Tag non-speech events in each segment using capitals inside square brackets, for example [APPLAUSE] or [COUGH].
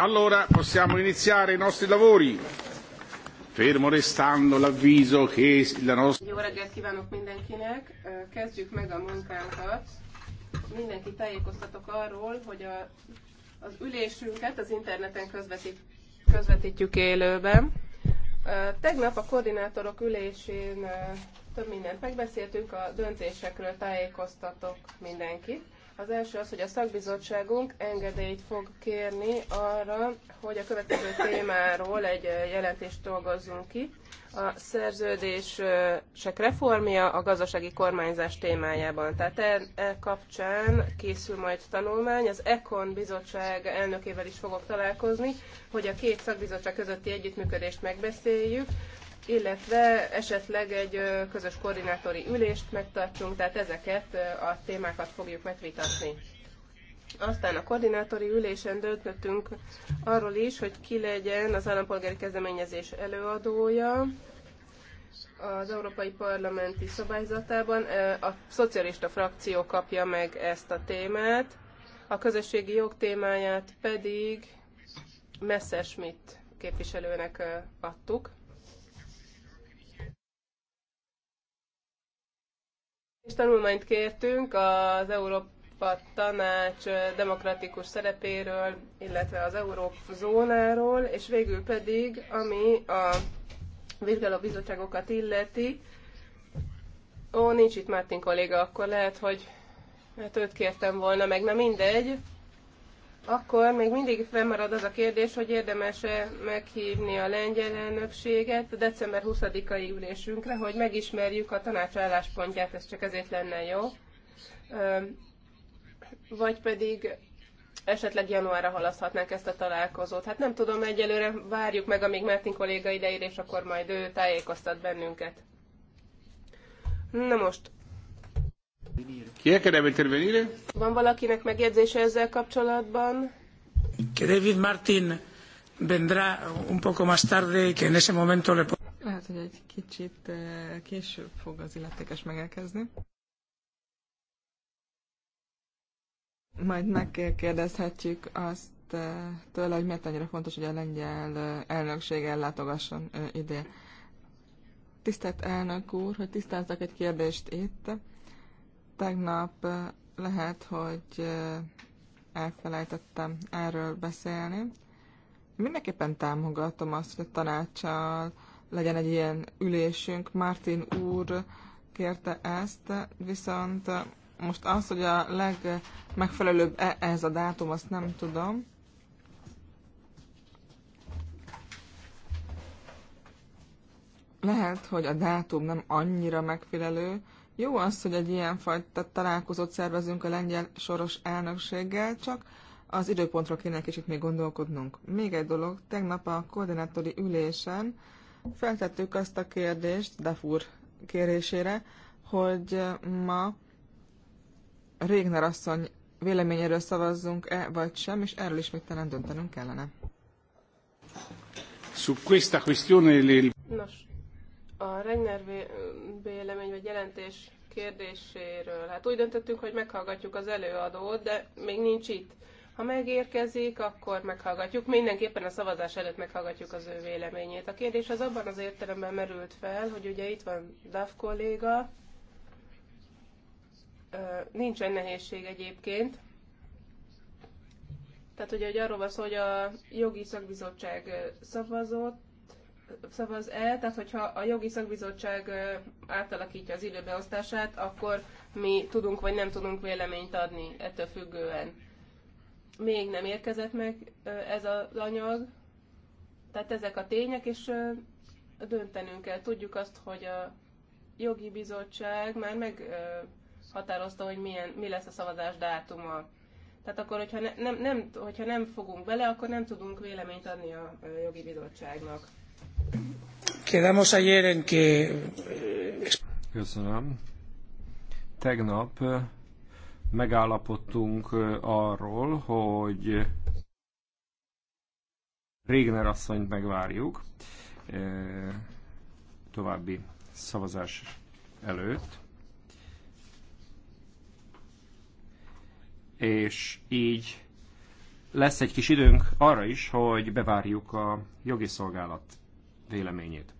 Allora possiamo iniziare i nostri lavori. Fermo restando l'avviso che la nostra... Jó reggelt kívánok mindenkinek! Kezdjük meg a munkánkat. Mindenki tájékoztatok arról, hogy a, az ülésünket az interneten közvetít, közvetítjük élőben. Tegnap a koordinátorok ülésén több mindent megbeszéltünk, a döntésekről tájékoztatok mindenkit. Az első az, hogy a szakbizottságunk engedélyt fog kérni arra, hogy a következő témáról egy jelentést dolgozzunk ki. A szerződések reformja a gazdasági kormányzás témájában. Tehát e, e kapcsán készül majd tanulmány. Az ECON bizottság elnökével is fogok találkozni, hogy a két szakbizottság közötti együttműködést megbeszéljük illetve esetleg egy közös koordinátori ülést megtartsunk, tehát ezeket a témákat fogjuk megvitatni. Aztán a koordinátori ülésen döntöttünk arról is, hogy ki legyen az állampolgári kezdeményezés előadója az Európai Parlamenti Szabályzatában. A szocialista frakció kapja meg ezt a témát, a közösségi jog témáját pedig Messerschmidt képviselőnek adtuk. És tanulmányt kértünk az Európa Tanács demokratikus szerepéről, illetve az Eurózónáról, és végül pedig, ami a vizsgálóbizottságokat illeti, ó, nincs itt Mártin kolléga, akkor lehet, hogy hát őt kértem volna meg, na mindegy, akkor még mindig fennmarad az a kérdés, hogy érdemes-e meghívni a lengyel elnökséget december 20-ai ülésünkre, hogy megismerjük a tanács álláspontját, ez csak ezért lenne jó. Vagy pedig esetleg januárra halaszthatnánk ezt a találkozót. Hát nem tudom, egyelőre várjuk meg, amíg Mertin kolléga ideér, és akkor majd ő tájékoztat bennünket. Na most, ki akarem Van valakinek megjegyzése ezzel kapcsolatban? Que David Martin vendrá un poco más tarde y que en ese momento le... Lehet, hogy egy kicsit eh, később fog az illetékes megelkezni. Majd megkérdezhetjük azt eh, tőle, hogy miért annyira fontos, hogy a lengyel eh, elnökség ellátogasson ide. Tisztelt elnök úr, hogy tisztáztak egy kérdést itt. Tegnap lehet, hogy elfelejtettem erről beszélni. Mindenképpen támogatom azt, hogy a tanácssal legyen egy ilyen ülésünk. Martin úr kérte ezt, viszont most az, hogy a legmegfelelőbb e ez a dátum, azt nem tudom. Lehet, hogy a dátum nem annyira megfelelő, jó az, hogy egy ilyenfajta találkozót szervezünk a lengyel soros elnökséggel, csak az időpontra kéne kicsit még gondolkodnunk. Még egy dolog, tegnap a koordinátori ülésen feltettük azt a kérdést Dafur kérésére, hogy ma Régner asszony véleményéről szavazzunk-e vagy sem, és erről is még talán döntenünk kellene. Su questa questione le... Nos, a Regner vélemény vagy jelentés kérdéséről. Hát úgy döntöttünk, hogy meghallgatjuk az előadót, de még nincs itt. Ha megérkezik, akkor meghallgatjuk. Mindenképpen a szavazás előtt meghallgatjuk az ő véleményét. A kérdés az abban az értelemben merült fel, hogy ugye itt van DAF kolléga, nincsen nehézség egyébként. Tehát ugye hogy arról van szó, hogy a jogi szakbizottság szavazott, szavaz el, tehát hogyha a jogi szakbizottság átalakítja az időbeosztását, akkor mi tudunk vagy nem tudunk véleményt adni ettől függően. Még nem érkezett meg ez az anyag, tehát ezek a tények, és döntenünk kell. Tudjuk azt, hogy a jogi bizottság már meghatározta, hogy milyen, mi lesz a szavazás dátuma. Tehát akkor, hogyha, ne, nem, nem, hogyha nem fogunk bele, akkor nem tudunk véleményt adni a jogi bizottságnak. Köszönöm. Tegnap eh, megállapodtunk eh, arról, hogy Régner asszonyt megvárjuk eh, további szavazás előtt. És így lesz egy kis időnk arra is, hogy bevárjuk a jogi szolgálat véleményét.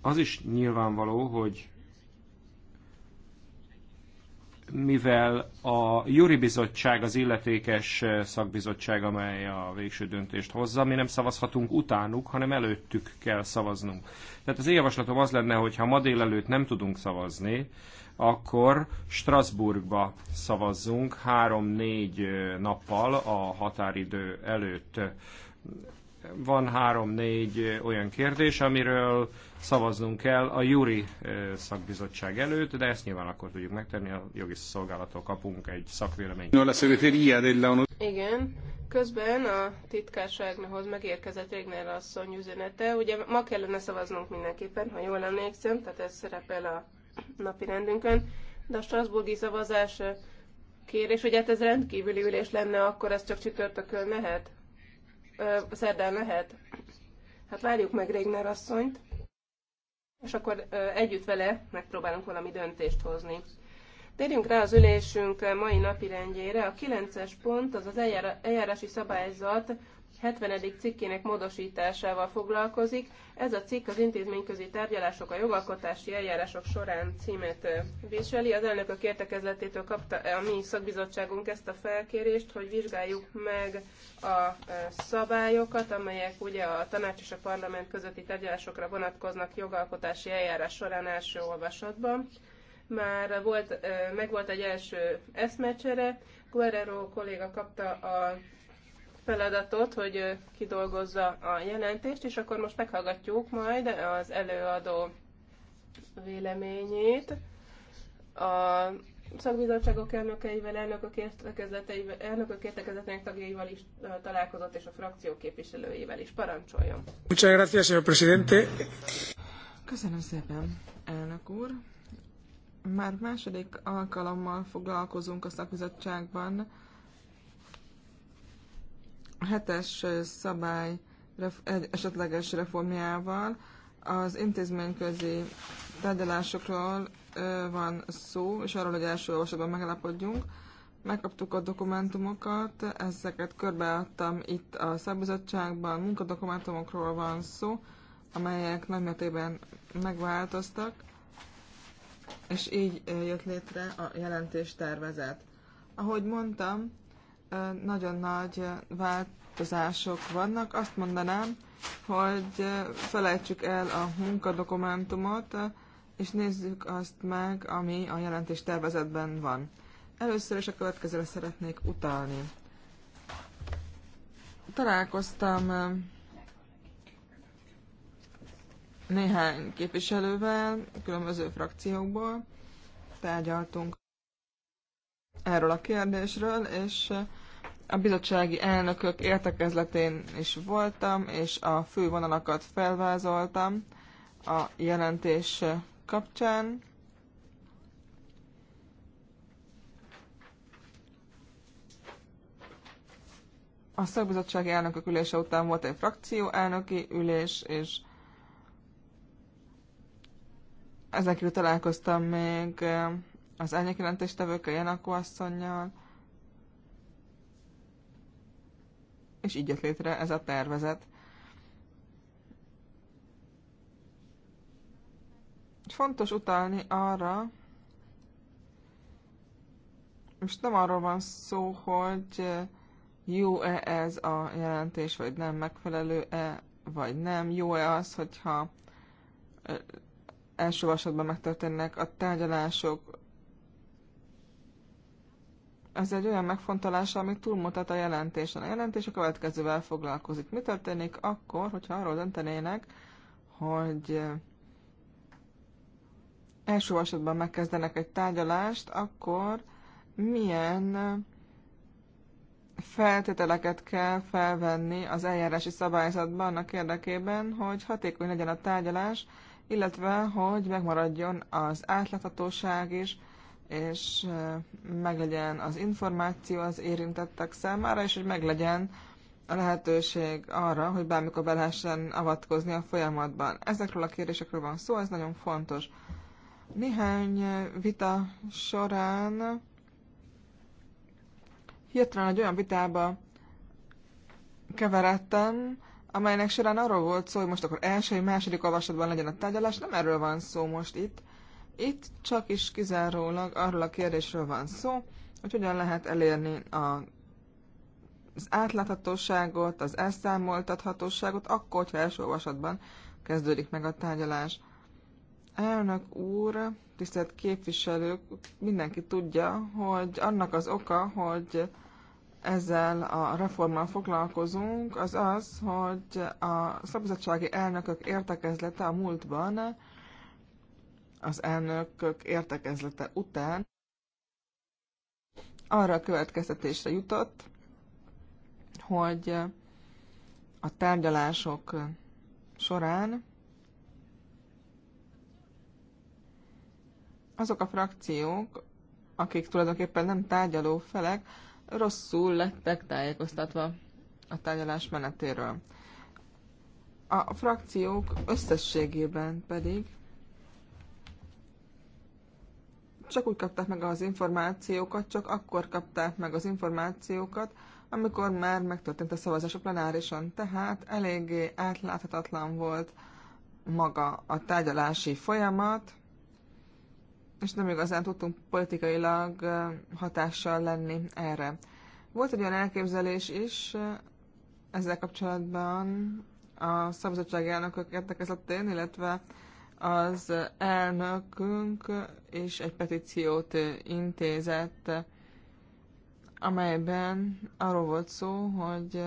Az is nyilvánvaló, hogy mivel a Juri Bizottság az illetékes szakbizottság, amely a végső döntést hozza, mi nem szavazhatunk utánuk, hanem előttük kell szavaznunk. Tehát az én javaslatom az lenne, hogy ha ma délelőtt nem tudunk szavazni, akkor Strasbourgba szavazzunk három-négy nappal a határidő előtt van három-négy olyan kérdés, amiről szavaznunk kell a Juri szakbizottság előtt, de ezt nyilván akkor tudjuk megtenni, a jogi szolgálattól kapunk egy szakvéleményt. Igen, közben a titkárságnahoz megérkezett Régner asszony üzenete. Ugye ma kellene szavaznunk mindenképpen, ha jól emlékszem, tehát ez szerepel a napi rendünkön, de a Strasburgi szavazás kérés, hogy hát ez rendkívüli ülés lenne, akkor ez csak csütörtökön mehet? szerdán lehet. Hát várjuk meg Régner asszonyt, és akkor együtt vele megpróbálunk valami döntést hozni. Térjünk rá az ülésünk mai napi rendjére. A 9-es pont az az eljárási szabályzat 70. cikkének módosításával foglalkozik. Ez a cikk az intézményközi tárgyalások a jogalkotási eljárások során címet viseli. Az elnökök értekezletétől kapta a mi szakbizottságunk ezt a felkérést, hogy vizsgáljuk meg a szabályokat, amelyek ugye a tanács és a parlament közötti tárgyalásokra vonatkoznak jogalkotási eljárás során első olvasatban. Már volt, meg volt egy első eszmecsere, Guerrero kolléga kapta a feladatot, hogy kidolgozza a jelentést, és akkor most meghallgatjuk majd az előadó véleményét. A szakbizottságok elnökeivel, elnökök értekezeteivel, elnökök értekezetének tagjaival is találkozott, és a frakció képviselőjével is. Parancsoljon! Muchas gracias, señor presidente. Köszönöm szépen, elnök úr. Már második alkalommal foglalkozunk a szakbizottságban hetes szabály esetleges reformjával az intézményközi tárgyalásokról van szó, és arról, hogy első olvasatban megállapodjunk. Megkaptuk a dokumentumokat, ezeket körbeadtam itt a szakbizottságban, munkadokumentumokról van szó, amelyek nagymértékben megváltoztak, és így jött létre a jelentéstervezet. Ahogy mondtam, nagyon nagy változások vannak. Azt mondanám, hogy felejtsük el a munkadokumentumot, és nézzük azt meg, ami a jelentés tervezetben van. Először is a következőre szeretnék utalni. Találkoztam néhány képviselővel, különböző frakciókból, tárgyaltunk erről a kérdésről, és a bizottsági elnökök értekezletén is voltam, és a fő vonalakat felvázoltam a jelentés kapcsán. A szakbizottsági elnökök ülése után volt egy frakció elnöki ülés, és ezekről találkoztam még az elnyek jelentéstevőkkel, Janakó asszonynal, és így jött létre ez a tervezet. Fontos utalni arra, most nem arról van szó, hogy jó-e ez a jelentés, vagy nem megfelelő-e, vagy nem. Jó-e az, hogyha első vasatban megtörténnek a tárgyalások, ez egy olyan megfontolása, ami túlmutat a jelentésen. A jelentés a következővel foglalkozik. Mi történik akkor, hogyha arról döntenének, hogy eh, első esetben megkezdenek egy tárgyalást, akkor milyen eh, feltételeket kell felvenni az eljárási szabályzatban annak érdekében, hogy hatékony legyen a tárgyalás, illetve hogy megmaradjon az átláthatóság is, és meglegyen az információ az érintettek számára, és hogy meglegyen a lehetőség arra, hogy bármikor be lehessen avatkozni a folyamatban. Ezekről a kérdésekről van szó, ez nagyon fontos. Néhány vita során hirtelen egy olyan vitába keveredtem, amelynek során arról volt szó, hogy most akkor első, második olvasatban legyen a tárgyalás, nem erről van szó most itt, itt csak is kizárólag arról a kérdésről van szó, hogy hogyan lehet elérni a, az átláthatóságot, az elszámoltathatóságot, akkor, hogyha első olvasatban kezdődik meg a tárgyalás. Elnök úr, tisztelt képviselők, mindenki tudja, hogy annak az oka, hogy ezzel a reformmal foglalkozunk, az az, hogy a szabadsági elnökök értekezlete a múltban az elnökök értekezlete után arra a következtetésre jutott, hogy a tárgyalások során azok a frakciók, akik tulajdonképpen nem tárgyaló felek, rosszul lettek tájékoztatva a tárgyalás menetéről. A frakciók összességében pedig csak úgy kapták meg az információkat, csak akkor kapták meg az információkat, amikor már megtörtént a szavazás a plenárison, tehát eléggé átláthatatlan volt maga a tárgyalási folyamat, és nem igazán tudtunk politikailag hatással lenni erre. Volt egy olyan elképzelés is ezzel kapcsolatban a szabadság elnökök értekezletén, illetve az elnökünk és egy petíciót intézett, amelyben arról volt szó, hogy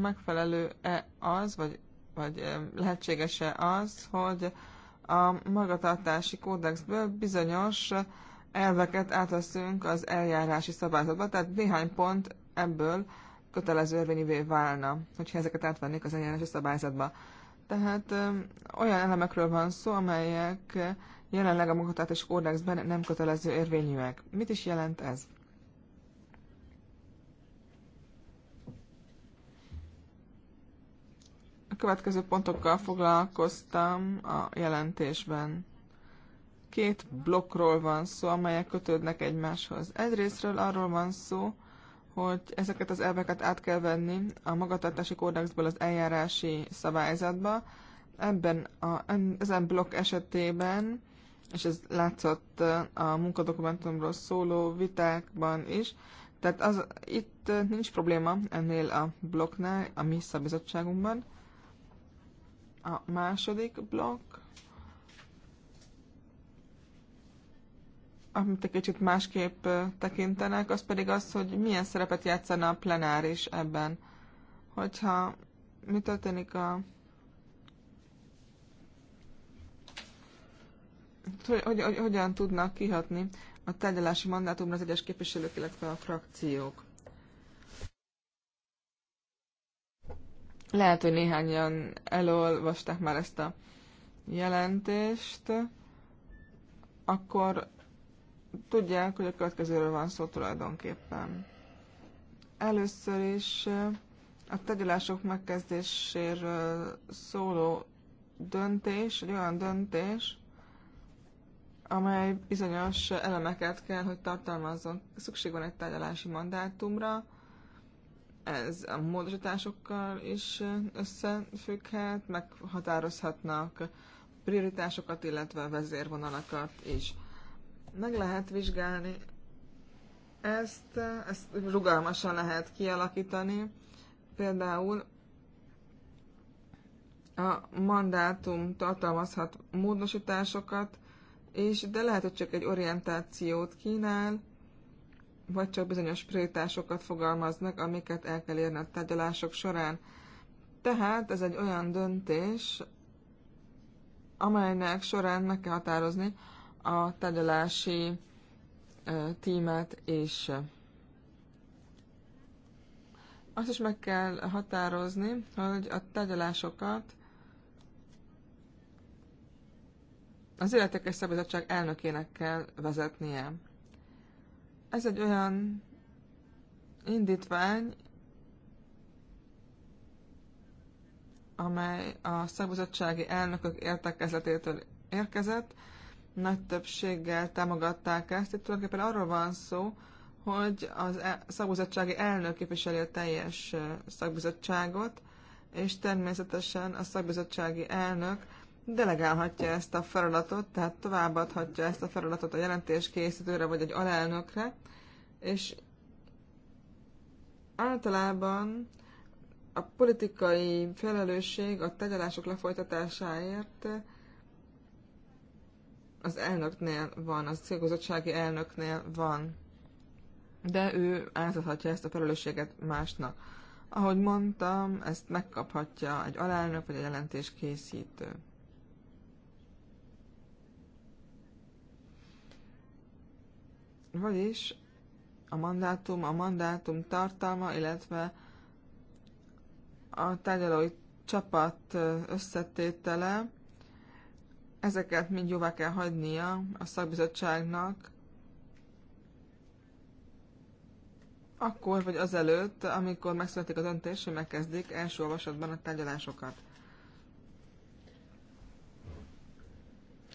megfelelő-e az, vagy, vagy eh, lehetséges-e az, hogy a magatartási kódexből bizonyos elveket átveszünk az eljárási szabályzatba, tehát néhány pont ebből kötelező érvényűvé válna, hogyha ezeket átvennék az eljárási szabályzatba. Tehát olyan elemekről van szó, amelyek jelenleg a munkatársi kódexben nem kötelező érvényűek. Mit is jelent ez? A következő pontokkal foglalkoztam a jelentésben. Két blokkról van szó, amelyek kötődnek egymáshoz. Egyrésztről arról van szó, hogy ezeket az elveket át kell venni a magatartási kódexből az eljárási szabályzatba. Ebben a, ezen blokk esetében, és ez látszott uh, a munkadokumentumról szóló vitákban is, tehát az, itt uh, nincs probléma ennél a blokknál, a mi szabizottságunkban. A második blokk amit egy kicsit másképp tekintenek, az pedig az, hogy milyen szerepet játszana a plenáris ebben. Hogyha mi történik a... Hát, hogy, hogy, hogy, hogyan tudnak kihatni a tárgyalási mandátumra az egyes képviselők, illetve a frakciók. Lehet, hogy néhányan elolvasták már ezt a jelentést, akkor tudják, hogy a következőről van szó tulajdonképpen. Először is eh, a tegyelások megkezdéséről szóló döntés, egy olyan döntés, amely bizonyos elemeket kell, hogy tartalmazzon. Szükség van egy tárgyalási mandátumra, ez a módosításokkal is összefügghet, meghatározhatnak prioritásokat, illetve vezérvonalakat is meg lehet vizsgálni ezt, ezt rugalmasan lehet kialakítani. Például a mandátum tartalmazhat módosításokat, és de lehet, hogy csak egy orientációt kínál, vagy csak bizonyos prioritásokat fogalmaz meg, amiket el kell érni a tárgyalások során. Tehát ez egy olyan döntés, amelynek során meg kell határozni, a tárgyalási tímet és azt is meg kell határozni, hogy a tárgyalásokat az életekes Szabadság elnökének kell vezetnie. Ez egy olyan indítvány, amely a szabadsági elnökök értekezletétől érkezett, nagy többséggel támogatták ezt. Itt tulajdonképpen arról van szó, hogy az e- szakbizottsági elnök képviseli a teljes szakbizottságot, és természetesen a szakbizottsági elnök delegálhatja ezt a feladatot, tehát továbbadhatja ezt a feladatot a jelentéskészítőre vagy egy alelnökre, és általában a politikai felelősség a tegyelások lefolytatásáért az elnöknél van, az célgozottsági elnöknél van. De ő átadhatja ezt a felelősséget másnak. Ahogy mondtam, ezt megkaphatja egy alelnök vagy egy jelentés készítő. Vagyis a mandátum, a mandátum tartalma, illetve a tárgyalói csapat összetétele Ezeket mind jóvá kell hagynia a szakbizottságnak, akkor vagy azelőtt, amikor megszületik a döntés, hogy megkezdik első olvasatban a tárgyalásokat.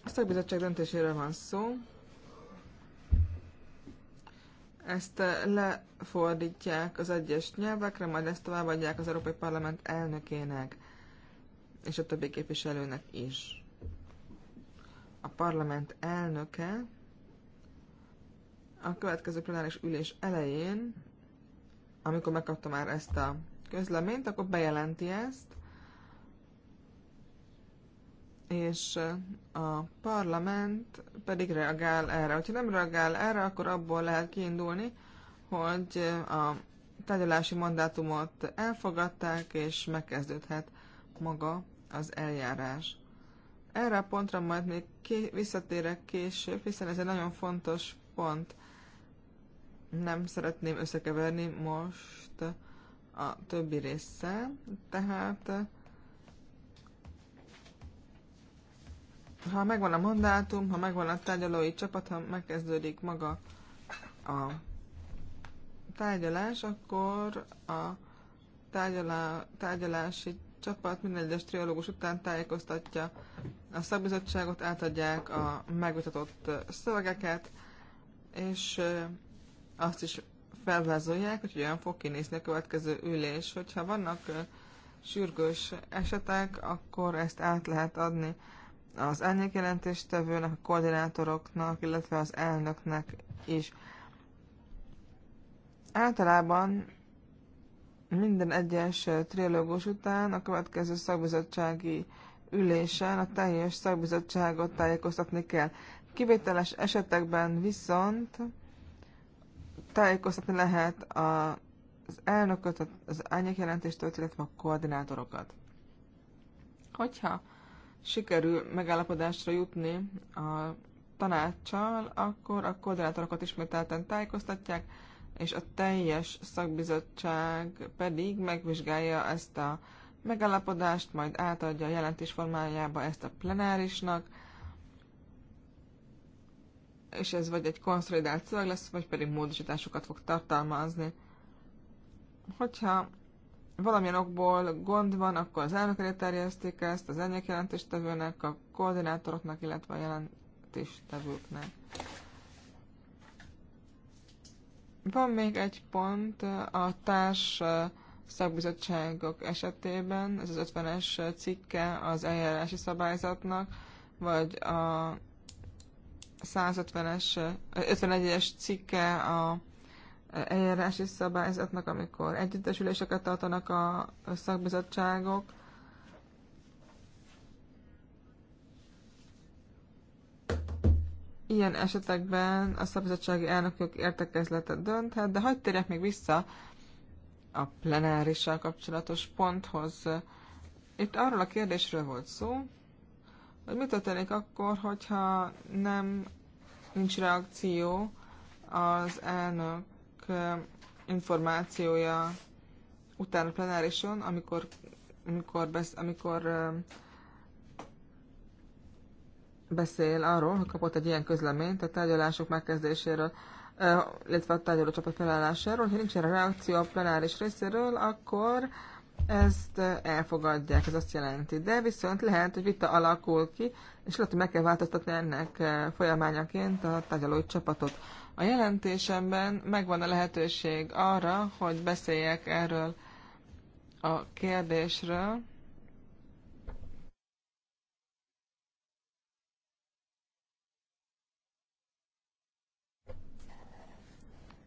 A szakbizottság döntéséről van szó. Ezt lefordítják az egyes nyelvekre, majd ezt továbbadják az Európai Parlament elnökének és a többi képviselőnek is a parlament elnöke a következő plenáris ülés elején, amikor megkapta már ezt a közleményt, akkor bejelenti ezt, és a parlament pedig reagál erre. Ha nem reagál erre, akkor abból lehet kiindulni, hogy a tárgyalási mandátumot elfogadták, és megkezdődhet maga az eljárás. Erre a pontra majd még ké- visszatérek később, hiszen ez egy nagyon fontos pont. Nem szeretném összekeverni most a többi része. tehát ha megvan a mandátum, ha megvan a tárgyalói csapat, ha megkezdődik maga a tárgyalás, akkor a tárgyalá, tárgyalási csapat minden egyes triológus után tájékoztatja a szakbizottságot, átadják a megvitatott szövegeket, és azt is felvázolják, hogy olyan fog kinézni a következő ülés. Hogyha vannak sürgős esetek, akkor ezt át lehet adni az elnyékjelentéstevőnek, a koordinátoroknak, illetve az elnöknek is. Általában minden egyes trilógus után a következő szakbizottsági ülésen a teljes szakbizottságot tájékoztatni kell. Kivételes esetekben viszont tájékoztatni lehet az elnököt, az árnyékjelentéstől, illetve a koordinátorokat. Hogyha sikerül megállapodásra jutni a tanácssal, akkor a koordinátorokat ismételten tájékoztatják, és a teljes szakbizottság pedig megvizsgálja ezt a megállapodást, majd átadja a jelentés formájába ezt a plenárisnak, és ez vagy egy konszolidált szöveg lesz, vagy pedig módosításokat fog tartalmazni. Hogyha valamilyen okból gond van, akkor az elnök elé terjesztik ezt, az elnök jelentéstevőnek, a koordinátoroknak, illetve a jelentéstevőknek. Van még egy pont, a társ szakbizottságok esetében, ez az 50-es cikke az eljárási szabályzatnak, vagy a 150-es, 51-es cikke a eljárási szabályzatnak, amikor együttesüléseket tartanak a szakbizottságok. Ilyen esetekben a szabizottsági elnökök értekezletet dönthet, de hagyd térjek még vissza a plenárissal kapcsolatos ponthoz. Itt arról a kérdésről volt szó, hogy mi történik akkor, hogyha nem nincs reakció az elnök eh, információja után a plenárison, amikor, amikor, besz, amikor eh, beszél arról, hogy kapott egy ilyen közleményt a tárgyalások megkezdéséről. Eh, illetve a tárgyaló csapat felállásáról, hogyha nincs erre reakció a plenáris részéről, akkor ezt eh, elfogadják, ez azt jelenti. De viszont lehet, hogy vita alakul ki, és lehet, hogy meg kell változtatni ennek eh, folyamányaként a tárgyaló csapatot. A jelentésemben megvan a lehetőség arra, hogy beszéljek erről a kérdésről,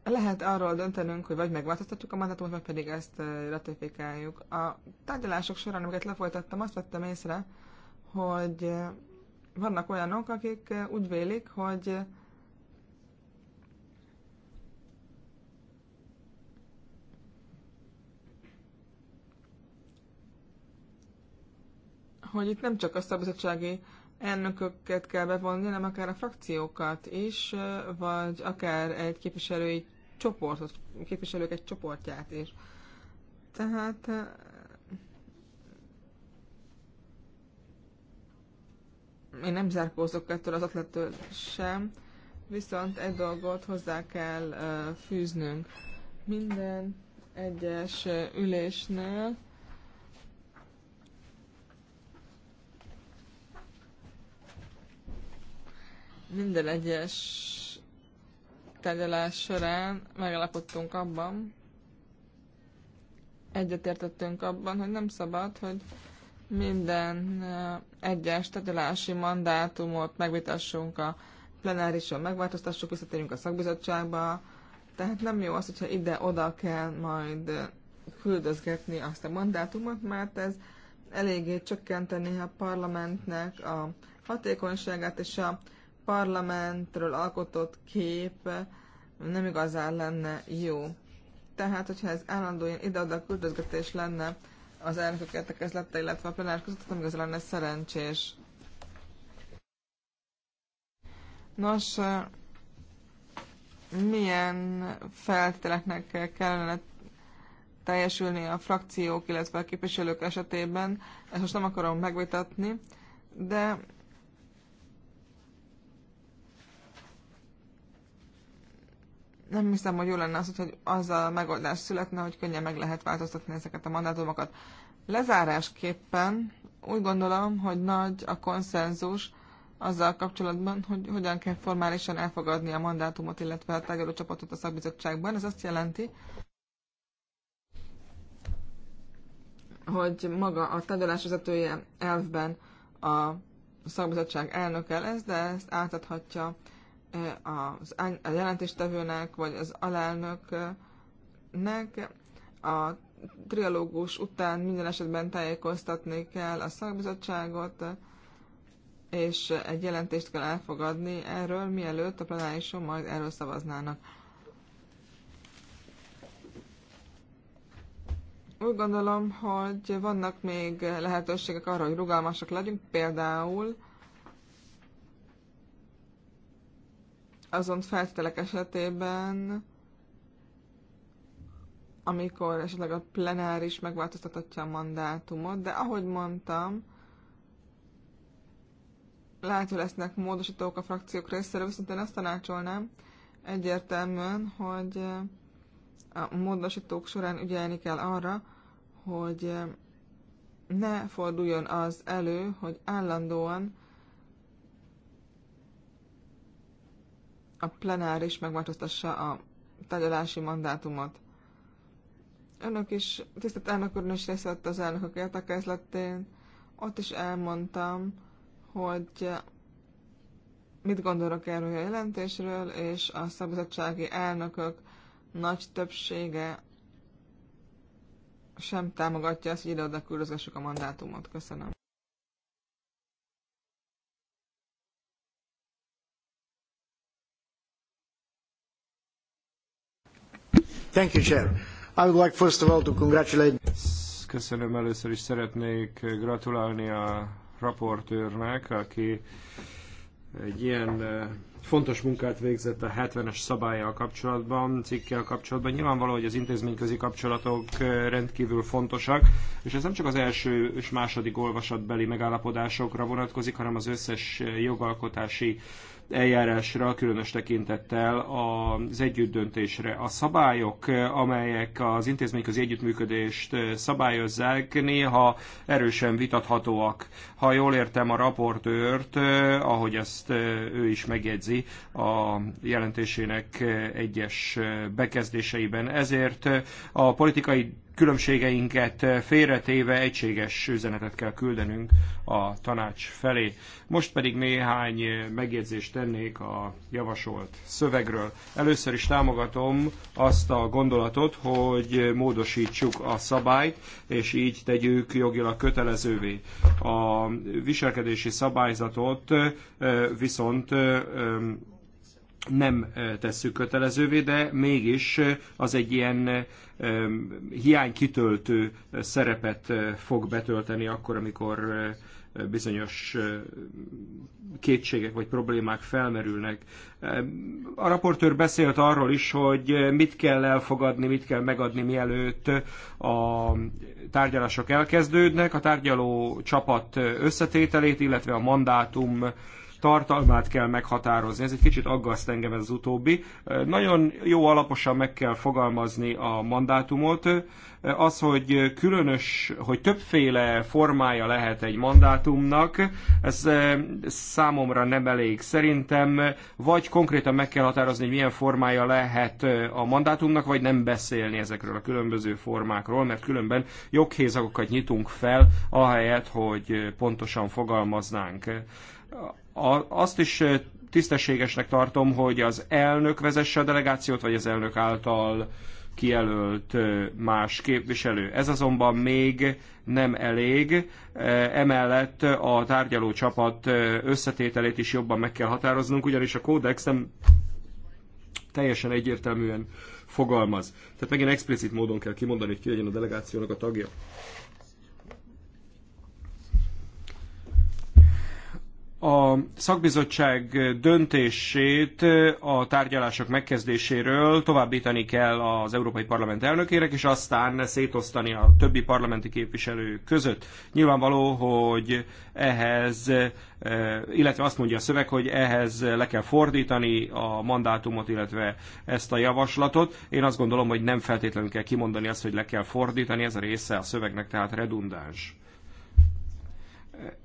lehet arról döntenünk, hogy vagy megváltoztatjuk a mandátumot, vagy pedig ezt ratifikáljuk. A tárgyalások során, amiket lefolytattam, azt vettem észre, hogy vannak olyanok, akik úgy vélik, hogy hogy itt nem csak a szabadsági elnököket kell bevonni, hanem akár a frakciókat is, vagy akár egy képviselői csoportot, képviselők egy csoportját is. Tehát én nem zárkózok ettől az ötlettől sem, viszont egy dolgot hozzá kell fűznünk. Minden egyes ülésnél Minden egyes tárgyalás során megalapodtunk abban, egyetértettünk abban, hogy nem szabad, hogy minden eh, egyes tárgyalási mandátumot megvitassunk a plenárison, megváltoztassuk, visszatérjünk a szakbizottságba. Tehát nem jó az, hogyha ide-oda kell majd eh, küldözgetni azt a mandátumot, mert ez eléggé csökkenteni a parlamentnek a hatékonyságát és a parlamentről alkotott kép nem igazán lenne jó. Tehát, hogyha ez állandóan ide-oda küldözgetés lenne az elnökök értekezlete, illetve a plenáris között, nem igazán lenne szerencsés. Nos, milyen feltételeknek kellene teljesülni a frakciók, illetve a képviselők esetében, ezt most nem akarom megvitatni, de nem hiszem, hogy jó lenne az, hogy az a megoldás születne, hogy könnyen meg lehet változtatni ezeket a mandátumokat. Lezárásképpen úgy gondolom, hogy nagy a konszenzus azzal kapcsolatban, hogy hogyan kell formálisan elfogadni a mandátumot, illetve a csapatot a szakbizottságban. Ez azt jelenti, hogy maga a tárgyalás vezetője elvben a szakbizottság elnöke lesz, de ezt átadhatja az, a jelentéstevőnek, vagy az alelnöknek a trialógus után minden esetben tájékoztatni kell a szakbizottságot, és egy jelentést kell elfogadni erről, mielőtt a plenárison majd erről szavaznának. Úgy gondolom, hogy vannak még lehetőségek arra, hogy rugalmasak legyünk, például azon feltételek esetében, amikor esetleg a plenáris megváltoztatja a mandátumot, de ahogy mondtam, lehet, hogy lesznek módosítók a frakciók részéről, viszont én azt tanácsolnám egyértelműen, hogy a módosítók során ügyelni kell arra, hogy ne forduljon az elő, hogy állandóan a plenáris megváltoztassa a tárgyalási mandátumot. Önök is, tisztelt elnök úr, is részt vett az elnökök értekezletén. Ott is elmondtam, hogy mit gondolok erről a jelentésről, és a szabadsági elnökök nagy többsége sem támogatja azt, hogy ide-oda a mandátumot. Köszönöm. Köszönöm, először is szeretnék gratulálni a raportőrnek, aki egy ilyen fontos munkát végzett a 70-es szabályjal kapcsolatban, cikkel kapcsolatban. Nyilvánvaló, hogy az intézményközi kapcsolatok rendkívül fontosak, és ez nem csak az első és második olvasatbeli megállapodásokra vonatkozik, hanem az összes jogalkotási eljárásra, különös tekintettel az együttdöntésre. A szabályok, amelyek az intézményközi együttműködést szabályozzák, néha erősen vitathatóak. Ha jól értem a raportőrt, ahogy ezt ő is megjegyzi a jelentésének egyes bekezdéseiben. Ezért a politikai különbségeinket eh, félretéve egységes üzenetet kell küldenünk a tanács felé. Most pedig néhány eh, megjegyzést tennék a javasolt szövegről. Először is támogatom azt a gondolatot, hogy módosítsuk a szabályt, és így tegyük jogilag kötelezővé. A viselkedési szabályzatot eh, viszont nem tesszük kötelezővé, de mégis az egy ilyen hiánykitöltő szerepet fog betölteni akkor, amikor bizonyos kétségek vagy problémák felmerülnek. A raportőr beszélt arról is, hogy mit kell elfogadni, mit kell megadni, mielőtt a tárgyalások elkezdődnek, a tárgyaló csapat összetételét, illetve a mandátum tartalmát kell meghatározni. Ez egy kicsit aggaszt engem ez az utóbbi. Nagyon jó alaposan meg kell fogalmazni a mandátumot. Az, hogy különös, hogy többféle formája lehet egy mandátumnak, ez számomra nem elég. Szerintem vagy konkrétan meg kell határozni, hogy milyen formája lehet a mandátumnak, vagy nem beszélni ezekről a különböző formákról, mert különben joghézagokat nyitunk fel, ahelyett, hogy pontosan fogalmaznánk azt is tisztességesnek tartom, hogy az elnök vezesse a delegációt, vagy az elnök által kijelölt más képviselő. Ez azonban még nem elég. Emellett a tárgyaló csapat összetételét is jobban meg kell határoznunk, ugyanis a kódex nem teljesen egyértelműen fogalmaz. Tehát megint explicit módon kell kimondani, hogy ki legyen a delegációnak a tagja. a szakbizottság döntését a tárgyalások megkezdéséről továbbítani kell az Európai Parlament elnökének, és aztán szétosztani a többi parlamenti képviselő között. Nyilvánvaló, hogy ehhez, eh, illetve azt mondja a szöveg, hogy ehhez le kell fordítani a mandátumot, illetve ezt a javaslatot. Én azt gondolom, hogy nem feltétlenül kell kimondani azt, hogy le kell fordítani, ez a része a szövegnek, tehát redundáns.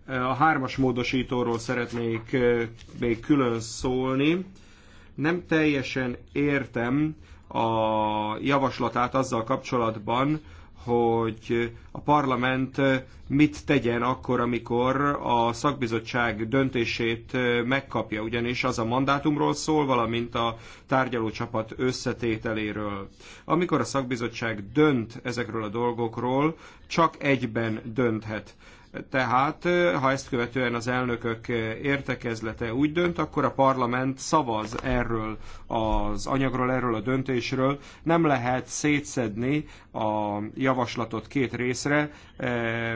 A hármas módosítóról szeretnék eh, még külön szólni. Nem teljesen értem a javaslatát azzal kapcsolatban, hogy a parlament eh, mit tegyen akkor, amikor a szakbizottság döntését eh, megkapja, ugyanis az a mandátumról szól, valamint a tárgyalócsapat összetételéről. Amikor a szakbizottság dönt ezekről a dolgokról, csak egyben dönthet. Tehát, ha ezt követően az elnökök értekezlete úgy dönt, akkor a parlament szavaz erről az anyagról, erről a döntésről. Nem lehet szétszedni a javaslatot két részre,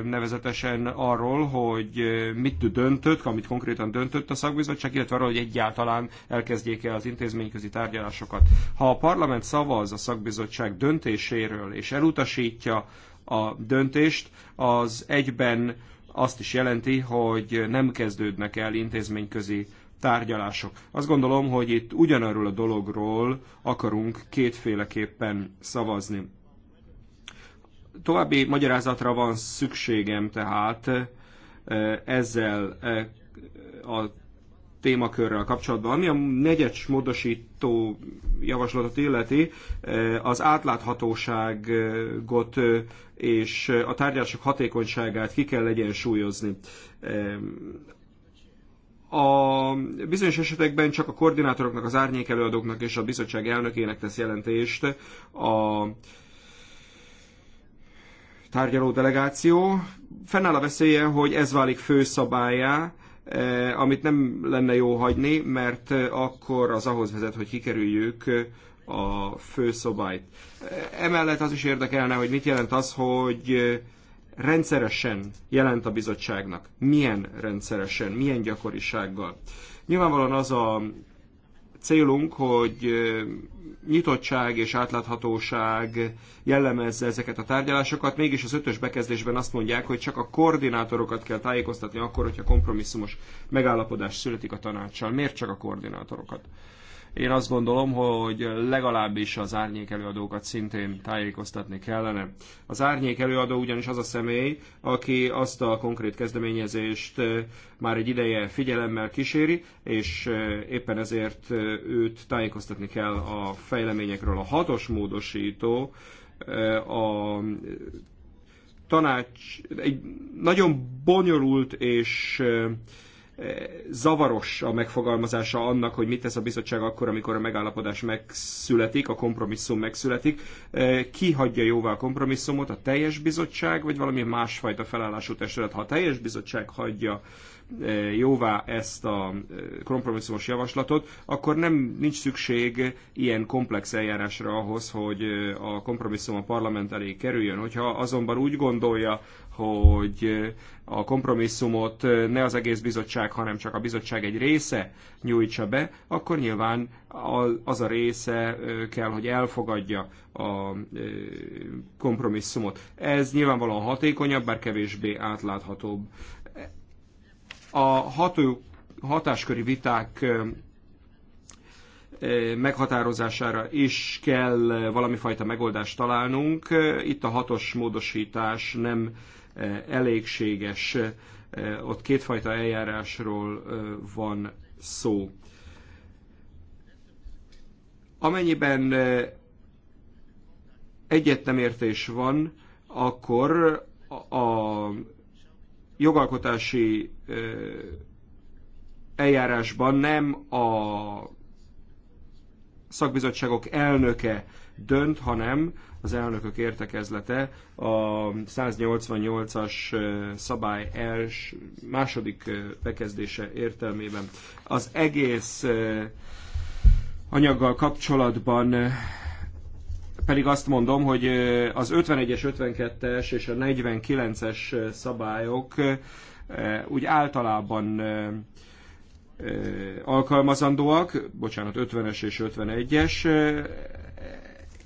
nevezetesen arról, hogy mit döntött, amit konkrétan döntött a szakbizottság, illetve arról, hogy egyáltalán elkezdjék el az intézményközi tárgyalásokat. Ha a parlament szavaz a szakbizottság döntéséről és elutasítja, a döntést, az egyben azt is jelenti, hogy nem kezdődnek el intézményközi tárgyalások. Azt gondolom, hogy itt ugyanarról a dologról akarunk kétféleképpen szavazni. További magyarázatra van szükségem tehát eh, ezzel eh, a témakörrel kapcsolatban. Ami a negyed módosító javaslatot illeti, eh, az átláthatóságot eh, és a tárgyalások hatékonyságát ki kell egyensúlyozni. Eh, a bizonyos esetekben csak a koordinátoroknak, az árnyékelőadóknak és a bizottság elnökének tesz jelentést a tárgyaló delegáció. Fennáll a veszélye, hogy ez válik főszabályá, Eh, amit nem lenne jó hagyni, mert eh, akkor az ahhoz vezet, hogy kikerüljük eh, a főszobályt. Emellett az is érdekelne, hogy mit jelent az, hogy rendszeresen jelent a bizottságnak. Milyen rendszeresen, milyen gyakorisággal. Nyilvánvalóan az a célunk, hogy nyitottság és átláthatóság jellemezze ezeket a tárgyalásokat, mégis az ötös bekezdésben azt mondják, hogy csak a koordinátorokat kell tájékoztatni akkor, hogyha kompromisszumos megállapodás születik a tanácssal. Miért csak a koordinátorokat? Én azt gondolom, hogy legalábbis az árnyék előadókat szintén tájékoztatni kellene. Az árnyék előadó ugyanis az a személy, aki azt a konkrét kezdeményezést eh, már egy ideje figyelemmel kíséri, és eh, éppen ezért eh, őt tájékoztatni kell a fejleményekről. A hatos módosító a tanács, egy nagyon bonyolult és Eh, zavaros a megfogalmazása annak, hogy mit tesz a bizottság akkor, amikor a megállapodás megszületik, a kompromisszum megszületik. Eh, ki hagyja jóvá a kompromisszumot, a teljes bizottság, vagy valami másfajta felállású testület? Ha a teljes bizottság hagyja eh, jóvá ezt a kompromisszumos javaslatot, akkor nem nincs szükség ilyen komplex eljárásra ahhoz, hogy a kompromisszum a parlament elé kerüljön. Hogyha azonban úgy gondolja hogy a kompromisszumot ne az egész bizottság, hanem csak a bizottság egy része nyújtsa be, akkor nyilván az a része kell, hogy elfogadja a kompromisszumot. Ez nyilvánvalóan hatékonyabb, bár kevésbé átláthatóbb. A ható, hatásköri viták meghatározására is kell valami fajta megoldást találnunk. Itt a hatos módosítás nem Eh, elégséges. Eh, ott kétfajta eljárásról eh, van szó. Amennyiben egyet nem értés van, akkor a jogalkotási eljárásban nem a szakbizottságok elnöke dönt, hanem az elnökök értekezlete a 188-as szabály els, második bekezdése értelmében. Az egész anyaggal kapcsolatban pedig azt mondom, hogy az 51-es, 52-es és a 49-es szabályok úgy általában alkalmazandóak, bocsánat, 50-es és 51-es,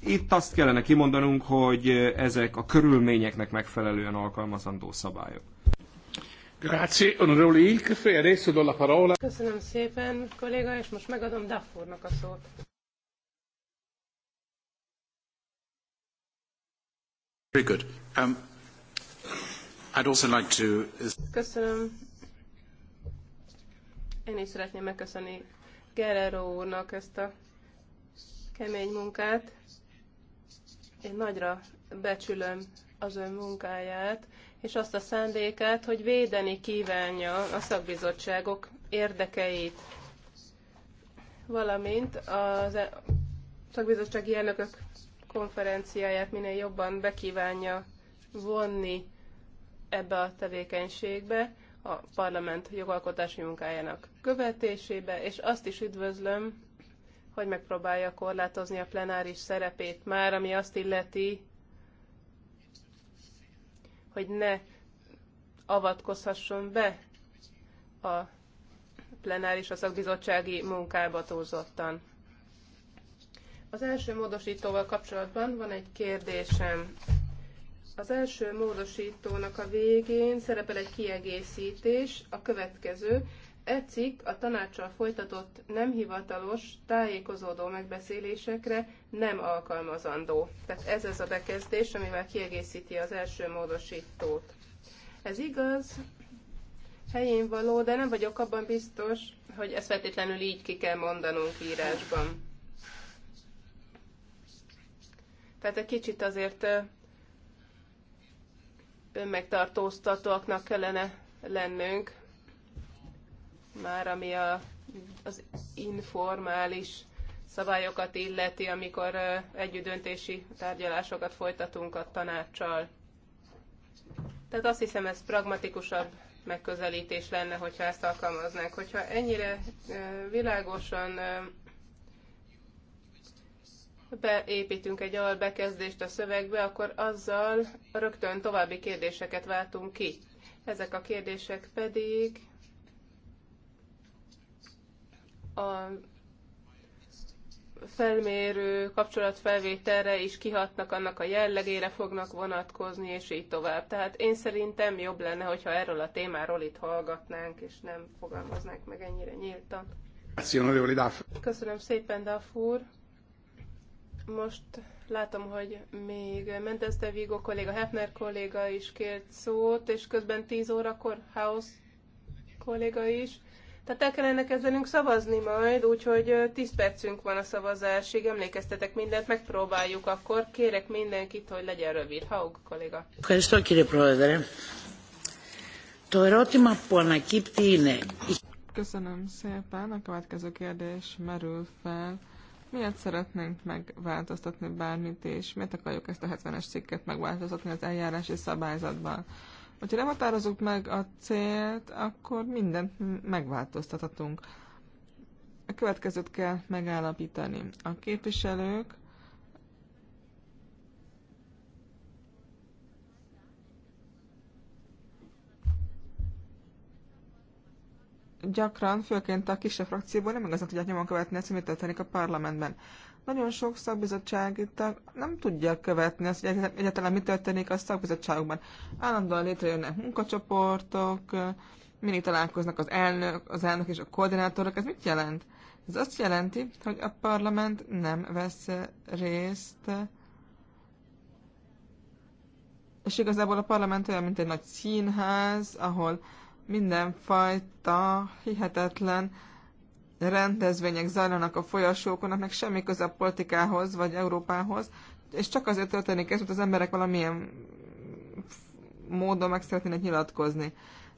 itt azt kellene kimondanunk, hogy ezek a körülményeknek megfelelően alkalmazandó szabályok. Grazie, onorevoli Ilkfe, adesso do la parola. Köszönöm szépen, kolléga, és most megadom Daffurnak a szót. Very good. Um, I'd also like to... Uh, Köszönöm. Én is szeretném megköszönni Gerero úrnak ezt a kemény munkát, én nagyra becsülöm az ön munkáját, és azt a szándékát, hogy védeni kívánja a szakbizottságok érdekeit, valamint a e- szakbizottsági elnökök konferenciáját minél jobban bekívánja vonni ebbe a tevékenységbe, a parlament jogalkotási munkájának követésébe, és azt is üdvözlöm, hogy megpróbálja korlátozni a plenáris szerepét már, ami azt illeti, hogy ne avatkozhasson be a plenáris a szakbizottsági munkába túlzottan. Az első módosítóval kapcsolatban van egy kérdésem. Az első módosítónak a végén szerepel egy kiegészítés, a következő, E cikk a tanácssal folytatott nem hivatalos tájékozódó megbeszélésekre nem alkalmazandó. Tehát ez az a bekezdés, amivel kiegészíti az első módosítót. Ez igaz, helyén való, de nem vagyok abban biztos, hogy ezt feltétlenül így ki kell mondanunk írásban. Tehát egy kicsit azért önmegtartóztatóaknak kellene lennünk, már, ami a, az informális szabályokat illeti, amikor együttdöntési tárgyalásokat folytatunk a tanácssal. Tehát azt hiszem, ez pragmatikusabb megközelítés lenne, hogyha ezt alkalmaznánk. Hogyha ennyire világosan beépítünk egy albekezdést a szövegbe, akkor azzal rögtön további kérdéseket váltunk ki. Ezek a kérdések pedig a felmérő kapcsolatfelvételre is kihatnak, annak a jellegére fognak vonatkozni, és így tovább. Tehát én szerintem jobb lenne, hogyha erről a témáról itt hallgatnánk, és nem fogalmaznánk meg ennyire nyíltan. Köszönöm szépen, Duff úr. Most látom, hogy még Mendes de Vigo kolléga, Hefner kolléga is kért szót, és közben 10 órakor House kolléga is. Tehát el kellene kezdenünk szavazni majd, úgyhogy 10 percünk van a szavazásig, emlékeztetek mindent, megpróbáljuk akkor. Kérek mindenkit, hogy legyen rövid. Haug kolléga. Köszönöm, Köszönöm szépen. A következő kérdés merül fel. Miért szeretnénk megváltoztatni bármit, és miért akarjuk ezt a 70-es cikket megváltoztatni az eljárási szabályzatban? Hogyha nem határozunk meg a célt, akkor mindent megváltoztathatunk. A következőt kell megállapítani. A képviselők gyakran, főként a kisebb frakcióból nem igazán tudják nyomon követni, hogy mi történik a parlamentben. Nagyon sok szakbizottsági tag nem tudja követni azt, hogy egyáltalán mi történik a szakbizottságokban. Állandóan létrejönnek munkacsoportok, mindig találkoznak az elnök, az elnök és a koordinátorok. Ez mit jelent? Ez azt jelenti, hogy a parlament nem vesz részt, és igazából a parlament olyan, mint egy nagy színház, ahol mindenfajta hihetetlen uh, rendezvények zajlanak a folyosókon, meg semmi köze a politikához vagy Európához, és csak azért történik ez, hogy az emberek valamilyen módon meg szeretnének nyilatkozni.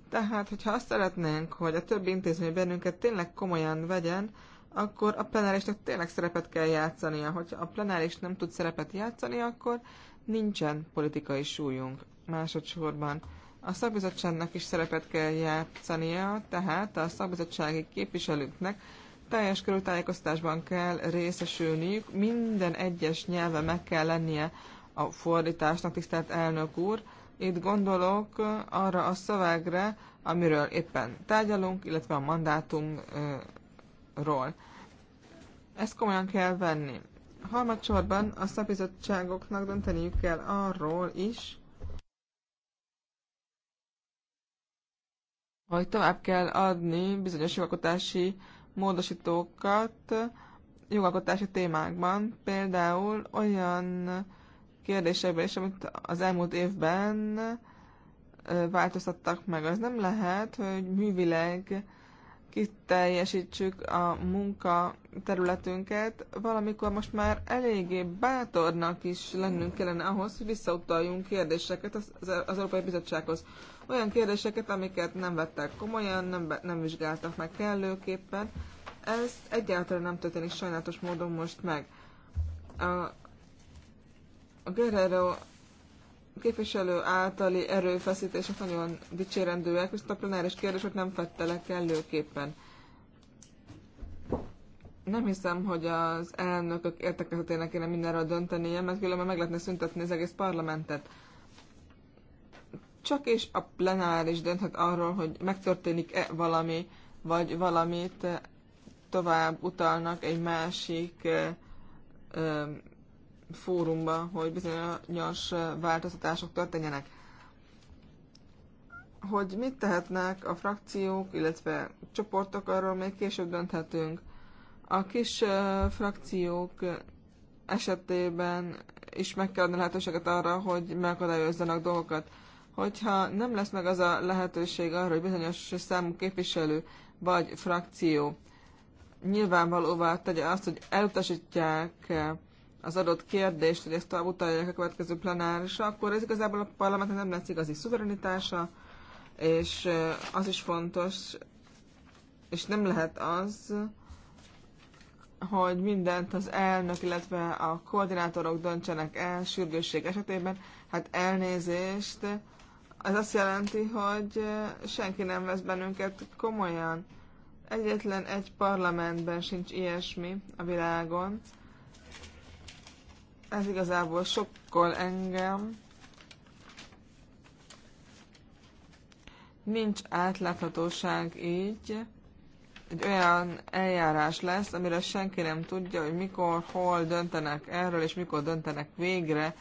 Tehát, hogyha azt szeretnénk, hogy a többi intézmény bennünket tényleg komolyan vegyen, akkor a plenárisnak tényleg szerepet kell játszania. Hogyha a plenáris nem tud szerepet játszani, akkor nincsen politikai súlyunk másodszorban. A szakbizottságnak is szerepet kell játszania, tehát a szakbizottsági képviselőknek teljes körül tájékoztatásban kell részesülniük, minden egyes nyelve meg kell lennie a fordításnak, tisztelt elnök úr. Itt gondolok arra a szövegre, amiről éppen tárgyalunk, illetve a mandátumról. Ezt komolyan kell venni. Harmadsorban a szabizottságoknak dönteniük kell arról is, hogy tovább kell adni bizonyos jogalkotási módosítókat jogalkotási témákban, például olyan kérdésekben is, amit az elmúlt évben változtattak meg. Az nem lehet, hogy művileg kiteljesítsük a munka területünket, valamikor most már eléggé bátornak is lennünk kellene ahhoz, hogy visszautaljunk kérdéseket az, az Európai Bizottsághoz olyan kérdéseket, amiket nem vettek komolyan, nem, nem vizsgáltak meg kellőképpen. Ez egyáltalán nem történik sajnálatos módon most meg. A, a Guerrero képviselő általi erőfeszítések nagyon dicsérendőek, viszont a plenáris kérdések nem fettelek kellőképpen. Nem hiszem, hogy az elnökök értekezetének kéne mindenről döntenie, mert különben meg lehetne szüntetni az egész parlamentet csak és a plenáris dönthet arról, hogy megtörténik-e valami, vagy valamit eh, tovább utalnak egy másik eh, fórumba, hogy bizonyos eh, változtatások történjenek. Hogy mit tehetnek a frakciók, illetve csoportok, arról még később dönthetünk. A kis frakciók esetében is meg kell adni lehetőséget arra, hogy megakadályozzanak dolgokat hogyha nem lesz meg az a lehetőség arra, hogy bizonyos számú képviselő vagy frakció nyilvánvalóvá tegye azt, hogy elutasítják az adott kérdést, hogy ezt utalják a következő plenárisra, akkor ez igazából a parlamentnek nem lesz igazi szuverenitása, és az is fontos, és nem lehet az, hogy mindent az elnök, illetve a koordinátorok döntsenek el sürgősség esetében. Hát elnézést, ez azt jelenti, hogy eh, senki nem vesz bennünket komolyan. Egyetlen egy parlamentben sincs ilyesmi a világon. Ez igazából sokkol engem. Nincs átláthatóság így. Egy olyan eljárás lesz, amire senki nem tudja, hogy mikor, hol döntenek erről, és mikor döntenek végre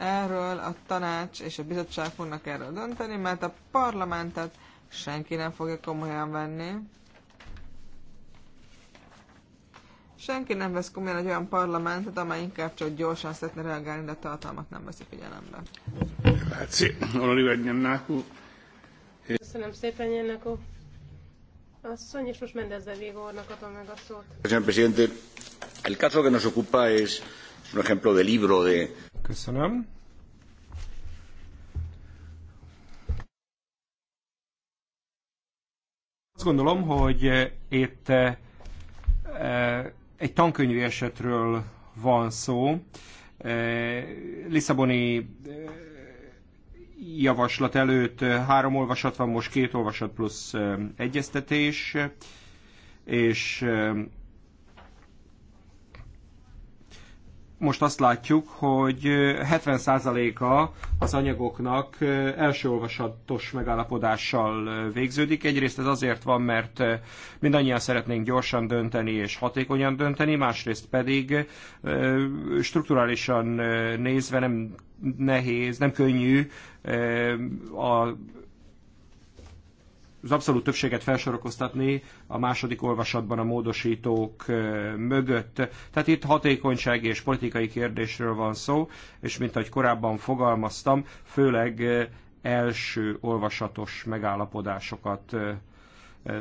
Erről a tanács és a bizottság fognak erről dönteni, mert a parlamentet senki nem fogja komolyan venni. Senki nem vesz komolyan egy olyan parlamentet, amely inkább csak gyorsan szeretne reagálni, de a tartalmat nem veszi figyelembe. Köszönöm szépen, Jennakó. Asszony, és most Mendezze Vigornak adom meg a szót. Señor presidente, el caso que nos ocupa es un ejemplo de libro de... Köszönöm. Azt gondolom, hogy eh, itt eh, eh, egy tankönyvi esetről van szó. Lisszaboni javaslat előtt három olvasat van, most két olvasat plusz egyeztetés, és most azt látjuk, hogy 70%-a az anyagoknak első olvasatos megállapodással végződik. Egyrészt ez azért van, mert mindannyian szeretnénk gyorsan dönteni és hatékonyan dönteni, másrészt pedig strukturálisan nézve nem nehéz, nem könnyű a az abszolút többséget felsorokoztatni a második olvasatban a módosítók mögött. Tehát itt hatékonysági és politikai kérdésről van szó, és mint ahogy korábban fogalmaztam, főleg első olvasatos megállapodásokat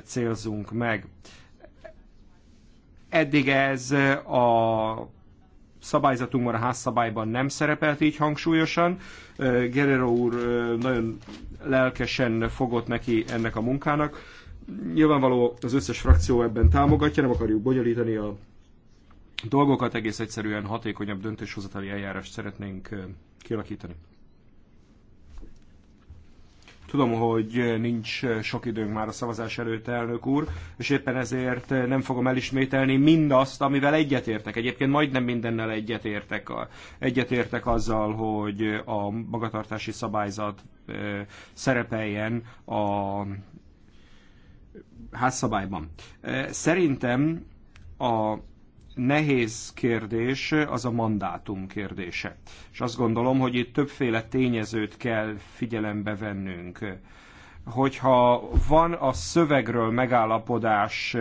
célzunk meg. Eddig ez a szabályzatunkban, a házszabályban nem szerepelt így hangsúlyosan. Gerero úr nagyon lelkesen fogott neki ennek a munkának. Nyilvánvaló az összes frakció ebben támogatja, nem akarjuk bonyolítani a dolgokat, egész egyszerűen hatékonyabb döntéshozatali eljárást szeretnénk kialakítani. Tudom, hogy nincs sok időnk már a szavazás előtt, elnök úr, és éppen ezért nem fogom elismételni mindazt, amivel egyetértek. Egyébként majdnem mindennel egyetértek. Egyetértek azzal, hogy a magatartási szabályzat szerepeljen a házszabályban. Szerintem a nehéz kérdés az a mandátum kérdése. És azt gondolom, hogy itt többféle tényezőt kell figyelembe vennünk. Hogyha van a szövegről megállapodás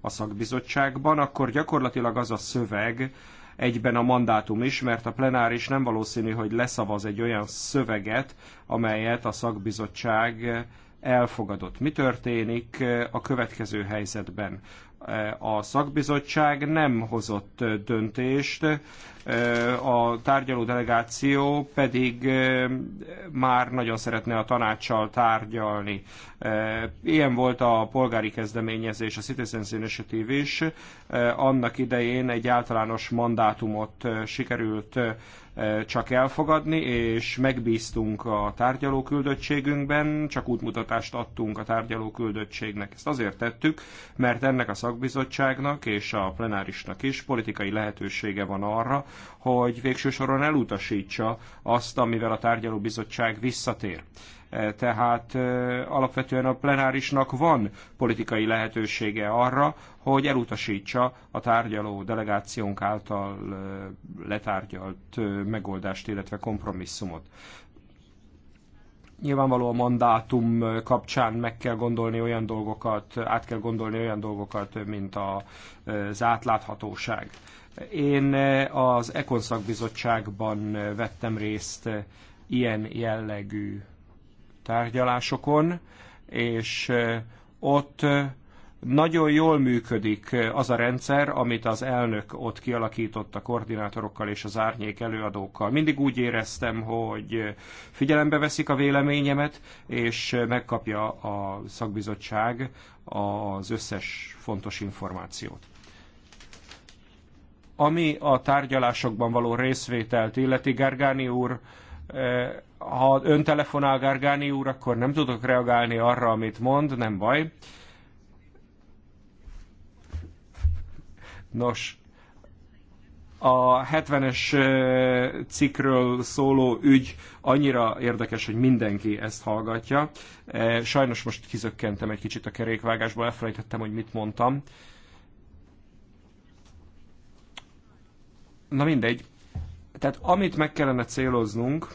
a szakbizottságban, akkor gyakorlatilag az a szöveg egyben a mandátum is, mert a plenáris nem valószínű, hogy leszavaz egy olyan szöveget, amelyet a szakbizottság elfogadott. Mi történik a következő helyzetben? a szakbizottság nem hozott döntést, a tárgyaló delegáció pedig már nagyon szeretne a tanácssal tárgyalni. Ilyen volt a polgári kezdeményezés, a Citizens Initiative is. Annak idején egy általános mandátumot sikerült csak elfogadni, és megbíztunk a tárgyaló küldöttségünkben, csak útmutatást adtunk a tárgyaló küldöttségnek. Ezt azért tettük, mert ennek a szakbizottságnak és a plenárisnak is politikai lehetősége van arra, hogy végső soron elutasítsa azt, amivel a tárgyaló bizottság visszatér. Eh, tehát eh, alapvetően a plenárisnak van politikai lehetősége arra, hogy elutasítsa a tárgyaló delegációnk által eh, letárgyalt megoldást, illetve kompromisszumot. Nyilvánvaló a mandátum kapcsán meg kell gondolni olyan dolgokat, át kell gondolni olyan dolgokat, mint az átláthatóság. Én az Ekonszak bizottságban vettem részt ilyen jellegű tárgyalásokon, és eh, ott eh, nagyon jól működik eh, az a rendszer, amit az elnök ott kialakított a koordinátorokkal és az árnyék előadókkal. Mindig úgy éreztem, hogy figyelembe veszik a véleményemet, és megkapja a szakbizottság az összes fontos információt. Ami a tárgyalásokban való részvételt illeti, Gergáni úr Eh, ha ön telefonál Gárgáni úr, akkor nem tudok reagálni arra, amit mond, nem baj. Nos, a 70-es eh, cikkről szóló ügy annyira érdekes, hogy mindenki ezt hallgatja. Eh, sajnos most kizökkentem egy kicsit a kerékvágásból, elfelejtettem, hogy mit mondtam. Na mindegy. Tehát amit meg kellene céloznunk,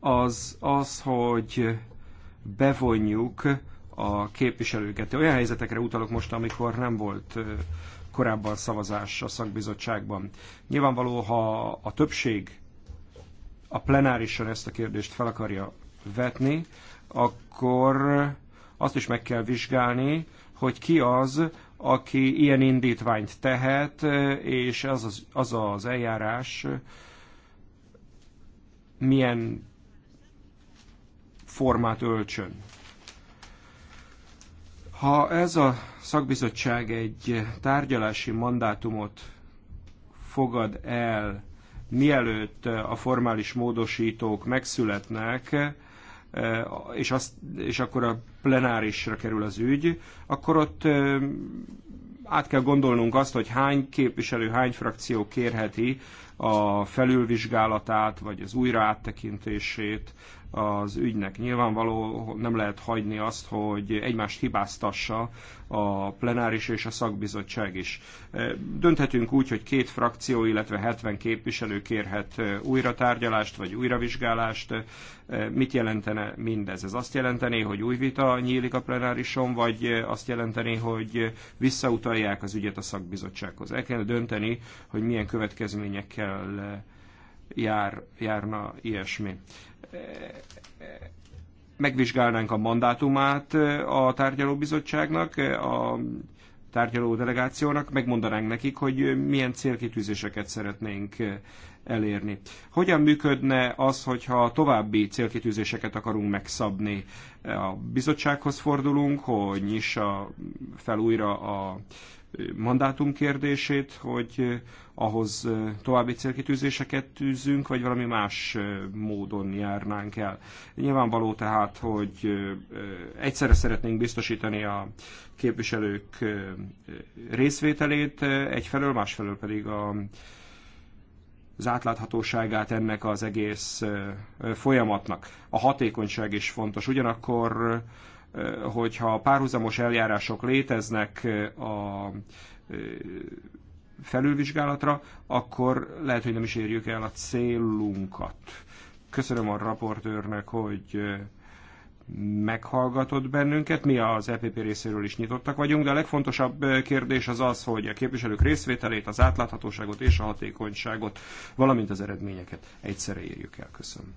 az az, hogy bevonjuk a képviselőket. Olyan helyzetekre utalok most, amikor nem volt korábban szavazás a szakbizottságban. Nyilvánvaló, ha a többség a plenárison ezt a kérdést fel akarja vetni, akkor azt is meg kell vizsgálni, hogy ki az, aki ilyen indítványt tehet, és az az, az, az eljárás milyen formát öltsön. Ha ez a szakbizottság egy tárgyalási mandátumot fogad el, mielőtt a formális módosítók megszületnek, Eh, és, azt, és akkor a plenárisra kerül az ügy, akkor ott eh, át kell gondolnunk azt, hogy hány képviselő, hány frakció kérheti a felülvizsgálatát, vagy az újra áttekintését az ügynek. Nyilvánvaló nem lehet hagyni azt, hogy egymást hibáztassa a plenáris és a szakbizottság is. E, dönthetünk úgy, hogy két frakció, illetve 70 képviselő kérhet e, újra tárgyalást vagy újravizsgálást. E, mit jelentene mindez? Ez azt jelenteni, hogy új vita nyílik a plenárison, vagy azt jelenteni, hogy visszautalják az ügyet a szakbizottsághoz. El kell dönteni, hogy milyen következményekkel jár, járna ilyesmi megvizsgálnánk a mandátumát a tárgyalóbizottságnak, a tárgyaló delegációnak, megmondanánk nekik, hogy milyen célkitűzéseket szeretnénk elérni. Hogyan működne az, hogyha további célkitűzéseket akarunk megszabni? A bizottsághoz fordulunk, hogy nyissa fel újra a mandátum kérdését, hogy eh, ahhoz eh, további célkitűzéseket tűzzünk, vagy valami más eh, módon járnánk el. Nyilvánvaló tehát, hogy egyszerre szeretnénk biztosítani a képviselők részvételét, egyfelől, másfelől pedig a az átláthatóságát ennek az egész folyamatnak. A hatékonyság is fontos. Ugyanakkor hogyha párhuzamos eljárások léteznek a felülvizsgálatra, akkor lehet, hogy nem is érjük el a célunkat. Köszönöm a raportőrnek, hogy meghallgatott bennünket. Mi az EPP részéről is nyitottak vagyunk, de a legfontosabb kérdés az az, hogy a képviselők részvételét, az átláthatóságot és a hatékonyságot, valamint az eredményeket egyszerre érjük el. Köszönöm.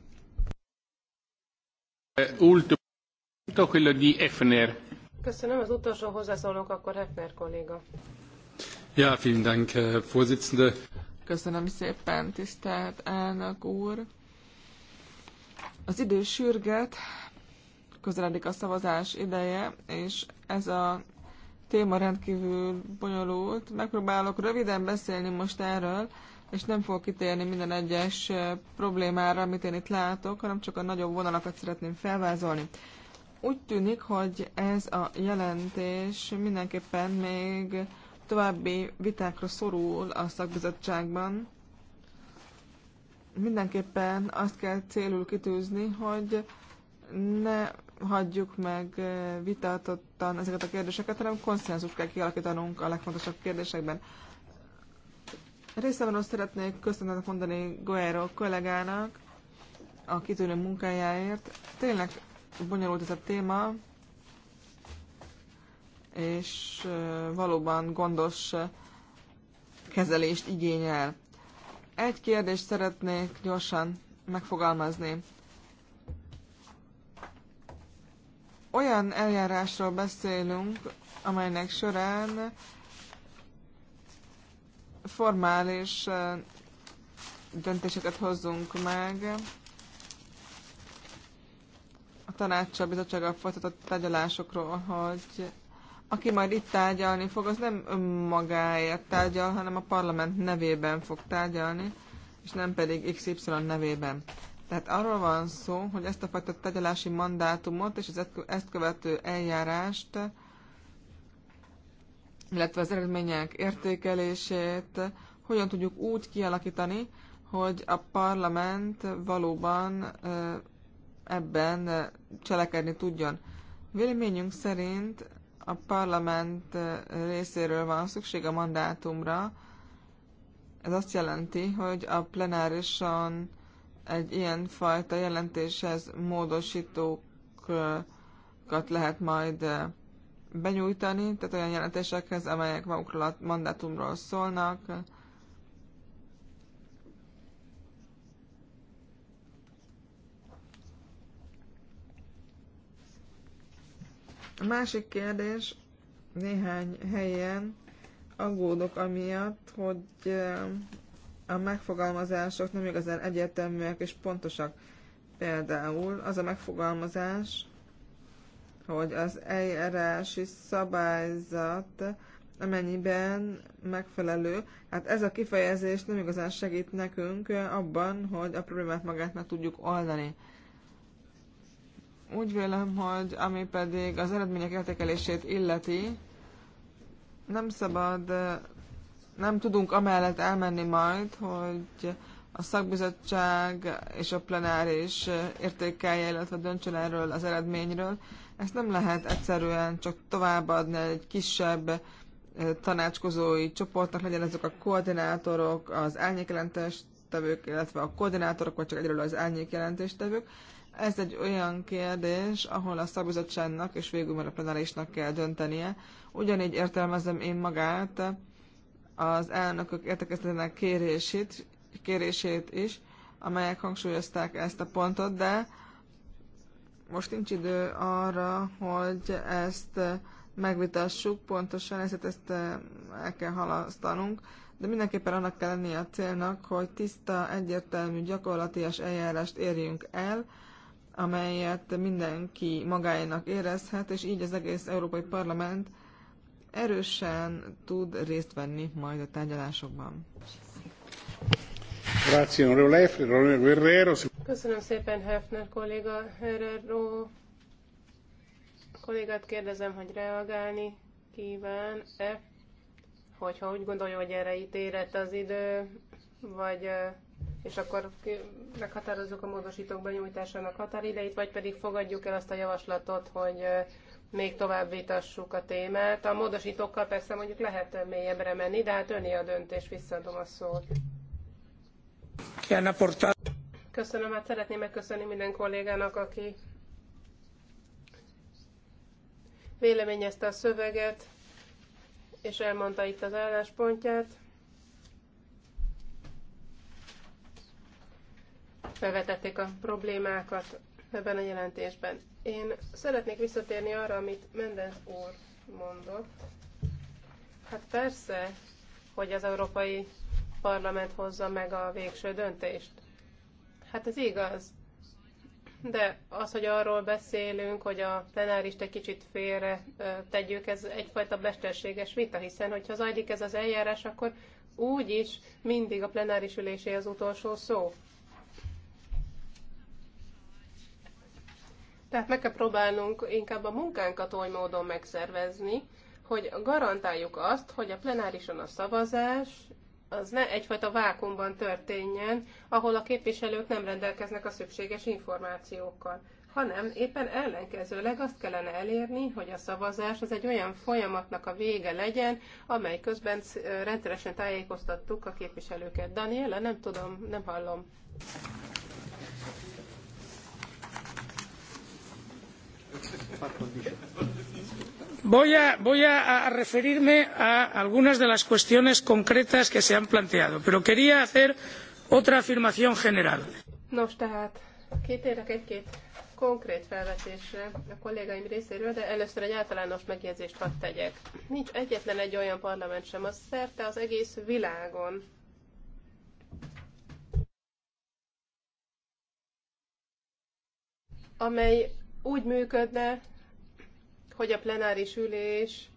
Köszönöm, az utolsó hozzászólónk akkor Hefner kolléga. Ja, vielen Dank, Vorsitzende. Köszönöm szépen, tisztelt elnök úr. Az idő sürget, közeledik a szavazás ideje, és ez a téma rendkívül bonyolult. Megpróbálok röviden beszélni most erről, és nem fogok kitérni minden egyes problémára, amit én itt látok, hanem csak a nagyobb vonalakat szeretném felvázolni. Úgy tűnik, hogy ez a jelentés mindenképpen még további vitákra szorul a szakbizottságban. Mindenképpen azt kell célul kitűzni, hogy ne hagyjuk meg vitatottan ezeket a kérdéseket, hanem konszenzus kell kialakítanunk a legfontosabb kérdésekben. Részemről szeretnék köszönetet mondani Guerrero kollégának a kitűnő munkájáért. Tényleg bonyolult ez a téma, és valóban gondos kezelést igényel. Egy kérdést szeretnék gyorsan megfogalmazni. Olyan eljárásról beszélünk, amelynek során formális döntéseket hozzunk meg tanácsa, bizottsággal folytatott tárgyalásokról, hogy aki majd itt tárgyalni fog, az nem önmagáért tárgyal, hanem a parlament nevében fog tárgyalni, és nem pedig XY nevében. Tehát arról van szó, hogy ezt a fajta tárgyalási mandátumot és az ezt követő eljárást, illetve az eredmények értékelését hogyan tudjuk úgy kialakítani, hogy a parlament valóban ebben cselekedni tudjon. Véleményünk szerint a parlament részéről van szükség a mandátumra. Ez azt jelenti, hogy a plenárison egy ilyen fajta jelentéshez módosítókat lehet majd benyújtani, tehát olyan jelentésekhez, amelyek magukról a mandátumról szólnak, A másik kérdés, néhány helyen aggódok amiatt, hogy eh, a megfogalmazások nem igazán egyértelműek és pontosak. Például az a megfogalmazás, hogy az eljárási szabályzat amennyiben megfelelő. Hát ez a kifejezés nem igazán segít nekünk abban, hogy a problémát magát meg tudjuk oldani. Úgy vélem, hogy ami pedig az eredmények értékelését illeti, nem szabad, nem tudunk amellett elmenni majd, hogy a szakbizottság és a plenáris értékelje, illetve döntsön erről az eredményről. Ezt nem lehet egyszerűen csak továbbadni egy kisebb eh, tanácskozói csoportnak, legyen ezek a koordinátorok, az árnyékjelentéstevők, illetve a koordinátorok, vagy csak egyről az árnyékjelentéstevők. Ez egy olyan kérdés, ahol a szabizottságnak és végül már a plenárisnak kell döntenie. Ugyanígy értelmezem én magát az elnökök értekezletének kérését, kérését is, amelyek hangsúlyozták ezt a pontot, de most nincs idő arra, hogy ezt megvitassuk pontosan, ezért ezt eh, el kell halasztanunk, de mindenképpen annak kell lennie a célnak, hogy tiszta, egyértelmű, gyakorlatias eljárást érjünk el, amelyet mindenki magáénak érezhet, és így az egész Európai Parlament erősen tud részt venni majd a tárgyalásokban. Köszönöm szépen Hefner kolléga Herrero kollégát kérdezem, hogy reagálni kíván-e, hogyha úgy gondolja, hogy erre ítélet az idő, vagy és akkor meghatározzuk a módosítók benyújtásának határideit, vagy pedig fogadjuk el azt a javaslatot, hogy még tovább vitassuk a témát. A módosítókkal persze mondjuk lehet mélyebbre menni, de hát öné a döntés, visszaadom a szót. Köszönöm, hát szeretném megköszönni minden kollégának, aki véleményezte a szöveget, és elmondta itt az álláspontját. felvetették a problémákat ebben a jelentésben. Én szeretnék visszatérni arra, amit Mendez úr mondott. Hát persze, hogy az Európai Parlament hozza meg a végső döntést. Hát ez igaz. De az, hogy arról beszélünk, hogy a plenárist egy kicsit félre tegyük, ez egyfajta mesterséges vita, hiszen hogyha zajlik ez az eljárás, akkor úgy is mindig a plenáris ülésé az utolsó szó. Tehát meg kell próbálnunk inkább a munkánkat oly módon megszervezni, hogy garantáljuk azt, hogy a plenárison a szavazás az ne egyfajta vákumban történjen, ahol a képviselők nem rendelkeznek a szükséges információkkal, hanem éppen ellenkezőleg azt kellene elérni, hogy a szavazás az egy olyan folyamatnak a vége legyen, amely közben rendszeresen tájékoztattuk a képviselőket. Daniela, nem tudom, nem hallom. Voy a, voy a referirme a algunas de las cuestiones concretas que se han planteado, pero quería hacer otra afirmación general. Nos tehát kitérek egy-két konkrét felvetésre a kollégáim részéről, de először egy általános megjegyzést hadd tegyek. Nincs egyetlen egy olyan parlament sem, az szerte az egész világon amely úgy működne, hogy a plenáris ülés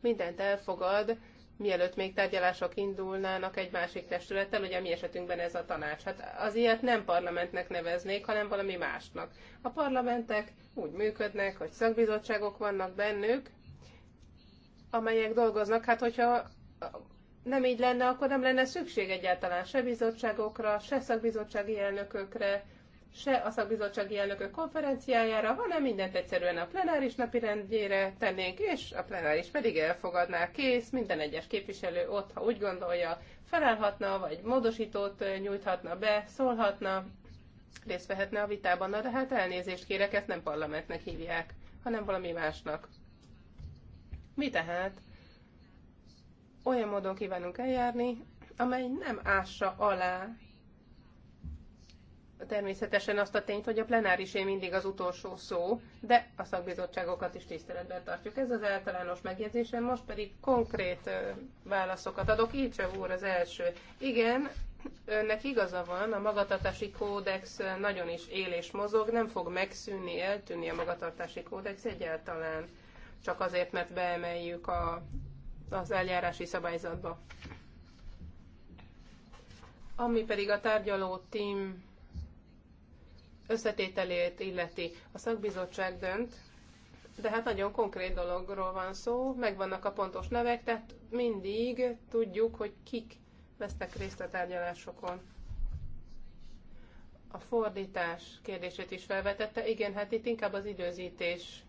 mindent elfogad, mielőtt még tárgyalások indulnának egy másik testülettel, ugye a mi esetünkben ez a tanács. Hát az ilyet nem parlamentnek neveznék, hanem valami másnak. A parlamentek úgy működnek, hogy szakbizottságok vannak bennük, amelyek dolgoznak. Hát hogyha nem így lenne, akkor nem lenne szükség egyáltalán se bizottságokra, se szakbizottsági elnökökre, se a szakbizottsági elnökök konferenciájára, hanem mindent egyszerűen a plenáris napi rendjére tennénk, és a plenáris pedig elfogadná kész, minden egyes képviselő ott, ha úgy gondolja, felelhatna, vagy módosítót nyújthatna be, szólhatna, részt vehetne a vitában, na de hát elnézést kérek, ezt nem parlamentnek hívják, hanem valami másnak. Mi tehát? Olyan módon kívánunk eljárni, amely nem ássa alá természetesen azt a tényt, hogy a plenárisé mindig az utolsó szó, de a szakbizottságokat is tiszteletben tartjuk. Ez az általános megjegyzésem, most pedig konkrét válaszokat adok. Ilcsev úr az első. Igen, önnek igaza van, a magatartási kódex nagyon is él és mozog, nem fog megszűnni, eltűnni a magatartási kódex egyáltalán, csak azért, mert beemeljük a, az eljárási szabályzatba. Ami pedig a tárgyaló tím összetételét illeti. A szakbizottság dönt, de hát nagyon konkrét dologról van szó, megvannak a pontos nevek, tehát mindig tudjuk, hogy kik vesznek részt a tárgyalásokon. A fordítás kérdését is felvetette. Igen, hát itt inkább az időzítés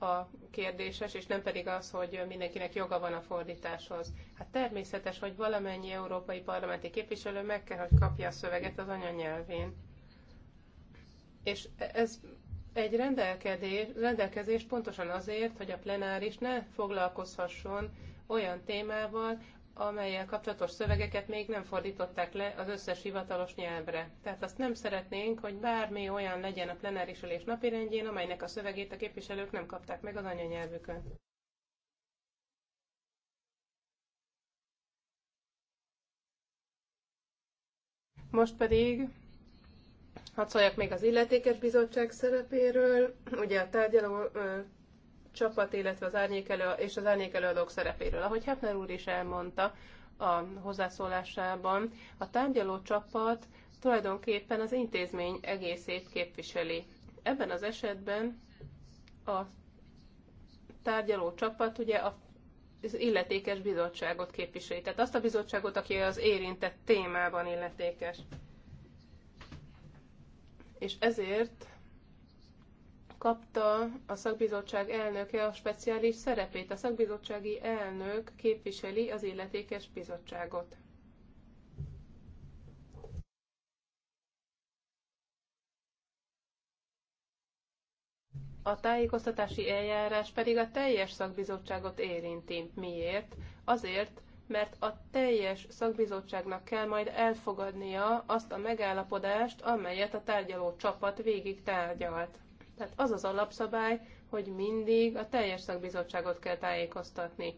a kérdéses, és nem pedig az, hogy mindenkinek joga van a fordításhoz. Hát természetes, hogy valamennyi európai parlamenti képviselő meg kell, hogy kapja a szöveget az anyanyelvén. És ez egy rendelkezés, rendelkezés pontosan azért, hogy a plenáris ne foglalkozhasson olyan témával, amelyel kapcsolatos szövegeket még nem fordították le az összes hivatalos nyelvre. Tehát azt nem szeretnénk, hogy bármi olyan legyen a plenáris ülés napirendjén, amelynek a szövegét a képviselők nem kapták meg az anyanyelvükön. Most pedig Hadd szóljak még az illetékes bizottság szerepéről, ugye a tárgyaló ö, csapat, illetve az árnyékelő és az árnyékelőadók szerepéről. Ahogy Hefner úr is elmondta a hozzászólásában, a tárgyaló csapat tulajdonképpen az intézmény egészét képviseli. Ebben az esetben a tárgyaló csapat ugye a az illetékes bizottságot képviseli. Tehát azt a bizottságot, aki az érintett témában illetékes és ezért kapta a szakbizottság elnöke a speciális szerepét. A szakbizottsági elnök képviseli az illetékes bizottságot. A tájékoztatási eljárás pedig a teljes szakbizottságot érinti. Miért? Azért, mert a teljes szakbizottságnak kell majd elfogadnia azt a megállapodást, amelyet a tárgyaló csapat végig tárgyalt. Tehát az az alapszabály, hogy mindig a teljes szakbizottságot kell tájékoztatni.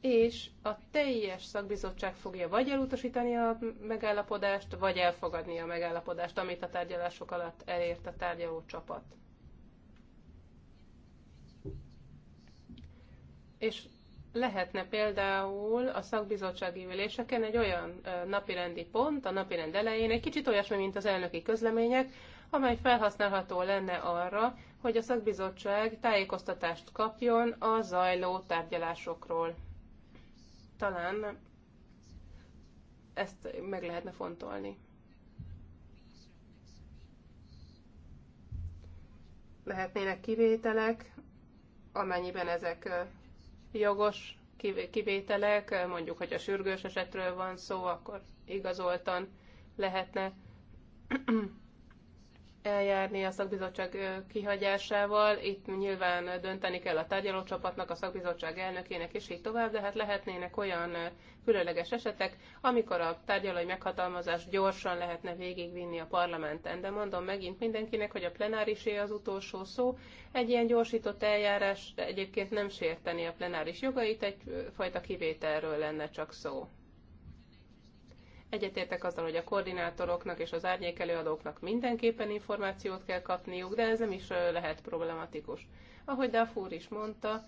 És a teljes szakbizottság fogja vagy elutasítani a megállapodást, vagy elfogadni a megállapodást, amit a tárgyalások alatt elért a tárgyaló csapat. És lehetne például a szakbizottsági üléseken egy olyan napirendi pont a napirend elején, egy kicsit olyasmi, mint az elnöki közlemények, amely felhasználható lenne arra, hogy a szakbizottság tájékoztatást kapjon a zajló tárgyalásokról. Talán ezt meg lehetne fontolni. Lehetnének kivételek, amennyiben ezek jogos kivételek, mondjuk, hogy a sürgős esetről van szó, akkor igazoltan lehetne [CLEARS THROAT] eljárni a szakbizottság kihagyásával. Itt nyilván dönteni kell a tárgyalócsapatnak, a szakbizottság elnökének, és így tovább, de hát lehetnének olyan különleges esetek, amikor a tárgyalói meghatalmazás gyorsan lehetne végigvinni a parlamenten. De mondom megint mindenkinek, hogy a plenárisé az utolsó szó. Egy ilyen gyorsított eljárás egyébként nem sérteni a plenáris jogait, egyfajta kivételről lenne csak szó. Egyetértek azzal, hogy a koordinátoroknak és az árnyékelőadóknak mindenképpen információt kell kapniuk, de ez nem is lehet problematikus. Ahogy Dafur is mondta,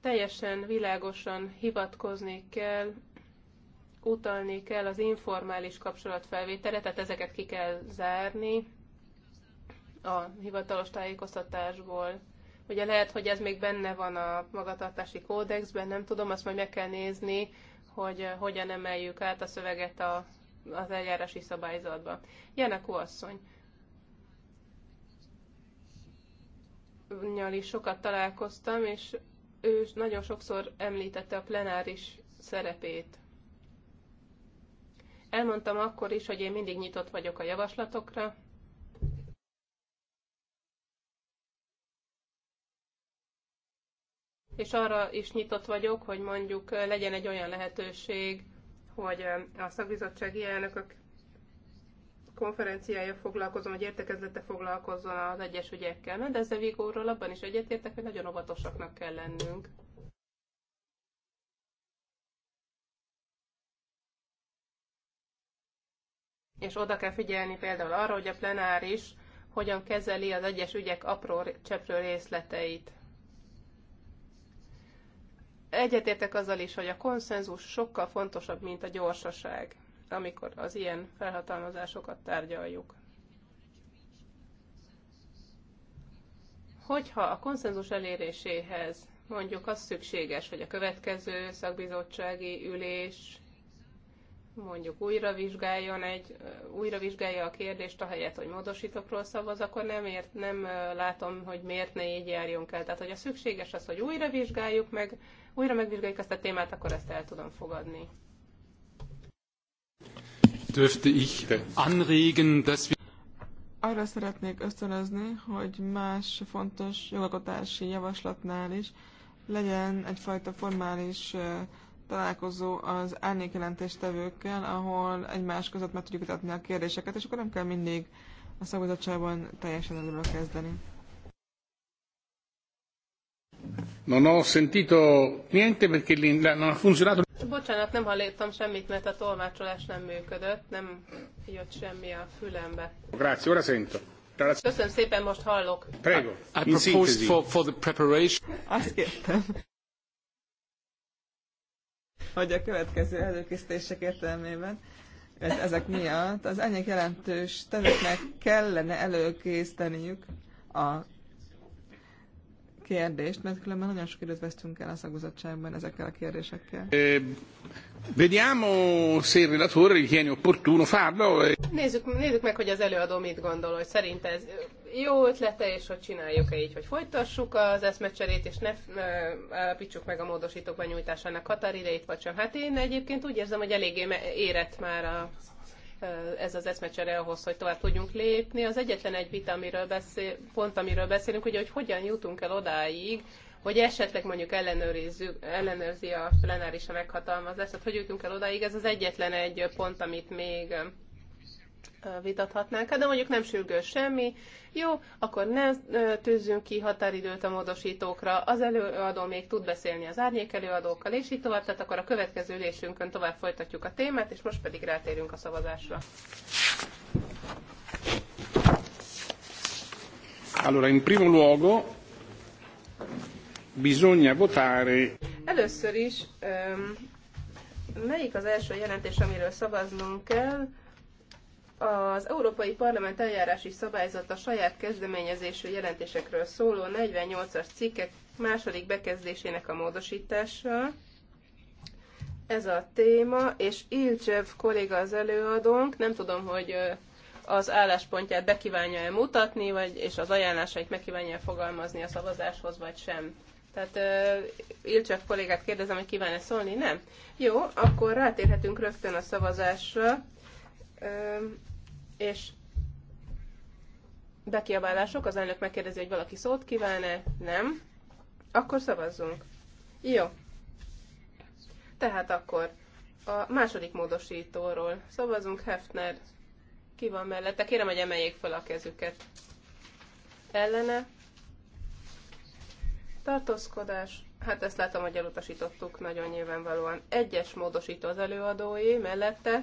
teljesen világosan hivatkozni kell, utalni kell az informális kapcsolatfelvételre, tehát ezeket ki kell zárni a hivatalos tájékoztatásból. Ugye lehet, hogy ez még benne van a magatartási kódexben, nem tudom, azt majd meg kell nézni hogy eh, hogyan emeljük át a szöveget a, az eljárási szabályzatba. Janakó asszony, nyal is sokat találkoztam, és ő nagyon sokszor említette a plenáris szerepét. Elmondtam akkor is, hogy én mindig nyitott vagyok a javaslatokra, és arra is nyitott vagyok, hogy mondjuk legyen egy olyan lehetőség, hogy a szakbizottsági elnökök konferenciája foglalkozom, hogy értekezlete foglalkozzon az egyes ügyekkel. Na, de ezzel Vigóról abban is egyetértek, hogy nagyon óvatosaknak kell lennünk. És oda kell figyelni például arra, hogy a plenáris hogyan kezeli az egyes ügyek apró cseprő részleteit. Egyetértek azzal is, hogy a konszenzus sokkal fontosabb, mint a gyorsaság, amikor az ilyen felhatalmazásokat tárgyaljuk. Hogyha a konszenzus eléréséhez mondjuk az szükséges, hogy a következő szakbizottsági ülés mondjuk újra vizsgáljon egy, újra vizsgálja a kérdést, ahelyett, hogy módosítokról szavaz, akkor nem, ért, nem látom, hogy miért ne így járjunk el. Tehát, hogy a szükséges az, hogy újra vizsgáljuk meg, újra megvizsgáljuk ezt a témát, akkor ezt el tudom fogadni. Dürfte ich anregen, dass wir arra szeretnék ösztönözni, hogy más fontos jogalkotási javaslatnál is legyen egyfajta formális uh, találkozó az árnyékjelentéstevőkkel, ahol egymás között meg tudjuk vitatni a kérdéseket, és akkor nem kell mindig a szakbizottságban teljesen előről kezdeni. Non ho sentito niente perché non ha funzionato. Bocsánat, nem hallottam semmit, mert a tolmácsolás nem működött, nem jött semmi a fülembe. Grazie, ora sento. Köszönöm szépen, most hallok. Prego. I, I proposed for, for the preparation. Azt kértem hogy a következő előkészítések értelmében ezek miatt az ennyi jelentős területnek kellene előkészíteniük a kérdést, mert különben nagyon sok időt vesztünk el a szakbizottságban ezekkel a kérdésekkel. Eh, vediamo se il relatore ritiene opportuno farlo. E- nézzük, nézzük meg, hogy az előadó mit gondol, hogy szerint ez jó ötlete, és hogy csináljuk-e így, hogy folytassuk az eszmecserét, és ne, ne állapítsuk meg a módosítók benyújtásának határidejét, vagy sem. Hát én egyébként úgy érzem, hogy eléggé érett már a ez az eszmecsere ahhoz, hogy tovább tudjunk lépni. Az egyetlen egy vita, amiről beszél, pont amiről beszélünk, ugye, hogy hogyan jutunk el odáig, hogy esetleg mondjuk ellenőrizzük, ellenőrzi a plenáris a meghatalmazást, tehát hogy jutunk el odáig, ez az egyetlen egy pont, amit még vitathatnánk, hát, de mondjuk nem sürgős semmi. Jó, akkor ne tűzzünk ki határidőt a módosítókra, az előadó még tud beszélni az árnyék előadókkal, és így tovább, tehát akkor a következő ülésünkön tovább folytatjuk a témát, és most pedig rátérünk a szavazásra. Allora, in primo luogo bisogna votare. Először is, um, melyik az első jelentés, amiről szavaznunk kell? Az Európai Parlament eljárási szabályzat a saját kezdeményezésű jelentésekről szóló 48-as cikkek második bekezdésének a módosítása. Ez a téma, és Ilcsev kolléga az előadónk, nem tudom, hogy az álláspontját bekívánja-e mutatni, vagy, és az ajánlásait megkívánja fogalmazni a szavazáshoz, vagy sem. Tehát uh, Ilcsev kollégát kérdezem, hogy kíván-e szólni? Nem? Jó, akkor rátérhetünk rögtön a szavazásra. Uh, és bekiabálások, az elnök megkérdezi, hogy valaki szót kíván-e, nem, akkor szavazzunk. Jó. Tehát akkor a második módosítóról szavazunk, Hefner ki van mellette, kérem, hogy emeljék fel a kezüket. Ellene. Tartózkodás. Hát ezt látom, hogy elutasítottuk nagyon nyilvánvalóan. Egyes módosító az előadói mellette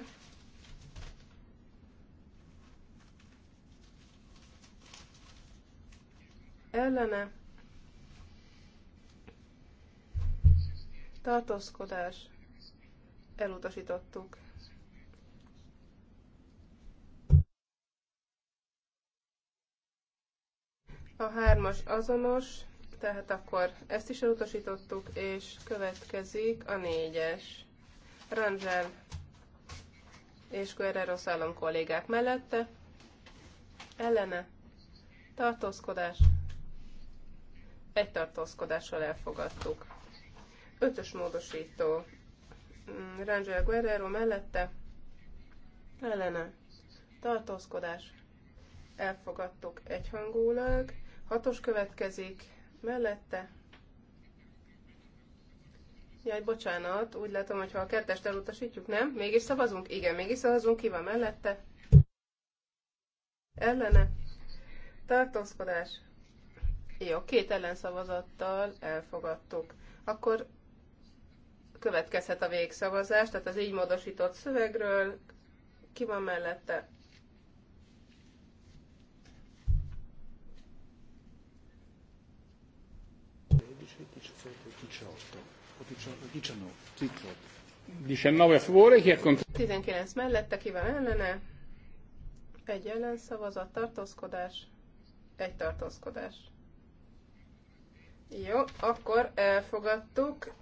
ellene tartózkodás elutasítottuk. A hármas azonos, tehát akkor ezt is elutasítottuk, és következik a négyes. Rangel és Guerrero szállom kollégák mellette, ellene, tartózkodás, egy tartózkodással elfogadtuk. Ötös módosító. Mm, Rangel Guerrero mellette ellene tartózkodás elfogadtuk egyhangulag. Hatos következik mellette Jaj, bocsánat, úgy látom, hogy ha a kettest elutasítjuk, nem? Mégis szavazunk? Igen, mégis szavazunk. Ki van mellette? Ellene. Tartózkodás. Jó, két ellenszavazattal elfogadtuk. Akkor következhet a végszavazás, tehát az így módosított szövegről ki van mellette. Tizenkilenc mellette, ki van ellene? Egy ellenszavazat, tartózkodás, egy tartózkodás. Jó, akkor elfogadtuk,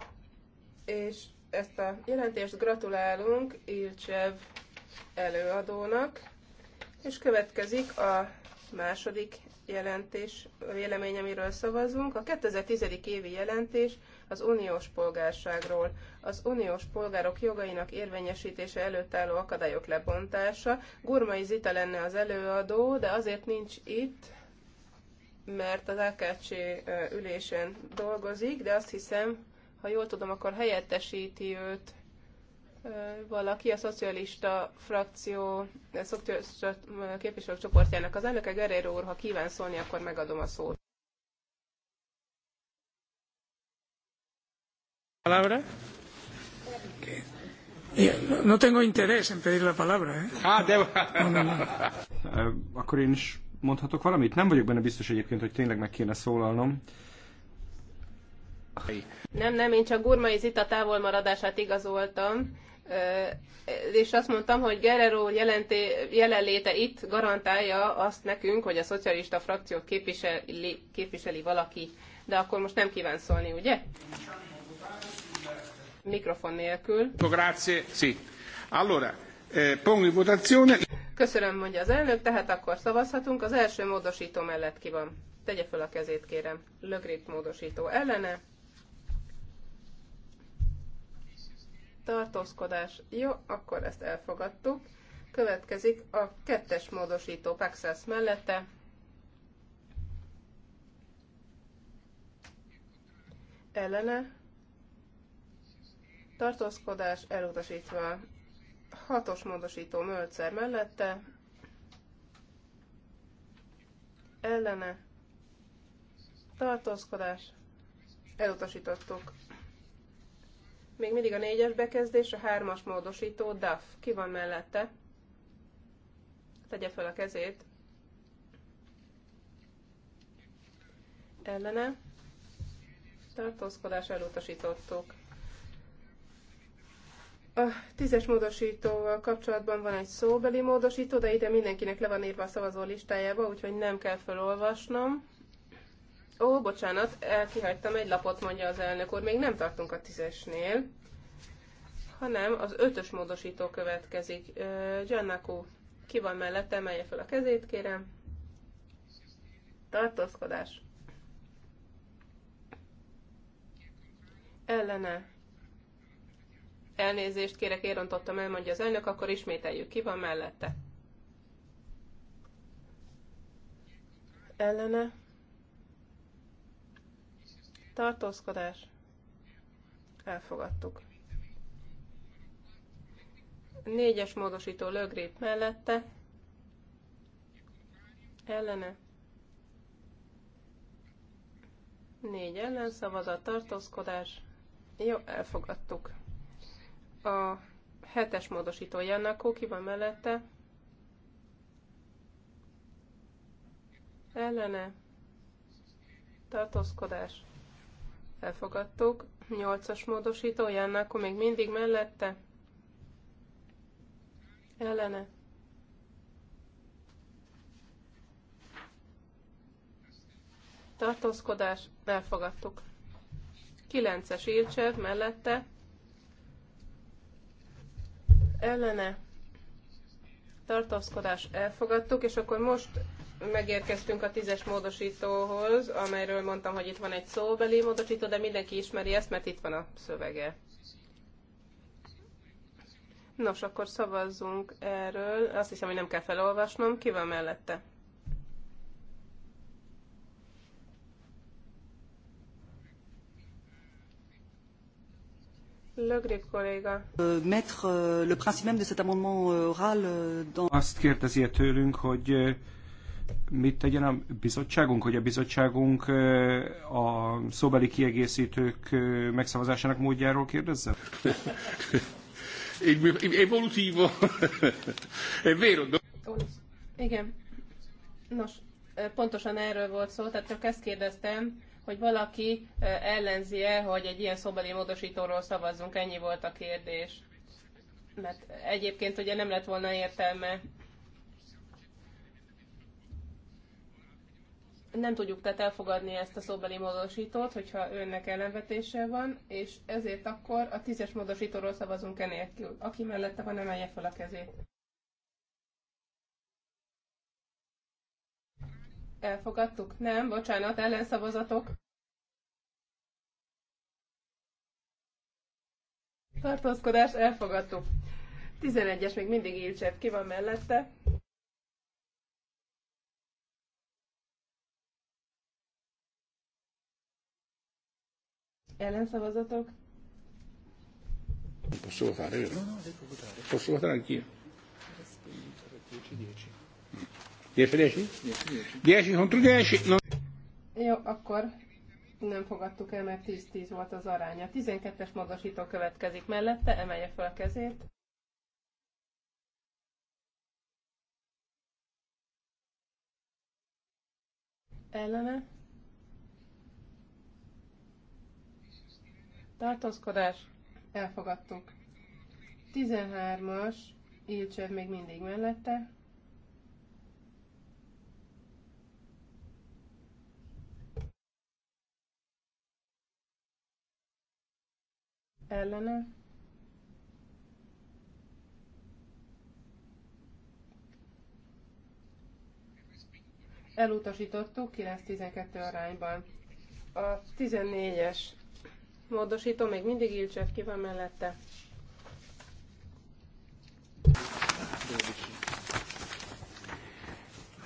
és ezt a jelentést gratulálunk Ilcsev előadónak, és következik a második jelentés, a vélemény, amiről szavazunk, a 2010. évi jelentés az uniós polgárságról, az uniós polgárok jogainak érvényesítése előtt álló akadályok lebontása. Gurmai Zita lenne az előadó, de azért nincs itt, mert az AKC ülésen dolgozik, de azt hiszem, ha jól tudom, akkor helyettesíti őt valaki a szocialista frakció szocialista képviselők csoportjának. Az elnöke Gerero úr, ha kíván szólni, akkor megadom a szót. Palabra? Eh, no tengo interés en pedir la palabra. Eh? Ah, de... no, no, no. Akkor én is mondhatok valamit? Nem vagyok benne biztos egyébként, hogy tényleg meg kéne szólalnom. Nem, nem, én csak Gurmai Zita távolmaradását igazoltam, és azt mondtam, hogy Guerrero jelenté, jelenléte itt garantálja azt nekünk, hogy a szocialista frakciót képviseli, képviseli valaki. De akkor most nem kíván szólni, ugye? Mikrofon nélkül. Grazie, sì. Allora, eh, pongo in votazione... Köszönöm, mondja az elnök, tehát akkor szavazhatunk. Az első módosító mellett ki van? Tegye föl a kezét, kérem. Lögrip módosító ellene. Tartózkodás. Jó, akkor ezt elfogadtuk. Következik a kettes módosító Paxas mellette. Ellene. Tartózkodás elutasítva. Hatos módosító mölcer mellette, ellene, tartózkodás, elutasítottuk. Még mindig a négyes bekezdés, a hármas módosító, DAF, ki van mellette? Tegye fel a kezét. Ellene, tartózkodás, elutasítottuk. A tízes módosítóval kapcsolatban van egy szóbeli módosító, de ide mindenkinek le van írva a szavazó listájába, úgyhogy nem kell felolvasnom. Ó, bocsánat, elkihagytam egy lapot, mondja az elnök úr. Még nem tartunk a tízesnél, hanem az ötös módosító következik. Giannakó, ki van mellette, emelje fel a kezét, kérem. Tartózkodás. Ellene Elnézést kérek, érontottam el, mondja az elnök, akkor ismételjük. Ki van mellette? Ellene. Tartózkodás. Elfogadtuk. Négyes módosító lögrép mellette. Ellene. Négy szavazat, tartózkodás. Jó, elfogadtuk. A hetes módosító Jannakó, ki van mellette? Ellene. Tartózkodás. Elfogadtuk. Nyolcas módosító Jannakó még mindig mellette? Ellene. Tartózkodás. Elfogadtuk. Kilences Ilcsev mellette ellene tartózkodás elfogadtuk, és akkor most megérkeztünk a tízes módosítóhoz, amelyről mondtam, hogy itt van egy szóbeli módosító, de mindenki ismeri ezt, mert itt van a szövege. Nos, akkor szavazzunk erről. Azt hiszem, hogy nem kell felolvasnom. Ki van mellette? Azt kérdezi tőlünk, hogy euh, mit tegyen a bizottságunk, hogy a bizottságunk euh, a szóbeli kiegészítők euh, megszavazásának módjáról kérdezze? [LAUGHS] Evolutívo. [LAUGHS] È vero. Igen. Nos, pontosan erről volt szó, tehát csak ezt kérdeztem, hogy valaki ellenzi-e, hogy egy ilyen szobeli módosítóról szavazzunk, ennyi volt a kérdés. Mert egyébként ugye nem lett volna értelme. Nem tudjuk tehát elfogadni ezt a szóbeli módosítót, hogyha önnek ellenvetése van, és ezért akkor a tízes módosítóról szavazunk enélkül. Aki mellette van, emelje fel a kezét. Elfogadtuk? Nem, bocsánat, ellenszavazatok. Tartózkodás, elfogadtuk. 11-es még mindig Ilcsev, ki van mellette? Ellenszavazatok? Posso votare? Posso votare anch'io? 10-10? 10-10 Jó, akkor nem fogadtuk el, mert 10-10 volt az aránya. 12-es magasító következik mellette, emelje fel a kezét. Ellene. Tartózkodás. Elfogadtuk. 13-as, Ilcsev még mindig mellette. ellene, elutasítottuk 9-12 arányban. A 14-es módosító még mindig Ilcsef ki van mellette.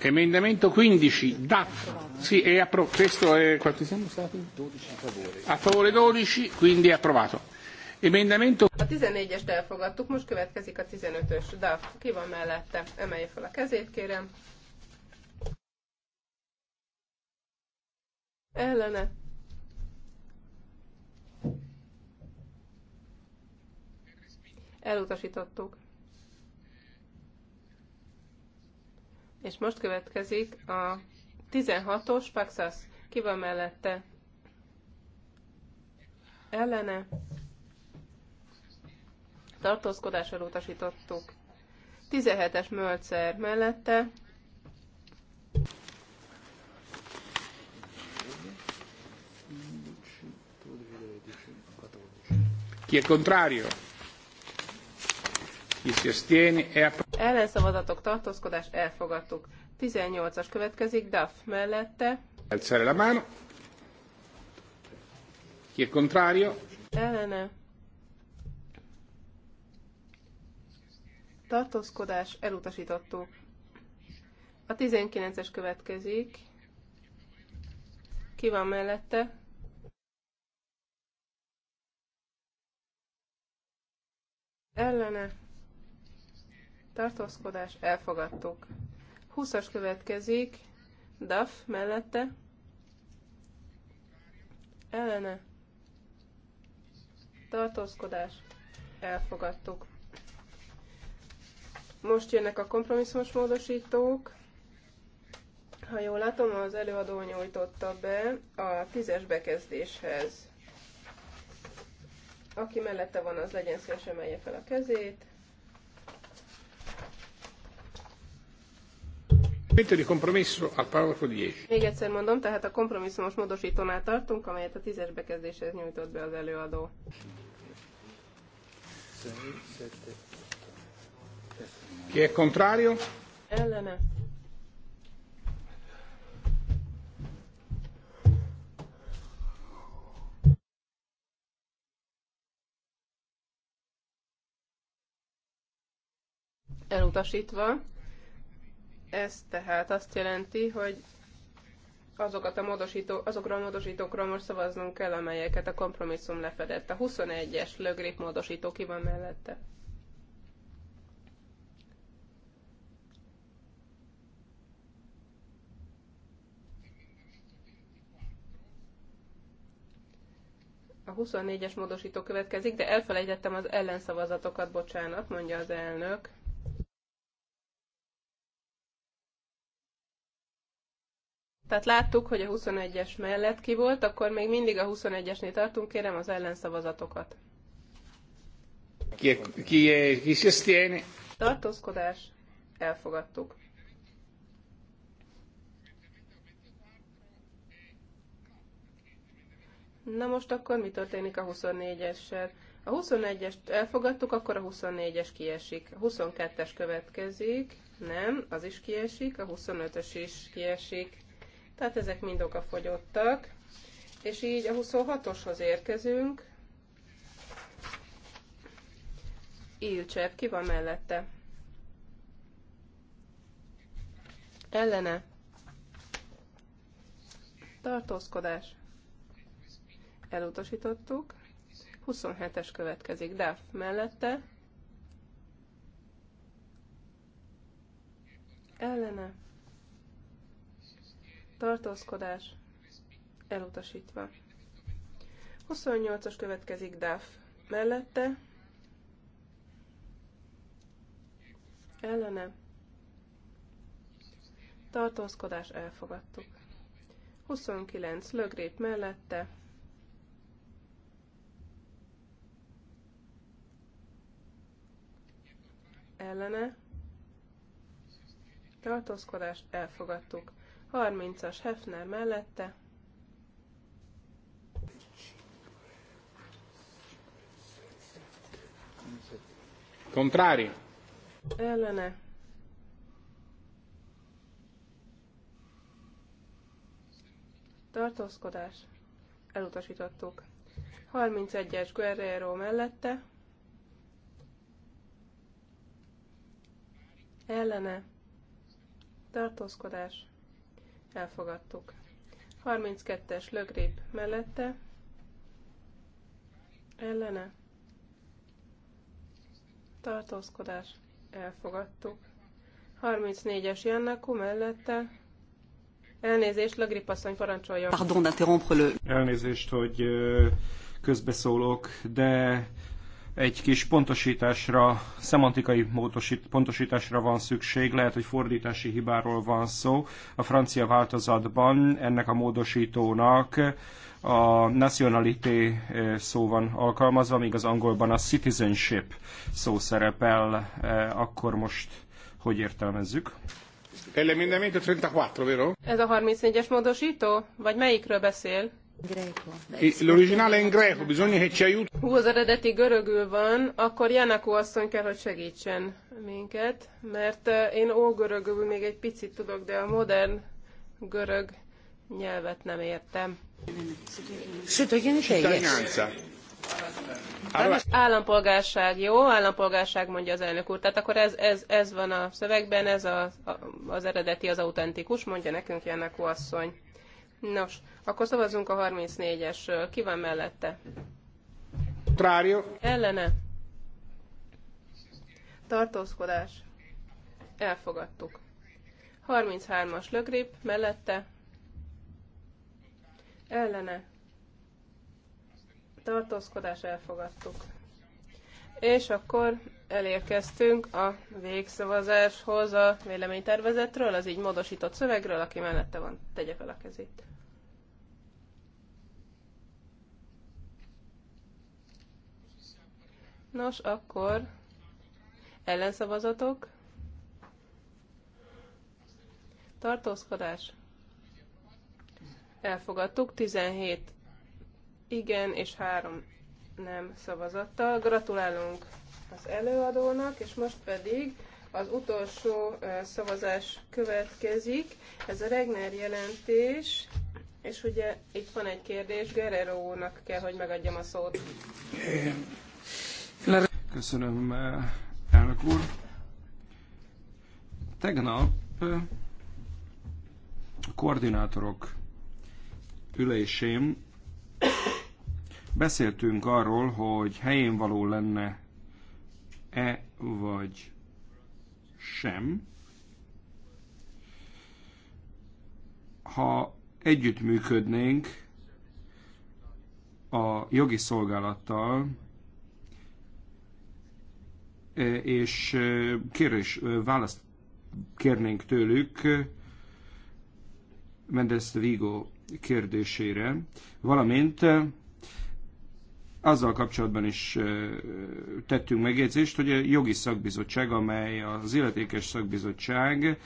Emendamento 15, da. sì, è appro- questo è quanti siamo stati? 12 a favore. A favore 12, quindi è approvato. A 14-est elfogadtuk, most következik a 15-ös. Duff, ki van mellette? Emelje fel a kezét, kérem. Ellene. Elutasítottuk. És most következik a 16-os Paxas. Ki van mellette? Ellene tartózkodással elutasítottuk. 17-es Mölcer mellette, Ki a contrario? Chi si astiene Ellenszavazatok tartózkodás elfogadtuk. 18-as következik, DAF mellette. Alzare la mano. Chi è contrario? Ellene. tartózkodás elutasítottuk. A 19-es következik. Ki van mellette? Ellene. Tartózkodás elfogadtuk. 20-as következik. DAF mellette. Ellene. Tartózkodás elfogadtuk. Most jönnek a kompromisszumos módosítók. Ha jól látom, az előadó nyújtotta be a tízes bekezdéshez. Aki mellette van, az legyen szíves, emelje fel a kezét. Még egyszer mondom, tehát a kompromisszumos módosítónál tartunk, amelyet a tízes bekezdéshez nyújtott be az előadó. Chi è contrario? Ellene. Elutasítva. Ez tehát azt jelenti, hogy azokat a módosító, azokra a módosítókra most szavaznunk kell, amelyeket a kompromisszum lefedett. A 21-es lögrép módosító ki van mellette? 24-es módosító következik, de elfelejtettem az ellenszavazatokat, bocsánat, mondja az elnök. Tehát láttuk, hogy a 21-es mellett ki volt, akkor még mindig a 21-esnél tartunk, kérem az ellenszavazatokat. Ki, ki, ki, ki Tartózkodás. Elfogadtuk. Na most akkor mi történik a 24-essel? A 21-est elfogadtuk, akkor a 24-es kiesik. A 22-es következik, nem, az is kiesik, a 25-ös is kiesik. Tehát ezek mind fogyottak. És így a 26-oshoz érkezünk. Ilcsev, ki van mellette? Ellene. Tartózkodás elutasítottuk. 27-es következik, DAF mellette. Ellene. Tartózkodás. Elutasítva. 28-as következik, DAF mellette. Ellene. Tartózkodás elfogadtuk. 29 lögrép mellette ellene tartózkodás elfogadtuk. 30-as Hefner mellette Contrari. Ellene. Tartózkodás. Elutasítottuk. 31-es Guerrero mellette. ellene, tartózkodás, elfogadtuk. 32-es lögrép mellette, ellene, tartózkodás, elfogadtuk. 34-es Jannaku mellette, elnézést, lögrip asszony parancsoljon. Pardon d'interrompre le. Elnézést, hogy közbeszólok, de egy kis pontosításra, szemantikai módosít, pontosításra van szükség, lehet, hogy fordítási hibáról van szó. A francia változatban ennek a módosítónak a nationality eh, szó van alkalmazva, míg az angolban a citizenship szó szerepel, eh, akkor most hogy értelmezzük? Ez a 34-es módosító? Vagy melyikről beszél? L'originale in greco, bisogna che ci aiuti. Hú, az eredeti görögül van, akkor Janakó asszony kell, hogy segítsen minket, mert eh, én ógörögül még egy picit tudok, de a modern görög nyelvet nem értem. Állampolgárság, jó, állampolgárság mondja az elnök úr. Tehát akkor ez, ez, ez van a szövegben, ez a, az eredeti, az autentikus, mondja nekünk Janakó asszony. Nos, akkor szavazunk a 34-esről. Ki van mellette? Trário. Ellene. Tartózkodás. Elfogadtuk. 33-as lögrip mellette. Ellene. Tartózkodás elfogadtuk. És akkor elérkeztünk a végszavazáshoz a véleménytervezetről, az így módosított szövegről, aki mellette van, tegye fel a kezét. Nos, akkor ellenszavazatok. Tartózkodás. Elfogadtuk 17 igen és 3 nem szavazattal. Gratulálunk az előadónak, és most pedig az utolsó szavazás következik. Ez a Regner jelentés, és ugye itt van egy kérdés, Gererónak kell, hogy megadjam a szót. Köszönöm, eh, elnök úr. Tegnap eh, a koordinátorok ülésén beszéltünk arról, hogy helyén való lenne-e vagy sem, ha együttműködnénk a jogi szolgálattal, E, és e, kérés, e, választ kérnénk tőlük Mendes Vigo kérdésére, valamint azzal kapcsolatban is tettünk megjegyzést, hogy a jogi szakbizottság, amely az illetékes szakbizottság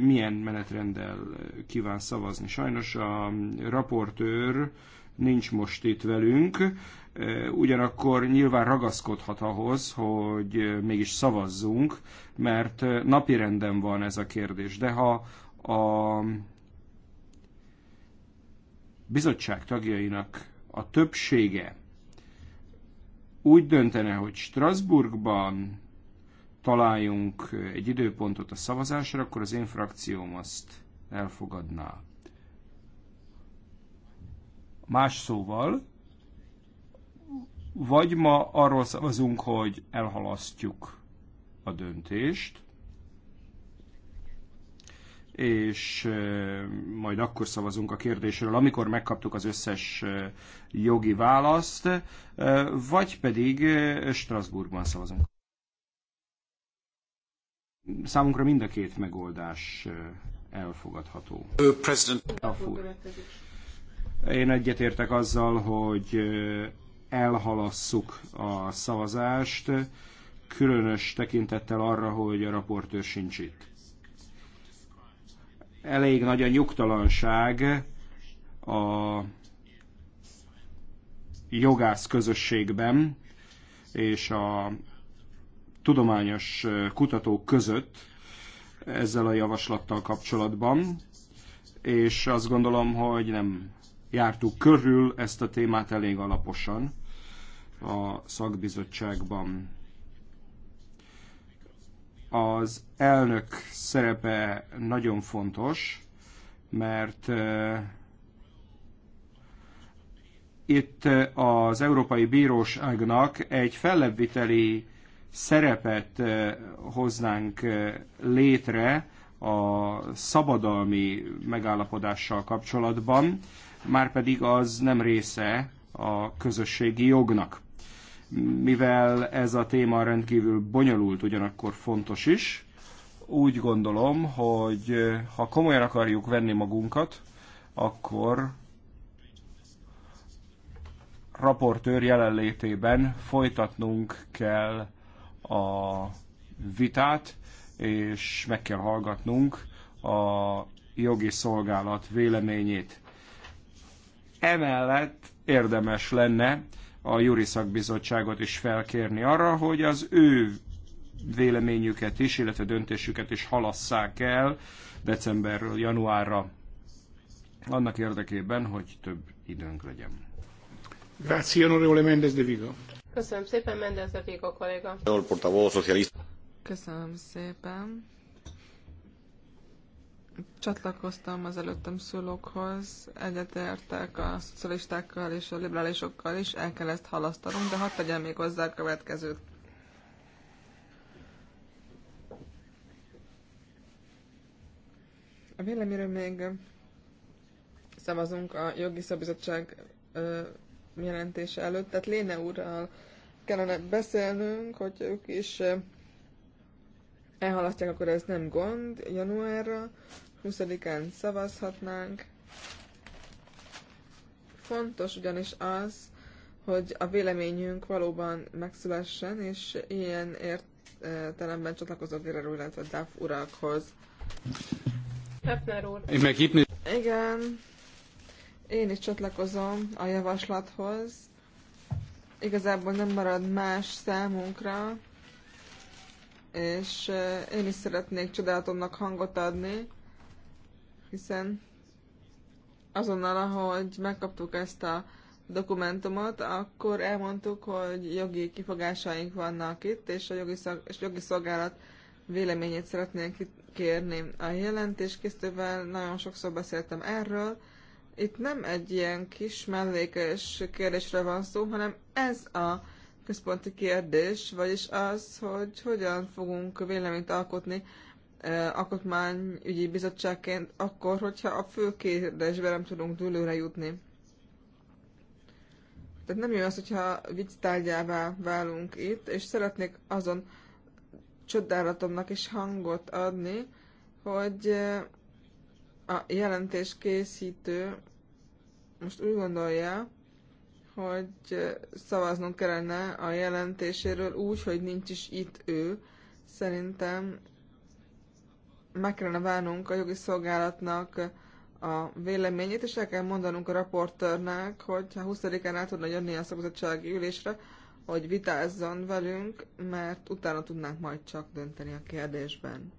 milyen menetrenddel kíván szavazni. Sajnos a raportőr nincs most itt velünk, ugyanakkor nyilván ragaszkodhat ahhoz, hogy mégis szavazzunk, mert napirenden van ez a kérdés. De ha a bizottság tagjainak a többsége úgy döntene, hogy Strasbourgban találjunk egy időpontot a szavazásra, akkor az én frakcióm azt elfogadná. Más szóval, vagy ma arról szavazunk, hogy elhalasztjuk a döntést, és majd akkor szavazunk a kérdésről, amikor megkaptuk az összes jogi választ, vagy pedig Strasbourgban szavazunk. Számunkra mind a két megoldás elfogadható. President. Én egyetértek azzal, hogy elhalasszuk a szavazást, különös tekintettel arra, hogy a raportőr sincs itt. Elég nagy a nyugtalanság a jogász közösségben és a tudományos kutatók között ezzel a javaslattal kapcsolatban, és azt gondolom, hogy nem jártuk körül ezt a témát elég alaposan a szakbizottságban. Az elnök szerepe nagyon fontos, mert itt az Európai Bíróságnak egy fellebbviteli szerepet hoznánk létre a szabadalmi megállapodással kapcsolatban, márpedig az nem része a közösségi jognak. Mivel ez a téma rendkívül bonyolult, ugyanakkor fontos is, úgy gondolom, hogy ha komolyan akarjuk venni magunkat, akkor raportőr jelenlétében folytatnunk kell a vitát, és meg kell hallgatnunk a jogi szolgálat véleményét. Emellett érdemes lenne a Juri Szakbizottságot is felkérni arra, hogy az ő véleményüket is, illetve döntésüket is halasszák el decemberről januárra, annak érdekében, hogy több időnk legyen. Grazie, onorevole Mendez de Vigo. Köszönöm szépen, Mendez de Vigo kolléga. Köszönöm szépen csatlakoztam az előttem szülőkhoz, egyetértek a szocialistákkal és a liberálisokkal is, el kell ezt halasztanunk, de hadd tegyem még hozzá a következőt. A véleményről még szavazunk a jogi szabizottság jelentése előtt, tehát Léne úrral kellene beszélnünk, hogy ők is elhalasztják, akkor ez nem gond januárra, 20-án szavazhatnánk. Fontos ugyanis az, hogy a véleményünk valóban megszülessen, és ilyen értelemben csatlakozok Gerard úr, illetve Duff urakhoz. Hefner úr. Igen, én is csatlakozom a javaslathoz. Igazából nem marad más számunkra, és eh, én is szeretnék csodálatomnak hangot adni, hiszen azonnal, ahogy megkaptuk ezt a dokumentumot, akkor elmondtuk, hogy jogi kifogásaink vannak itt, és a jogi, szag, és jogi szolgálat véleményét szeretnénk kérni. A jelentéskészítővel nagyon sokszor beszéltem erről. Itt nem egy ilyen kis mellékes kérdésre van szó, hanem ez a központi kérdés, vagyis az, hogy hogyan fogunk véleményt alkotni alkotmányügyi bizottságként akkor, hogyha a fő kérdésbe nem tudunk dőlőre jutni. Tehát nem jó az, hogyha vicc tárgyává válunk itt, és szeretnék azon csodálatomnak is hangot adni, hogy a jelentés készítő most úgy gondolja, hogy szavaznunk kellene a jelentéséről úgy, hogy nincs is itt ő. Szerintem meg kellene várnunk a jogi szolgálatnak a véleményét, és el kell mondanunk a raportőrnek, hogy ha 20-án el tudna jönni a szakozatsági ülésre, hogy vitázzon velünk, mert utána tudnánk majd csak dönteni a kérdésben.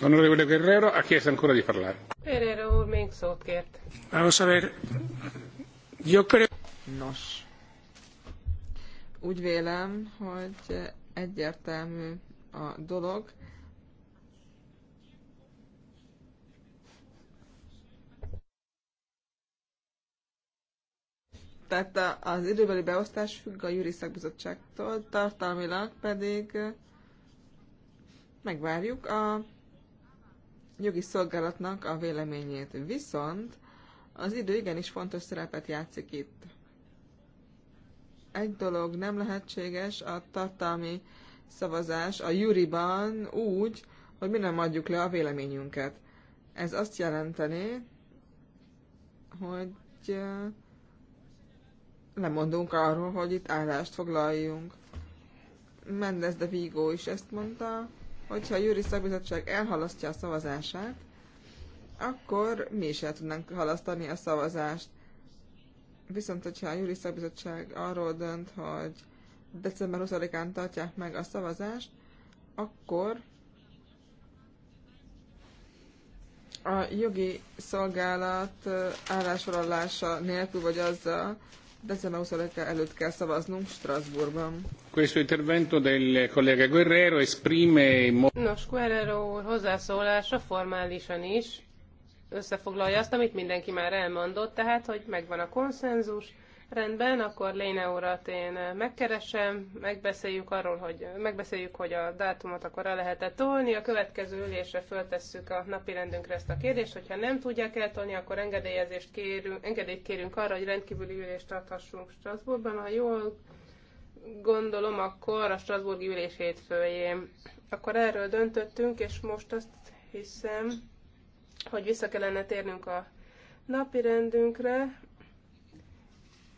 Honorable Guerrero, ha chiesto ancora di parlare. Guerrero még szót kért. Vamos a ver. Yo creo... Nos. Úgy vélem, hogy egyértelmű a dolog. Tehát az időbeli beosztás függ a júri szakbizottságtól, tartalmilag pedig megvárjuk a jogi szolgálatnak a véleményét. Viszont az idő igenis fontos szerepet játszik itt. Egy dolog nem lehetséges a tartalmi szavazás a júriban úgy, hogy mi nem adjuk le a véleményünket. Ez azt jelenteni, hogy lemondunk arról, hogy itt állást foglaljunk. Mendez de Vigo is ezt mondta, hogyha a Jüri Szakbizottság elhalasztja a szavazását, akkor mi is el tudnánk halasztani a szavazást. Viszont, hogyha a Jüri Szakbizottság arról dönt, hogy december 20-án tartják meg a szavazást, akkor a jogi szolgálat eh, állásfoglalása nélkül, vagy azzal, december 25 előtt kell szavaznunk Strasbourgban. Questo intervento del collega Guerrero esprime... Nos, Guerrero úr hozzászólása formálisan is összefoglalja azt, amit mindenki már elmondott, tehát, hogy megvan a konszenzus, Rendben, akkor Léne urat én megkeresem, megbeszéljük arról, hogy megbeszéljük, hogy a dátumot akkor el lehet -e tolni. A következő ülésre föltesszük a napi rendünkre ezt a kérdést, hogyha nem tudják eltolni, akkor engedélyezést kérünk, engedélyt kérünk arra, hogy rendkívüli ülést tarthassunk Strasbourgban. Ha jól gondolom, akkor a Strasburgi ülés hétfőjén. Akkor erről döntöttünk, és most azt hiszem, hogy vissza kellene térnünk a napi rendünkre,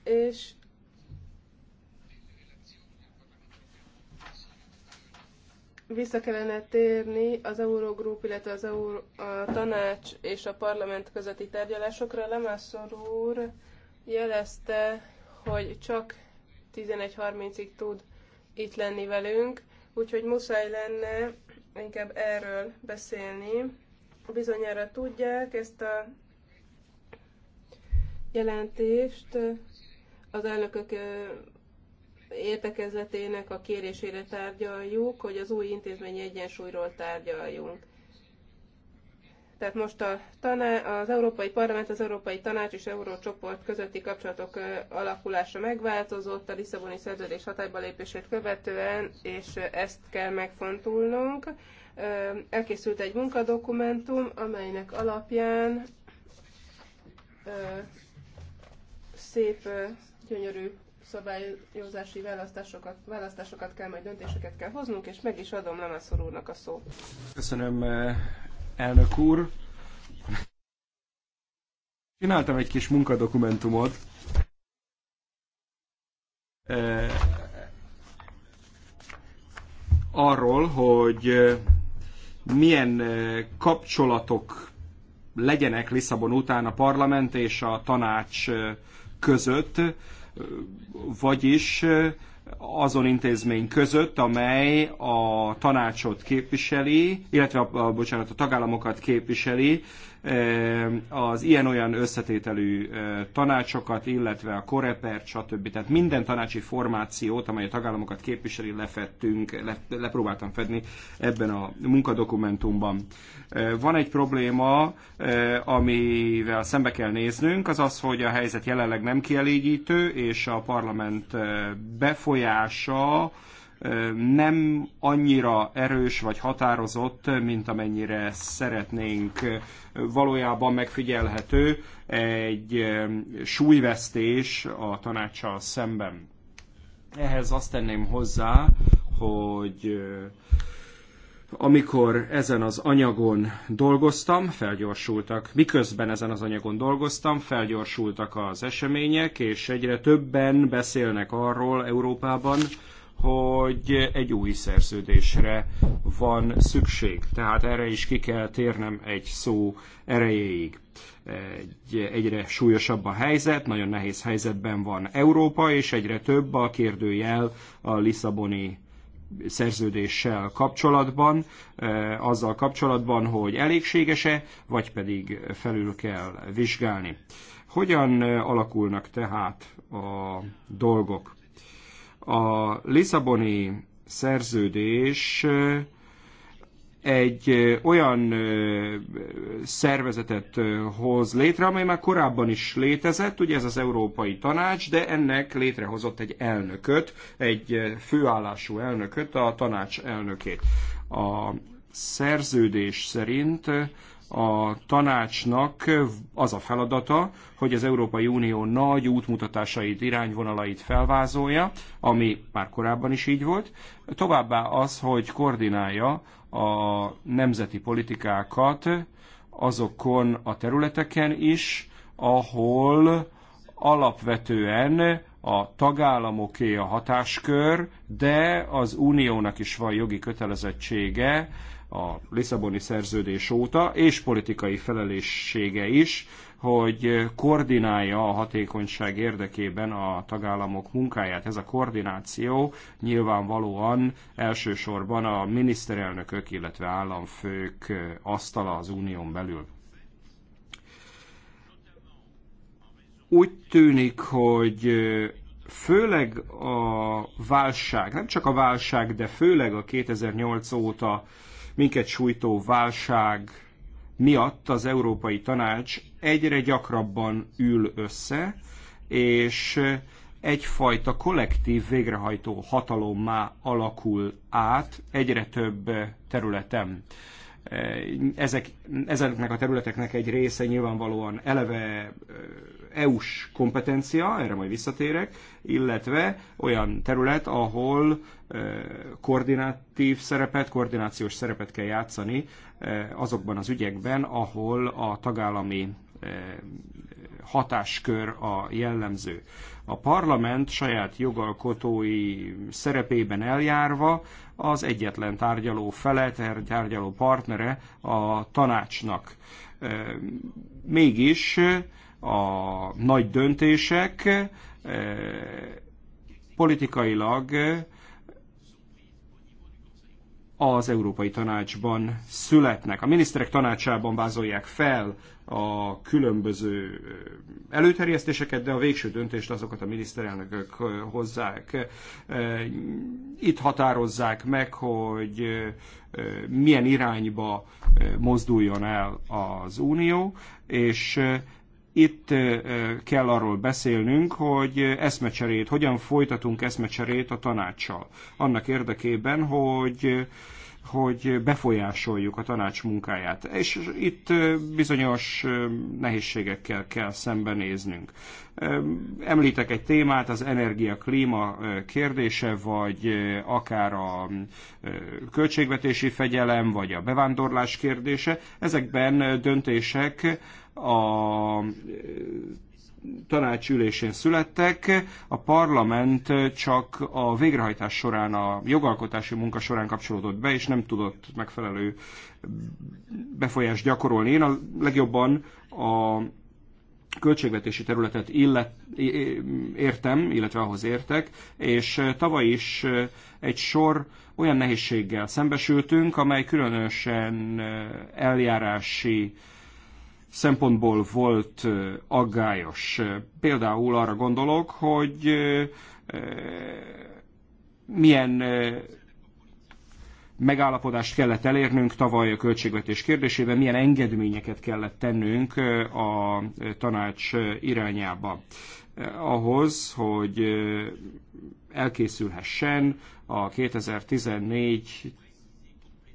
és vissza kellene térni az Eurogroup, illetve az Euro, a tanács és a parlament közötti tárgyalásokra. Lemászor úr jelezte, hogy csak 11.30-ig tud itt lenni velünk, úgyhogy muszáj lenne inkább erről beszélni. Bizonyára tudják ezt a jelentést az elnökök értekezletének a kérésére tárgyaljuk, hogy az új intézményi egyensúlyról tárgyaljunk. Tehát most a taná- az Európai Parlament, az Európai Tanács és Eurócsoport közötti kapcsolatok alakulása megváltozott a Lisszaboni szerződés hatályba lépését követően, és ezt kell megfontolnunk. Elkészült egy munkadokumentum, amelynek alapján szép gyönyörű szabályozási választásokat, választásokat kell, majd döntéseket kell hoznunk, és meg is adom Lemeszor úrnak a szót. Köszönöm, elnök úr. Csináltam egy kis munkadokumentumot. E, arról, hogy milyen kapcsolatok legyenek Lisszabon után a parlament és a tanács között, vagyis azon intézmény között, amely a tanácsot képviseli, illetve a, a, bocsánat, a tagállamokat képviseli, az ilyen-olyan összetételű tanácsokat, illetve a koreper, stb. Tehát minden tanácsi formációt, amely a tagállamokat képviseli, lefettünk, le, lepróbáltam fedni ebben a munkadokumentumban. Van egy probléma, amivel szembe kell néznünk, az az, hogy a helyzet jelenleg nem kielégítő, és a parlament befolyása, nem annyira erős vagy határozott, mint amennyire szeretnénk. Valójában megfigyelhető egy súlyvesztés a tanácssal szemben. Ehhez azt tenném hozzá, hogy amikor ezen az anyagon dolgoztam, felgyorsultak, miközben ezen az anyagon dolgoztam, felgyorsultak az események, és egyre többen beszélnek arról Európában, hogy egy új szerződésre van szükség. Tehát erre is ki kell térnem egy szó erejéig. Egy, egyre súlyosabb a helyzet, nagyon nehéz helyzetben van Európa, és egyre több a kérdőjel a Lisszaboni szerződéssel kapcsolatban, e, azzal kapcsolatban, hogy elégséges-e, vagy pedig felül kell vizsgálni. Hogyan e, alakulnak tehát a dolgok? A Lisszaboni szerződés eh, egy eh, olyan eh, szervezetet hoz létre, amely már korábban is létezett, ugye ez az Európai Tanács, de ennek létrehozott egy elnököt, egy főállású elnököt, a tanács elnökét. A szerződés szerint a tanácsnak az a feladata, hogy az Európai Unió nagy útmutatásait, irányvonalait felvázolja, ami már korábban is így volt, továbbá az, hogy koordinálja a nemzeti politikákat azokon a területeken is, ahol alapvetően a tagállamoké a hatáskör, de az uniónak is van jogi kötelezettsége a Lisszaboni szerződés óta, és politikai felelőssége is, hogy koordinálja a hatékonyság érdekében a tagállamok munkáját. Ez a koordináció nyilvánvalóan elsősorban a miniszterelnökök, illetve államfők asztala az unión belül. Úgy tűnik, hogy főleg a válság, nem csak a válság, de főleg a 2008 óta minket sújtó válság miatt az Európai Tanács egyre gyakrabban ül össze, és egyfajta kollektív végrehajtó hatalommá alakul át egyre több területen. Ezek, ezeknek a területeknek egy része nyilvánvalóan eleve EU-s kompetencia, erre majd visszatérek, illetve olyan terület, ahol koordinatív szerepet, koordinációs szerepet kell játszani azokban az ügyekben, ahol a tagállami hatáskör a jellemző. A parlament saját jogalkotói szerepében eljárva az egyetlen tárgyaló fele, er, tárgyaló partnere a tanácsnak. Mégis a nagy döntések eh, politikailag eh, az Európai Tanácsban születnek. A miniszterek tanácsában vázolják fel a különböző eh, előterjesztéseket, de a végső döntést azokat a miniszterelnökök hozzák. Itt határozzák meg, hogy milyen irányba mozduljon el az Unió, és itt kell arról beszélnünk, hogy eszmecserét, hogyan folytatunk eszmecserét a tanácssal. Annak érdekében, hogy hogy befolyásoljuk a tanács munkáját. És itt bizonyos nehézségekkel kell szembenéznünk. Említek egy témát, az energia-klíma kérdése, vagy akár a költségvetési fegyelem, vagy a bevándorlás kérdése. Ezekben döntések a e, tanácsülésén születtek, a parlament csak a végrehajtás során, a jogalkotási munka során kapcsolódott be, és nem tudott megfelelő befolyást gyakorolni. Én a legjobban a költségvetési területet illet, értem, illetve ahhoz értek, és tavaly is egy sor olyan nehézséggel szembesültünk, amely különösen e, eljárási szempontból volt aggályos. Például arra gondolok, hogy milyen megállapodást kellett elérnünk tavaly a költségvetés kérdésében, milyen engedményeket kellett tennünk a tanács irányába ahhoz, hogy elkészülhessen a 2014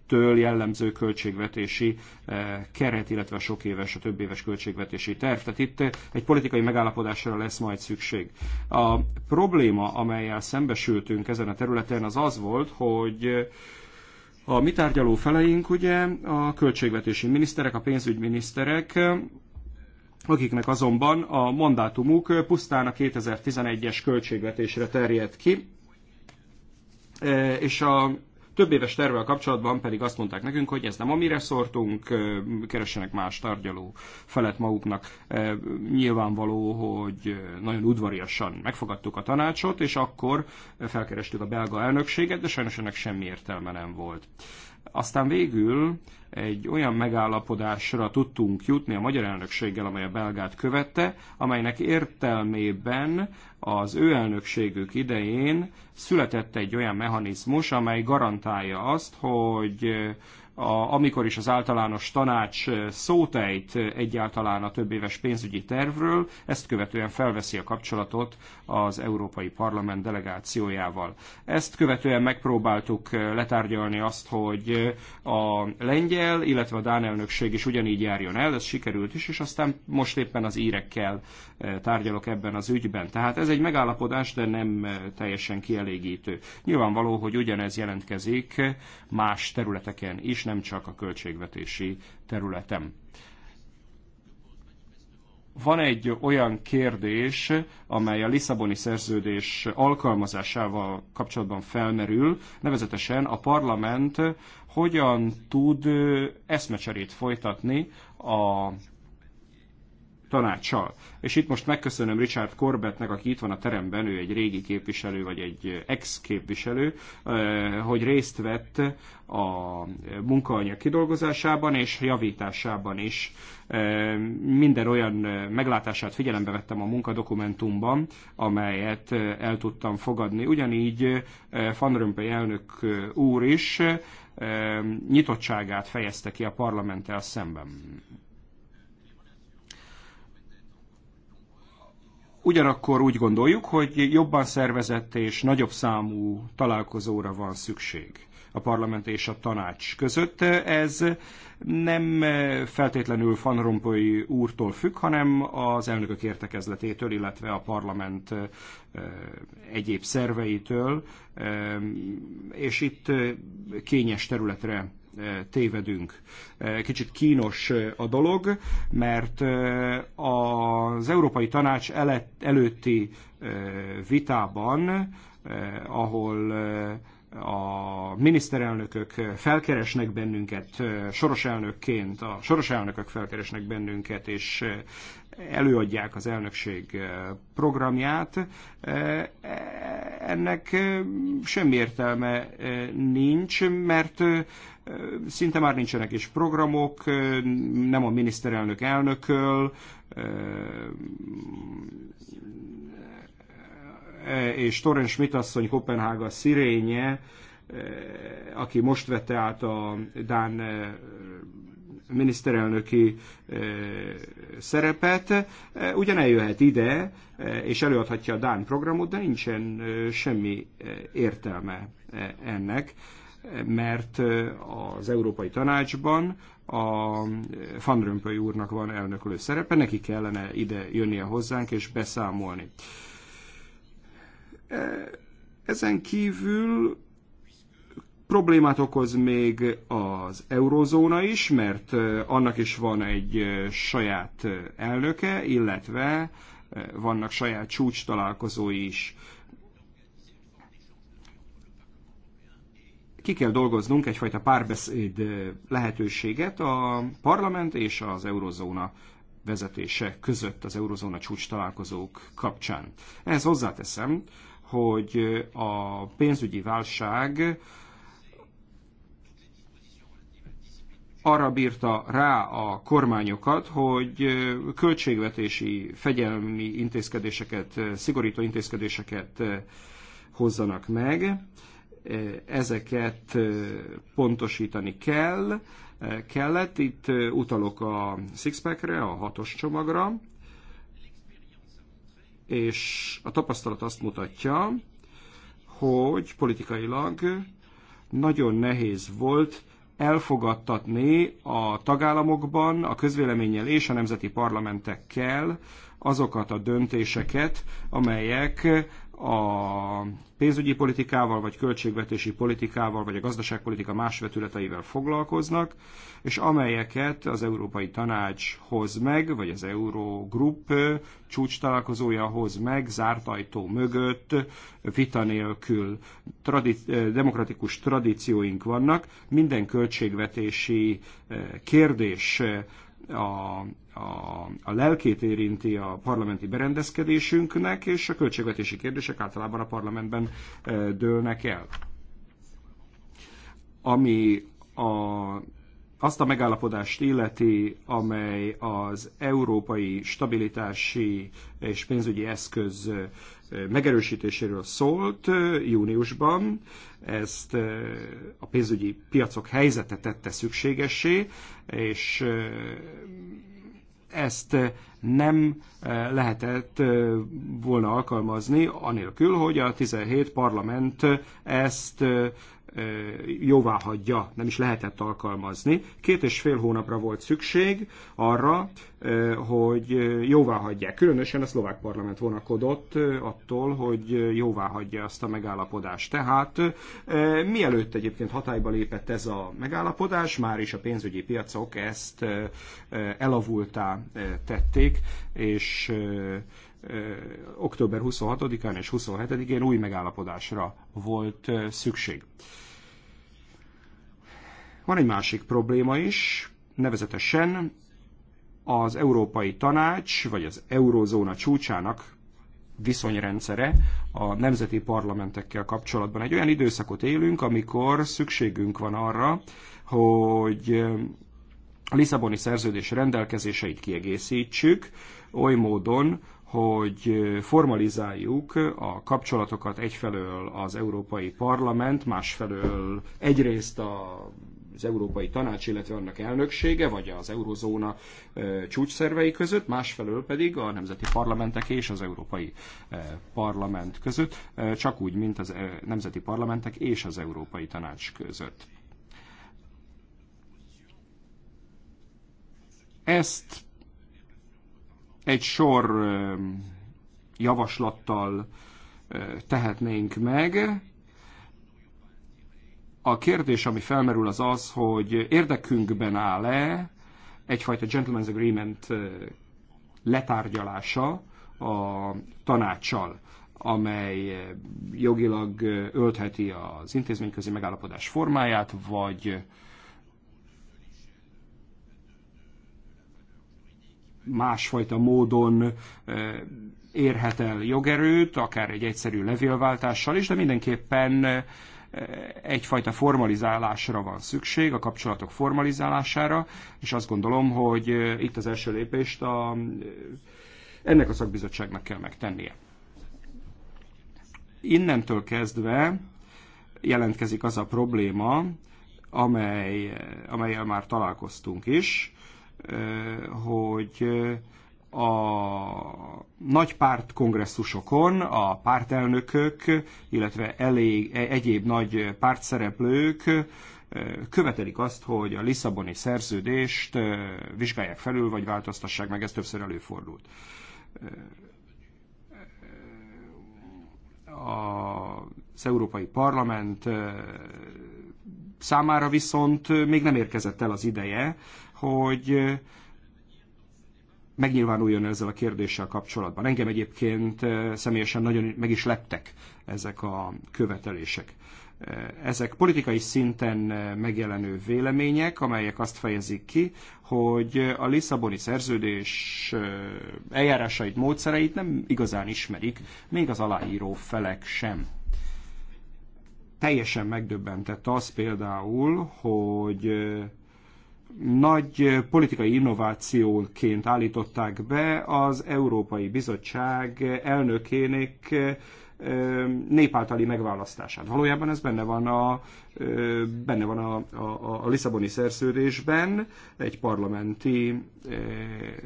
től jellemző költségvetési eh, keret, illetve a sok éves, a több éves költségvetési terv. Tehát itt eh, egy politikai megállapodásra lesz majd szükség. A probléma, amelyel szembesültünk ezen a területen, az az volt, hogy eh, a mi tárgyaló feleink, ugye a költségvetési miniszterek, a pénzügyminiszterek, akiknek azonban a mandátumuk pusztán a 2011-es költségvetésre terjed ki, és a több éves tervvel kapcsolatban pedig azt mondták nekünk, hogy ez nem amire szortunk, keressenek más tárgyaló felett maguknak. Nyilvánvaló, hogy nagyon udvariasan megfogadtuk a tanácsot, és akkor felkerestük a belga elnökséget, de sajnos ennek semmi értelme nem volt. Aztán végül egy olyan megállapodásra tudtunk jutni a magyar elnökséggel, amely a belgát követte, amelynek értelmében az ő elnökségük idején született egy olyan mechanizmus, amely garantálja azt, hogy a, amikor is az általános tanács eh, szótejt eh, egyáltalán a több éves pénzügyi tervről, ezt követően felveszi a kapcsolatot az Európai Parlament delegációjával. Ezt követően megpróbáltuk eh, letárgyalni azt, hogy a lengyel, illetve a dán elnökség is ugyanígy járjon el, ez sikerült is, és aztán most éppen az írekkel tárgyalok ebben az ügyben. Tehát ez egy megállapodás, de nem teljesen kielégítő. Nyilvánvaló, hogy ugyanez jelentkezik más területeken is, nem csak a költségvetési területen. Van egy olyan kérdés, amely a Lisszaboni szerződés alkalmazásával kapcsolatban felmerül, nevezetesen a parlament hogyan tud eszmecserét folytatni a tanácssal. És itt most megköszönöm Richard Corbettnek, aki itt van a teremben, ő egy régi képviselő, vagy egy ex-képviselő, eh, hogy részt vett a munkaanyag kidolgozásában és javításában is. Eh, minden olyan eh, meglátását figyelembe vettem a munkadokumentumban, amelyet el tudtam fogadni. Ugyanígy Van Rompuy elnök úr is nyitottságát fejezte ki a parlamenttel szemben. Ugyanakkor úgy gondoljuk, hogy jobban szervezett és nagyobb számú találkozóra van szükség a parlament és a tanács között. Ez nem feltétlenül Van Rompuy úrtól függ, hanem az elnökök értekezletétől, illetve a parlament egyéb szerveitől, és itt kényes területre tévedünk. Kicsit kínos a dolog, mert az Európai Tanács előtti vitában, ahol a miniszterelnökök felkeresnek bennünket, soros elnökként, a soros elnökök felkeresnek bennünket, és előadják az elnökség programját. Ennek semmi értelme nincs, mert szinte már nincsenek is programok, nem a miniszterelnök elnököl, és Torren Schmidt asszony Kopenhága szirénye, eh, aki most vette át a Dán eh, miniszterelnöki eh, szerepet, ugyan eljöhet ide, és előadhatja a Dán programot, de nincsen semmi értelme ennek, mert az Európai Tanácsban a Van Rompuy úrnak van elnökölő szerepe, neki kellene ide jönnie hozzánk és beszámolni. E, ezen kívül problémát okoz még az eurozóna is, mert e, annak is van egy e, saját elnöke, illetve vannak saját csúcs találkozói is. Ki kell dolgoznunk egyfajta párbeszéd lehetőséget a parlament és az eurozóna vezetése között az eurozóna csúcs találkozók kapcsán. Ehhez hozzáteszem, hogy a pénzügyi válság arra bírta rá a kormányokat, hogy költségvetési fegyelmi intézkedéseket, szigorító intézkedéseket hozzanak meg. Ezeket pontosítani kell, kellett. Itt utalok a Sixpackre, a hatos csomagra, és a tapasztalat azt mutatja, hogy politikailag nagyon nehéz volt elfogadtatni a tagállamokban, a közvéleménnyel és a nemzeti parlamentekkel azokat a döntéseket, amelyek a pénzügyi politikával, vagy költségvetési politikával, vagy a gazdaságpolitika más vetületeivel foglalkoznak, és amelyeket az Európai Tanács hoz meg, vagy az Eurogroup csúcs találkozója hoz meg, zárt ajtó mögött, vita nélkül. Tradi- demokratikus tradícióink vannak, minden költségvetési kérdés a a, a lelkét érinti a parlamenti berendezkedésünknek, és a költségvetési kérdések általában a parlamentben e, dőlnek el. Ami a, azt a megállapodást illeti, amely az európai stabilitási és pénzügyi eszköz e, megerősítéséről szólt e, júniusban. Ezt a pénzügyi piacok helyzete tette szükségessé, és ezt eh, nem eh, lehetett eh, volna alkalmazni, anélkül, hogy a 17 parlament ezt jóvá hagyja, nem is lehetett alkalmazni. Két és fél hónapra volt szükség arra, hogy jóvá hagyják. Különösen a szlovák parlament vonakodott attól, hogy jóvá hagyja azt a megállapodást. Tehát mielőtt egyébként hatályba lépett ez a megállapodás, már is a pénzügyi piacok ezt elavultá tették, és október 26-án és 27-én új megállapodásra volt szükség. Van egy másik probléma is, nevezetesen az Európai Tanács, vagy az Eurózóna csúcsának viszonyrendszere a nemzeti parlamentekkel kapcsolatban. Egy olyan időszakot élünk, amikor szükségünk van arra, hogy a Lisszaboni szerződés rendelkezéseit kiegészítsük oly módon, hogy formalizáljuk a kapcsolatokat egyfelől az Európai Parlament, másfelől egyrészt a az Európai Tanács, illetve annak elnöksége, vagy az Eurozóna csúcsszervei között, másfelől pedig a nemzeti parlamentek és az Európai Parlament között, csak úgy, mint az nemzeti parlamentek és az Európai Tanács között. Ezt egy sor javaslattal tehetnénk meg. A kérdés, ami felmerül, az az, hogy érdekünkben áll-e egyfajta gentleman's agreement letárgyalása a tanácssal, amely jogilag öltheti az intézményközi megállapodás formáját, vagy másfajta módon érhet el jogerőt, akár egy egyszerű levélváltással is, de mindenképpen egyfajta formalizálásra van szükség, a kapcsolatok formalizálására, és azt gondolom, hogy itt az első lépést a, ennek a szakbizottságnak kell megtennie. Innentől kezdve jelentkezik az a probléma, amely, amelyel már találkoztunk is, hogy a nagy párt kongresszusokon a pártelnökök, illetve elég, e, egyéb nagy pártszereplők követelik azt, hogy a Lisszaboni szerződést vizsgálják felül, vagy változtassák meg, ez többször előfordult. Az Európai Parlament számára viszont még nem érkezett el az ideje, hogy megnyilvánuljon ezzel a kérdéssel kapcsolatban. Engem egyébként személyesen nagyon meg is leptek ezek a követelések. Ezek politikai szinten megjelenő vélemények, amelyek azt fejezik ki, hogy a Lisszaboni szerződés eljárásait, módszereit nem igazán ismerik, még az aláíró felek sem teljesen megdöbbentett az például, hogy nagy politikai innovációként állították be az Európai Bizottság elnökének népáltali megválasztását. Valójában ez benne van a, benne van a, a, a Lisszaboni szerződésben egy parlamenti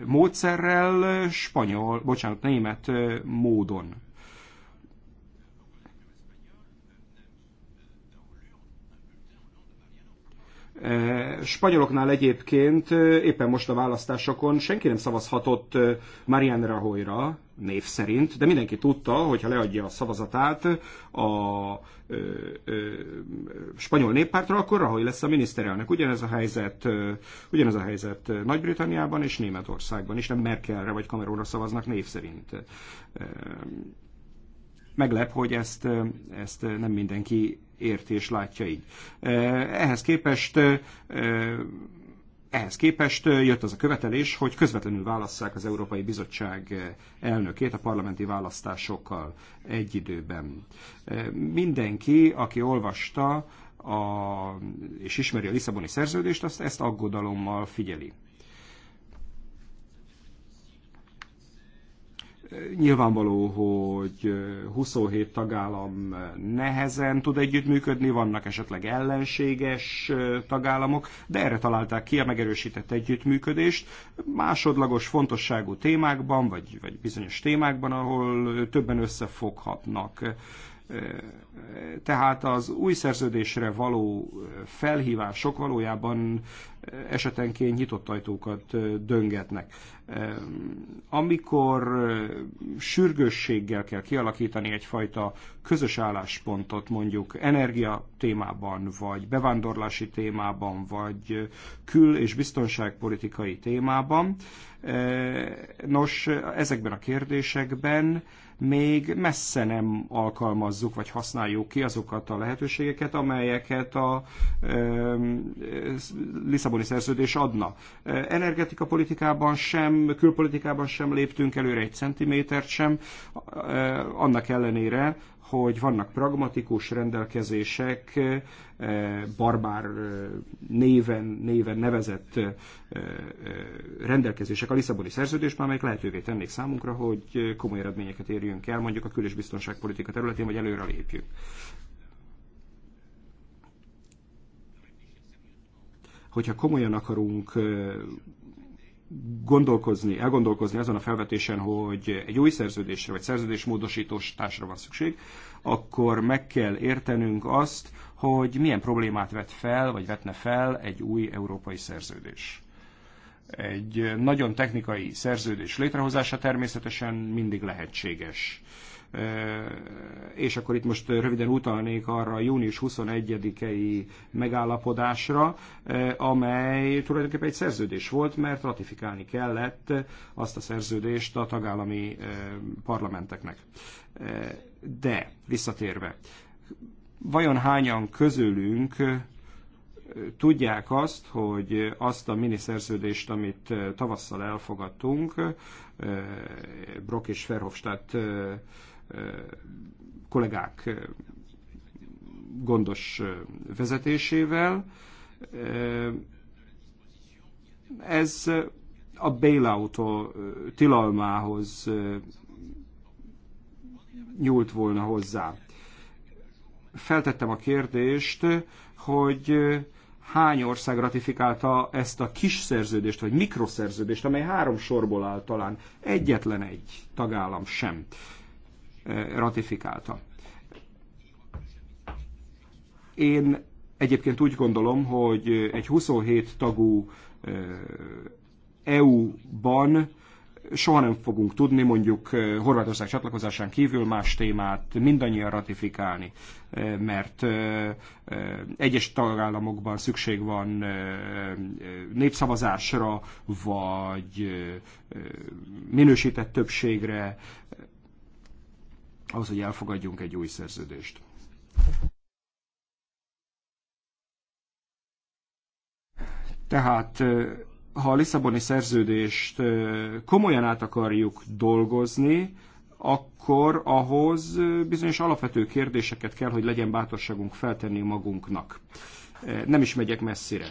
módszerrel, spanyol, bocsánat, német módon. Eh, spanyoloknál egyébként eh, éppen most a választásokon senki nem szavazhatott eh, Marian Rajoyra, név szerint, de mindenki tudta, hogy ha leadja a szavazatát a ö, ö, spanyol néppártra, akkor Rahoy lesz a miniszterelnök. Ugyanez a helyzet, ö, ugyanez a helyzet Nagy-Britanniában és Németországban is, nem Merkelre vagy Cameronra szavaznak név szerint. Ö, meglep, hogy ezt, ezt nem mindenki értés látja így. Ehhez képest ehhez képest jött az a követelés, hogy közvetlenül válasszák az Európai Bizottság elnökét a parlamenti választásokkal egy időben. Mindenki, aki olvasta a, és ismeri a Lisszaboni szerződést, azt ezt aggodalommal figyeli. Nyilvánvaló, hogy 27 tagállam nehezen tud együttműködni, vannak esetleg ellenséges tagállamok, de erre találták ki a megerősített együttműködést. Másodlagos fontosságú témákban, vagy, vagy bizonyos témákban, ahol többen összefoghatnak. Tehát az új szerződésre való felhívások valójában esetenként nyitott ajtókat döngetnek. Amikor sürgősséggel kell kialakítani egyfajta közös álláspontot mondjuk energia témában, vagy bevándorlási témában, vagy kül- és biztonságpolitikai témában, nos, ezekben a kérdésekben még messze nem alkalmazzuk vagy használjuk ki azokat a lehetőségeket, amelyeket a Lisszaboni szerződés adna. Energetika politikában sem, külpolitikában sem léptünk előre egy centimétert sem, eh, annak ellenére, hogy vannak pragmatikus rendelkezések, eh, barbár eh, néven, néven nevezett eh, rendelkezések a Lisszaboni szerződésben, amelyek lehetővé tennék számunkra, hogy komoly eredményeket érjünk el, mondjuk a kül- és biztonságpolitika területén, vagy előre lépjünk. Hogyha komolyan akarunk gondolkozni, elgondolkozni azon a felvetésen, hogy egy új szerződésre vagy szerződésmódosításra van szükség, akkor meg kell értenünk azt, hogy milyen problémát vet fel, vagy vetne fel egy új európai szerződés. Egy nagyon technikai szerződés létrehozása természetesen mindig lehetséges és akkor itt most röviden utalnék arra a június 21-i megállapodásra, amely tulajdonképpen egy szerződés volt, mert ratifikálni kellett azt a szerződést a tagállami parlamenteknek. De, visszatérve, vajon hányan közülünk tudják azt, hogy azt a miniszerződést, amit tavasszal elfogadtunk, Brock és Verhofstadt kollégák gondos vezetésével. Ez a bailout tilalmához nyúlt volna hozzá. Feltettem a kérdést, hogy hány ország ratifikálta ezt a kis szerződést, vagy mikroszerződést, amely három sorból áll talán. Egyetlen egy tagállam sem ratifikálta. Én egyébként úgy gondolom, hogy egy 27 tagú eh, EU-ban soha nem fogunk tudni mondjuk eh, Horvátország csatlakozásán kívül más témát mindannyian ratifikálni, eh, mert egyes tagállamokban szükség van népszavazásra, vagy minősített többségre, ahhoz, hogy elfogadjunk egy új szerződést. Tehát ha a Lisszaboni szerződést komolyan át akarjuk dolgozni, akkor ahhoz bizonyos alapvető kérdéseket kell, hogy legyen bátorságunk feltenni magunknak. Nem is megyek messzire.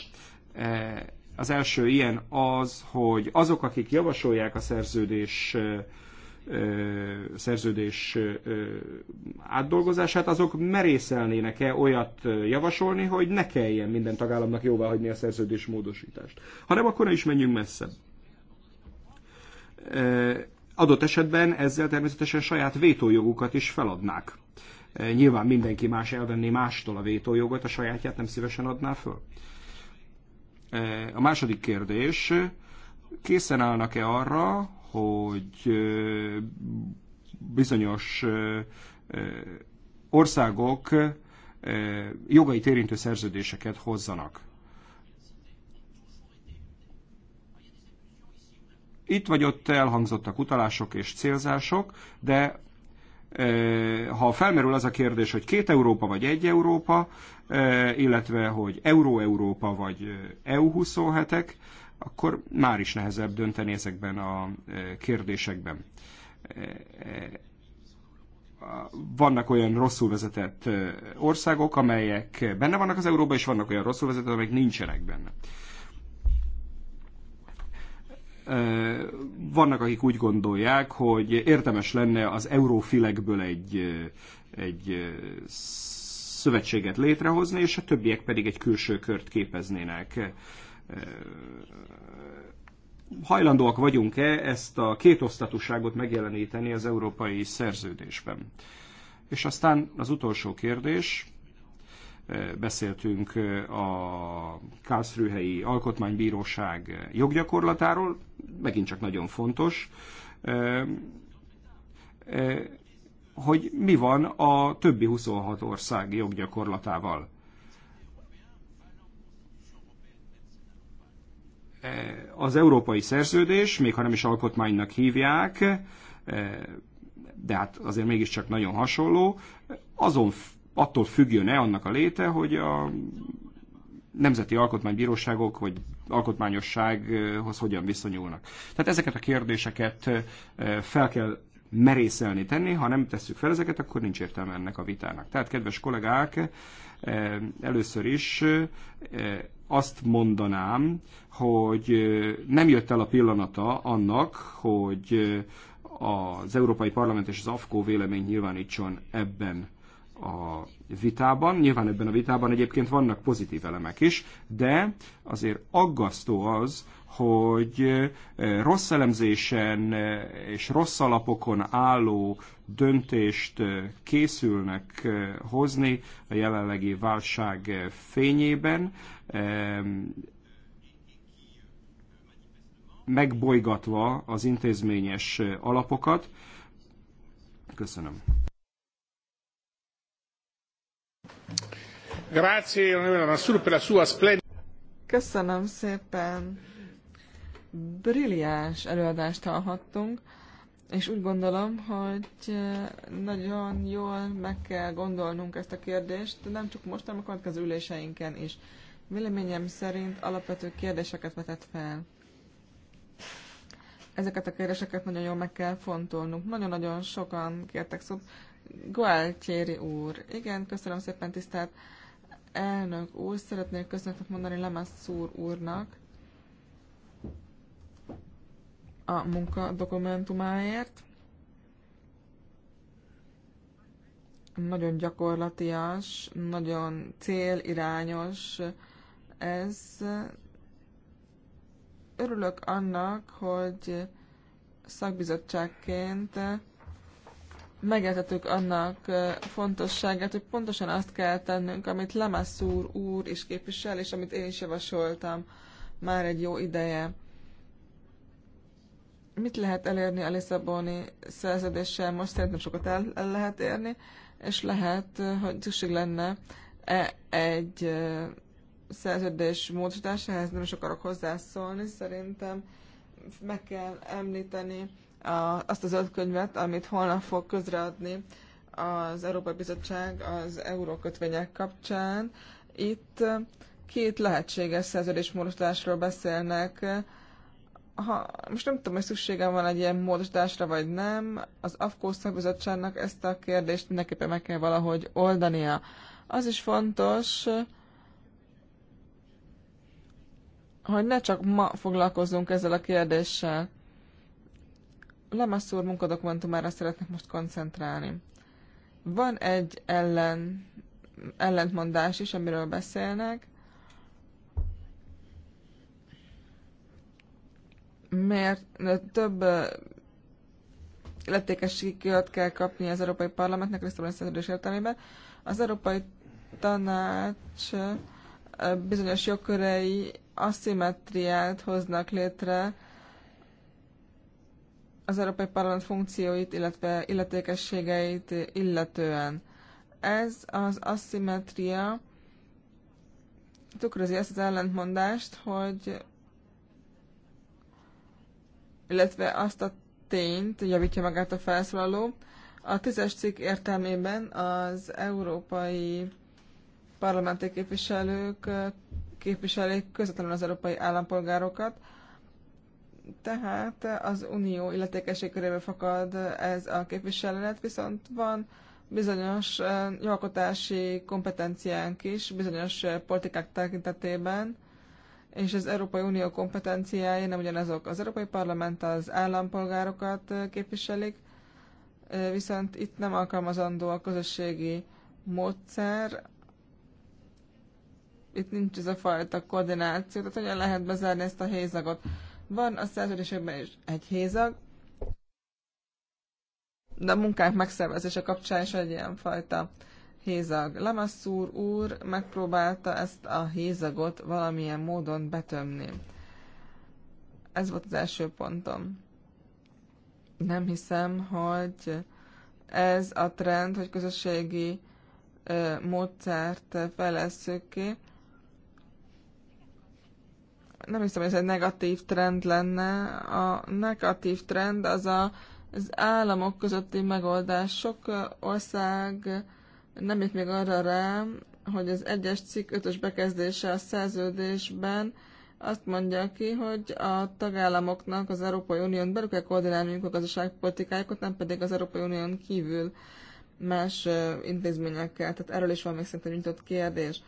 Az első ilyen az, hogy azok, akik javasolják a szerződés szerződés átdolgozását, azok merészelnének-e olyat javasolni, hogy ne kelljen minden tagállamnak jóvá hagyni a szerződés módosítást. Hanem akkor ne is menjünk messzebb. Adott esetben ezzel természetesen saját vétójogukat is feladnák. Nyilván mindenki más elvenné mástól a vétójogot, a sajátját nem szívesen adná föl. A második kérdés, készen állnak-e arra, hogy bizonyos országok jogai érintő szerződéseket hozzanak. Itt vagy ott elhangzottak utalások és célzások, de ha felmerül az a kérdés, hogy két Európa vagy egy Európa, illetve hogy Euró-Európa vagy EU-27-ek, akkor már is nehezebb dönteni ezekben a e, kérdésekben. E, e, vannak olyan rosszul vezetett országok, amelyek benne vannak az Euróban, és vannak olyan rosszul vezetett, amelyek nincsenek benne. Vannak, akik úgy gondolják, hogy érdemes lenne az eurófilekből egy, egy szövetséget létrehozni, és a többiek pedig egy külső kört képeznének hajlandóak vagyunk-e ezt a kétosztatúságot megjeleníteni az európai szerződésben. És aztán az utolsó kérdés, eh, beszéltünk eh, a Kászrűhelyi Alkotmánybíróság joggyakorlatáról, megint csak nagyon fontos, eh, hogy mi van a többi 26 ország joggyakorlatával. Eh, az európai szerződés, még ha nem is alkotmánynak hívják, eh, de hát azért mégiscsak nagyon hasonló, azon attól függjön-e annak a léte, hogy a nemzeti alkotmánybíróságok vagy alkotmányossághoz hogyan viszonyulnak. Tehát ezeket a kérdéseket eh, fel kell merészelni tenni, ha nem tesszük fel ezeket, akkor nincs értelme ennek a vitának. Tehát, kedves kollégák, először is azt mondanám, hogy nem jött el a pillanata annak, hogy az Európai Parlament és az AFKO vélemény nyilvánítson ebben a vitában. Nyilván ebben a vitában egyébként vannak pozitív elemek is, de azért aggasztó az, hogy rossz elemzésen és rossz alapokon álló döntést készülnek hozni a jelenlegi válság fényében, megbolygatva az intézményes alapokat. Köszönöm. Grazie, Köszönöm szépen brilliáns előadást hallhattunk, és úgy gondolom, hogy eh, nagyon jól meg kell gondolnunk ezt a kérdést, de nem csak most, hanem a következő üléseinken is. Véleményem szerint alapvető kérdéseket vetett fel. Ezeket a kérdéseket nagyon jól meg kell fontolnunk. Nagyon-nagyon sokan kértek szót. Gualtieri úr. Igen, köszönöm szépen, tisztelt elnök úr. Szeretnék köszönetet mondani Lemasszúr úrnak a munka dokumentumáért. Nagyon gyakorlatias, nagyon célirányos ez. Örülök annak, hogy szakbizottságként megértettük annak fontosságát, hogy pontosan azt kell tennünk, amit Lemassur úr is képvisel, és amit én is javasoltam már egy jó ideje mit lehet elérni a Lisszaboni szerződéssel, most szerintem sokat el, el lehet érni, és lehet, eh, hogy szükség lenne -e egy eh, szerződés ehhez nem is akarok hozzászólni, szerintem meg kell említeni a, azt az öt könyvet, amit holnap fog közreadni az Európai Bizottság az eurókötvények kapcsán. Itt két lehetséges módosításról beszélnek, ha, most nem tudom, hogy szükségem van egy ilyen módosításra, vagy nem, az AFKO szakbizottságnak ezt a kérdést mindenképpen meg kell valahogy oldania. Az is fontos, hogy ne csak ma foglalkozzunk ezzel a kérdéssel. Lamasszúr munkadokumentumára szeretnék most koncentrálni. Van egy ellen, ellentmondás is, amiről beszélnek, mert több illetékességi költ kell kapni az Európai Parlamentnek Lisszaboni szerződés értelmében. Az Európai Tanács bizonyos jogkörei aszimetriát hoznak létre az Európai Parlament funkcióit, illetve illetékességeit illetően. Ez az aszimetria tükrözi ezt az ellentmondást, hogy illetve azt a tényt javítja magát a felszólaló. A tízes cikk értelmében az európai parlamenti képviselők képviselik közvetlenül az európai állampolgárokat, tehát az unió illetékesség köréből fakad ez a képviselet, viszont van bizonyos jogalkotási kompetenciánk is, bizonyos politikák tekintetében, és az Európai Unió kompetenciája nem ugyanazok. Az Európai Parlament az állampolgárokat képviselik, viszont itt nem alkalmazandó a közösségi módszer, itt nincs ez a fajta koordináció, tehát hogyan lehet bezárni ezt a hézagot. Van a szerződésekben is egy hézag, de a munkák megszervezése kapcsán is egy ilyen fajta hézag. Lamasszúr úr megpróbálta ezt a hézagot valamilyen módon betömni. Ez volt az első pontom. Nem hiszem, hogy ez a trend, hogy közösségi ö, módszert fejleszünk ki, nem hiszem, hogy ez egy negatív trend lenne. A negatív trend az a, az államok közötti megoldás. Sok ország nem itt még arra rá, hogy az egyes cikk ötös bekezdése a szerződésben azt mondja ki, hogy a tagállamoknak az Európai Unión belül kell koordinálniuk a gazdaságpolitikájukat, nem pedig az Európai Unión kívül más intézményekkel. Tehát erről is van még szerintem nyitott kérdés.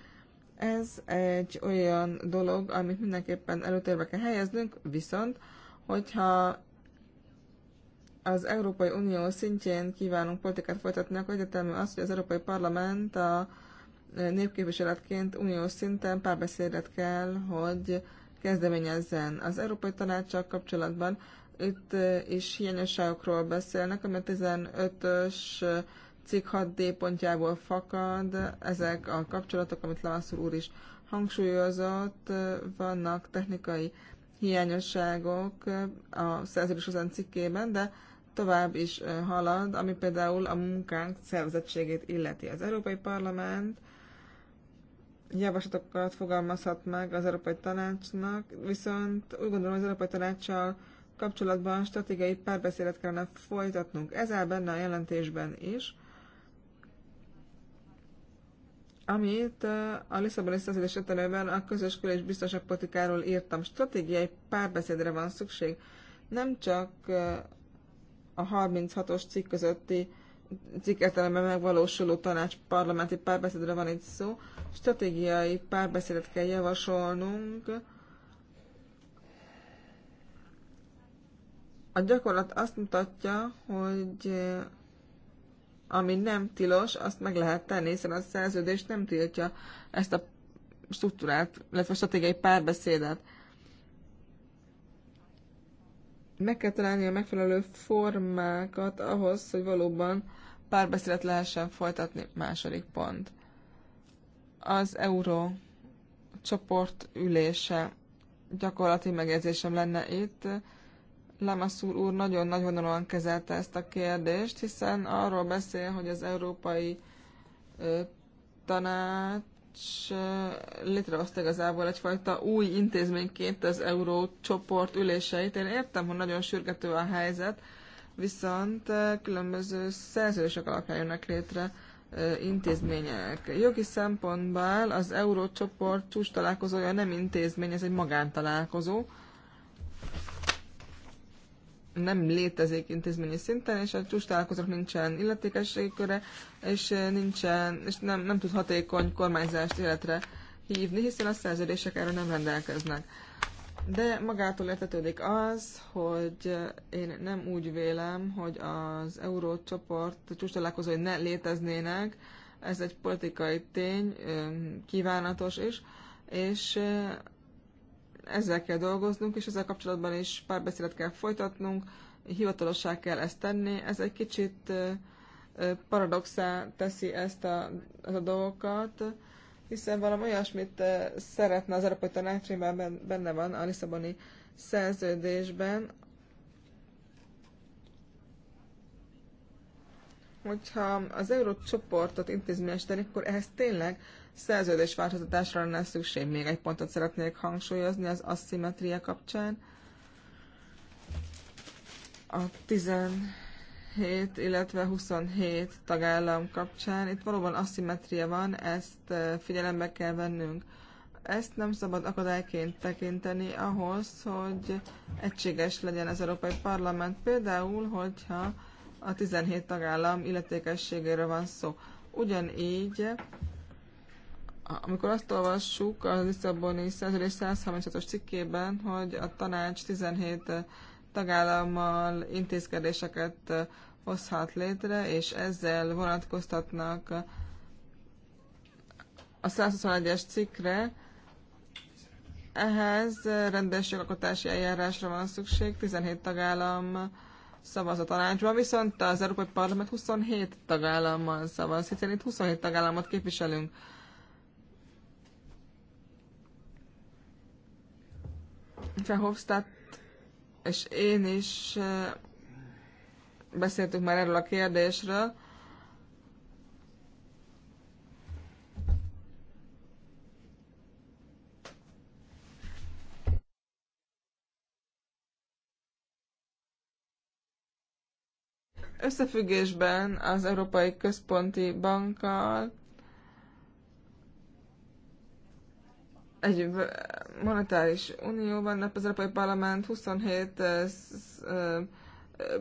Ez egy olyan dolog, amit mindenképpen előtérbe kell helyeznünk, viszont hogyha az Európai Unió szintjén kívánunk politikát folytatni, akkor egyetemű az, hogy az Európai Parlament a népképviseletként uniós szinten párbeszédet kell, hogy kezdeményezzen. Az Európai Tanácsak kapcsolatban itt is hiányosságokról beszélnek, ami a 15-ös cikk 6D pontjából fakad. Ezek a kapcsolatok, amit László úr is hangsúlyozott, vannak technikai hiányosságok a szerződés cikkében, de tovább is halad, ami például a munkánk szervezettségét illeti. Az Európai Parlament javaslatokat fogalmazhat meg az Európai Tanácsnak, viszont úgy gondolom, hogy az Európai Tanácssal kapcsolatban stratégiai párbeszédet kellene folytatnunk. Ez áll benne a jelentésben is, amit a Lisszaboni szerződés ötelőben a közös kül- és biztonságpolitikáról írtam. Stratégiai párbeszédre van szükség, nem csak a 36-os cikk közötti cikk megvalósuló tanács parlamenti párbeszédre van itt szó. Stratégiai párbeszédet kell javasolnunk. A gyakorlat azt mutatja, hogy eh, ami nem tilos, azt meg lehet tenni, hiszen a szerződés nem tiltja ezt a struktúrát, illetve a stratégiai párbeszédet. Meg kell találni a megfelelő formákat ahhoz, hogy valóban párbeszédet lehessen folytatni. Második pont. Az euró csoport ülése gyakorlati megjegyzésem lenne itt. Lamassur úr nagyon-nagyon olyan kezelte ezt a kérdést, hiszen arról beszél, hogy az európai ö, tanács tanács létrehozta igazából egyfajta új intézményként az eurócsoport üléseit. Én értem, hogy nagyon sürgető a helyzet, viszont különböző szerződések alapján jönnek létre intézmények. Jogi szempontból az eurócsoport csúcs találkozója nem intézmény, ez egy magántalálkozó. találkozó nem létezik intézményi szinten, és a csúcs találkozók nincsen illetékességi köre, és, eh, nincsen, és nem, nem tud hatékony kormányzást életre hívni, hiszen a szerződések erre nem rendelkeznek. De magától értetődik az, hogy eh, én nem úgy vélem, hogy az eurócsoport csúcstalálkozói ne léteznének, ez egy politikai tény, eh, kívánatos is, és ezzel kell dolgoznunk, és ezzel kapcsolatban is párbeszédet kell folytatnunk, hivatalossá kell ezt tenni. Ez egy kicsit paradoxá teszi ezt a, ezt a dolgokat, hiszen valami olyasmit szeretne az Európai Tanács, benne van a Lisszaboni szerződésben, hogyha az eurócsoportot intézményesíteni, akkor ehhez tényleg szerződés változtatásra lenne szükség. Még egy pontot szeretnék hangsúlyozni az aszimetria kapcsán. A 17, illetve 27 tagállam kapcsán. Itt valóban aszimetria van, ezt figyelembe kell vennünk. Ezt nem szabad akadályként tekinteni ahhoz, hogy egységes legyen az Európai Parlament. Például, hogyha a 17 tagállam illetékességéről van szó. Ugyanígy amikor azt olvassuk a Lisszaboni szerződés 136-os cikkében, hogy a tanács 17 tagállammal intézkedéseket hozhat létre, és ezzel vonatkoztatnak a 121-es cikkre, ehhez rendes jogalkotási eljárásra van szükség, 17 tagállam szavaz a tanácsban, viszont az Európai Parlament 27 tagállammal szavaz, hiszen itt 27 tagállamot képviselünk. Verhofstadt és én is eh, beszéltük már erről a kérdésről. Összefüggésben az Európai Központi Bankkal egy monetáris unióban az Európai Parlament 27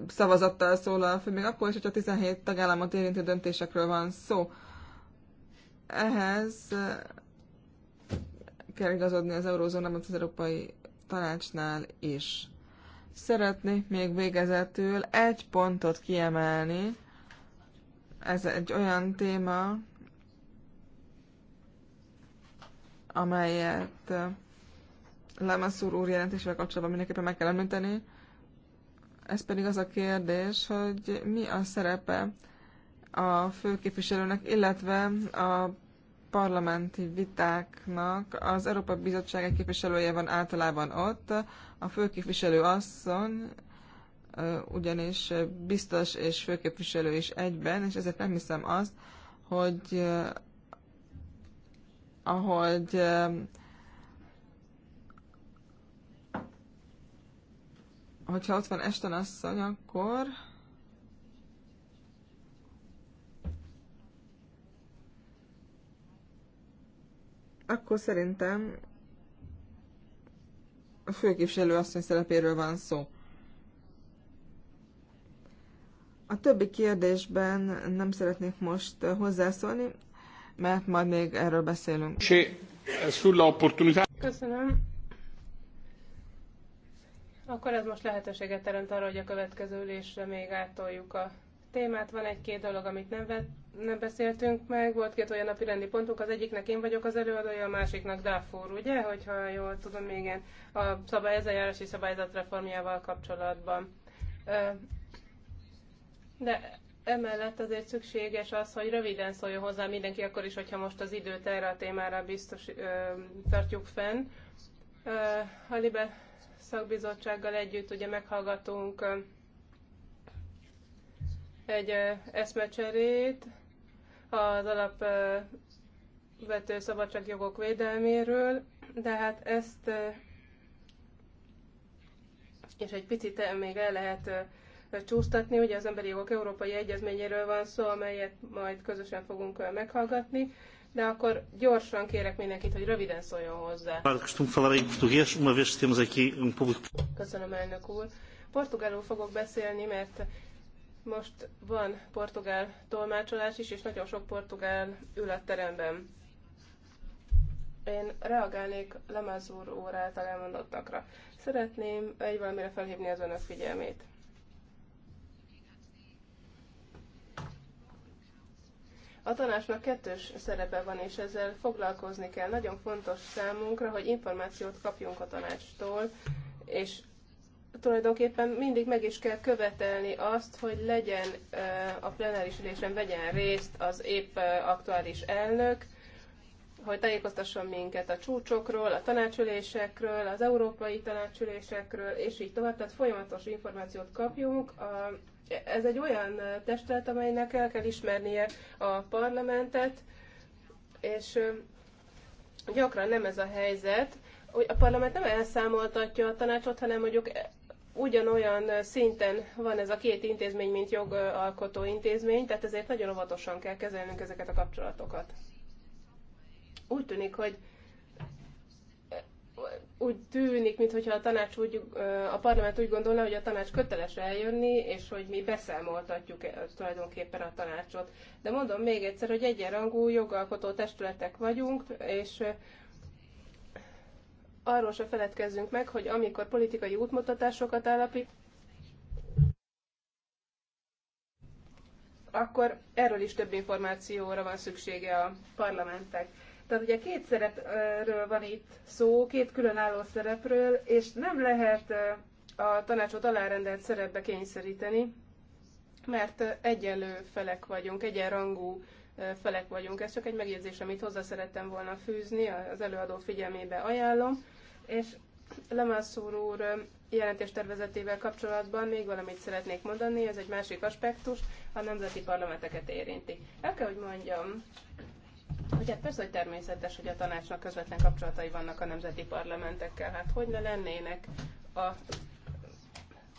szavazattal szólal föl, még akkor is, hogyha 17 tagállamot érintő döntésekről van szó. Ehhez kell igazodni az eurózónában az Európai Tanácsnál is. Szeretnék még végezetül egy pontot kiemelni. Ez egy olyan téma, amelyet Lamassur úr jelentésével kapcsolatban mindenképpen meg kell említeni. Ez pedig az a kérdés, hogy mi a szerepe a főképviselőnek, illetve a parlamenti vitáknak az Európa Bizottság egy képviselője van általában ott. A főképviselő asszony ugyanis biztos és főképviselő is egyben, és ezért nem hiszem azt, hogy ahogy hogyha ott van Esten asszony, akkor akkor szerintem a főképviselő asszony szerepéről van szó. A többi kérdésben nem szeretnék most hozzászólni, mert majd még erről beszélünk. Eh, Köszönöm. Akkor ez most lehetőséget teremt arra, hogy a következő ülésre még átoljuk a témát. Van egy-két dolog, amit nem, vett, nem beszéltünk meg. Volt két olyan napi rendi pontunk, az egyiknek én vagyok az előadója, a másiknak Dáfúr, ugye? Hogyha jól tudom, igen, a szabály, ez a járási szabályzat reformjával kapcsolatban. De Emellett azért szükséges az, hogy röviden szóljon hozzá mindenki, akkor is, hogyha most az időt erre a témára biztos ö, tartjuk fenn. Ö, a Libe szakbizottsággal együtt ugye meghallgatunk ö, egy ö, eszmecserét az alapvető szabadságjogok védelméről, de hát ezt ö, és egy picit még el lehet ö, csúsztatni. Ugye az Emberi Jogok Európai Egyezményéről van szó, amelyet majd közösen fogunk meghallgatni, de akkor gyorsan kérek mindenkit, hogy röviden szóljon hozzá. Um Köszönöm, elnök úr. Portugálul fogok beszélni, mert most van portugál tolmácsolás is, és nagyon sok portugál ül a teremben. Én reagálnék Lemazur úr által elmondottakra. Szeretném egy valamire felhívni az önök figyelmét. A tanácsnak kettős szerepe van, és ezzel foglalkozni kell. Nagyon fontos számunkra, hogy információt kapjunk a tanácstól, és tulajdonképpen mindig meg is kell követelni azt, hogy legyen eh, a plenáris ülésen vegyen részt az épp eh, aktuális elnök, hogy tájékoztasson minket a csúcsokról, a tanácsülésekről, az európai tanácsülésekről, és így tovább. Tehát folyamatos információt kapjunk a ez egy olyan testület, amelynek el kell ismernie a parlamentet, és gyakran nem ez a helyzet, hogy a parlament nem elszámoltatja a tanácsot, hanem mondjuk e, ugyanolyan szinten van ez a két intézmény, mint jogalkotó intézmény, tehát ezért nagyon óvatosan kell kezelnünk ezeket a kapcsolatokat. Úgy tűnik, hogy úgy tűnik, mintha a tanács úgy, a parlament úgy gondolna, hogy a tanács köteles eljönni, és hogy mi beszámoltatjuk e, tulajdonképpen a tanácsot. De mondom még egyszer, hogy egyenrangú jogalkotó testületek vagyunk, és arról se feledkezzünk meg, hogy amikor politikai útmutatásokat állapít, akkor erről is több információra van szüksége a parlamentnek. Tehát ugye két szerepről van itt szó, két különálló szerepről, és nem lehet a tanácsot alárendelt szerepbe kényszeríteni, mert egyenlő felek vagyunk, egyenrangú felek vagyunk. Ez csak egy megjegyzés, amit hozzá szerettem volna fűzni, az előadó figyelmébe ajánlom. És Lemászúr úr jelentéstervezetével kapcsolatban még valamit szeretnék mondani, ez egy másik aspektus, a nemzeti parlamenteket érinti. El kell, hogy mondjam, hogy hát persze, hogy természetes, hogy a tanácsnak közvetlen kapcsolatai vannak a nemzeti parlamentekkel. Hát hogy ne lennének a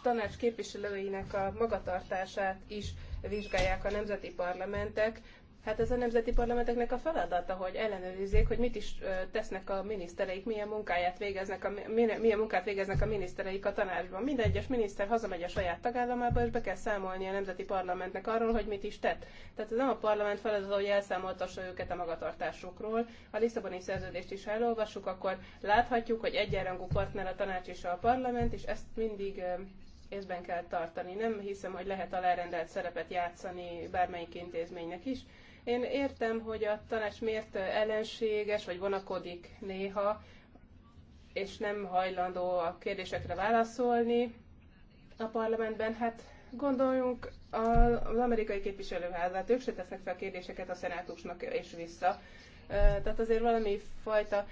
tanács képviselőinek a magatartását is vizsgálják a nemzeti parlamentek, Hát ez a nemzeti parlamenteknek a feladata, hogy ellenőrizzék, hogy mit is tesznek a minisztereik, milyen munkáját végeznek a, milyen munkát végeznek a minisztereik a tanácsban. Minden egyes miniszter hazamegy a saját tagállamába, és be kell számolni a nemzeti parlamentnek arról, hogy mit is tett. Tehát ez nem a parlament feladata, hogy elszámoltassa őket a magatartásukról. Ha a Lisszaboni szerződést is elolvassuk, akkor láthatjuk, hogy egyenrangú partner a tanács és a parlament, és ezt mindig észben kell tartani. Nem hiszem, hogy lehet alárendelt szerepet játszani bármelyik intézménynek is én értem, hogy a tanács miért ellenséges, vagy vonakodik néha, és nem hajlandó a kérdésekre válaszolni a parlamentben. Hát gondoljunk az amerikai képviselőházát, ők se tesznek fel kérdéseket a szenátusnak és vissza. Tehát azért valami fajta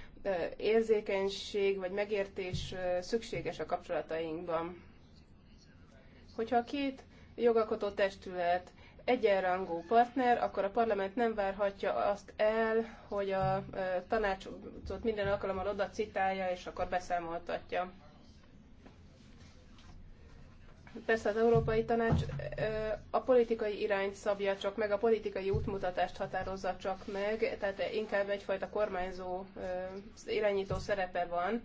érzékenység vagy megértés szükséges a kapcsolatainkban. Hogyha a két jogalkotó testület egyenrangú partner, akkor a parlament nem várhatja azt el, hogy a tanácsot minden alkalommal oda citálja, és akkor beszámoltatja. Persze az Európai Tanács a politikai irányt szabja csak meg, a politikai útmutatást határozza csak meg, tehát inkább egyfajta kormányzó, irányító szerepe van,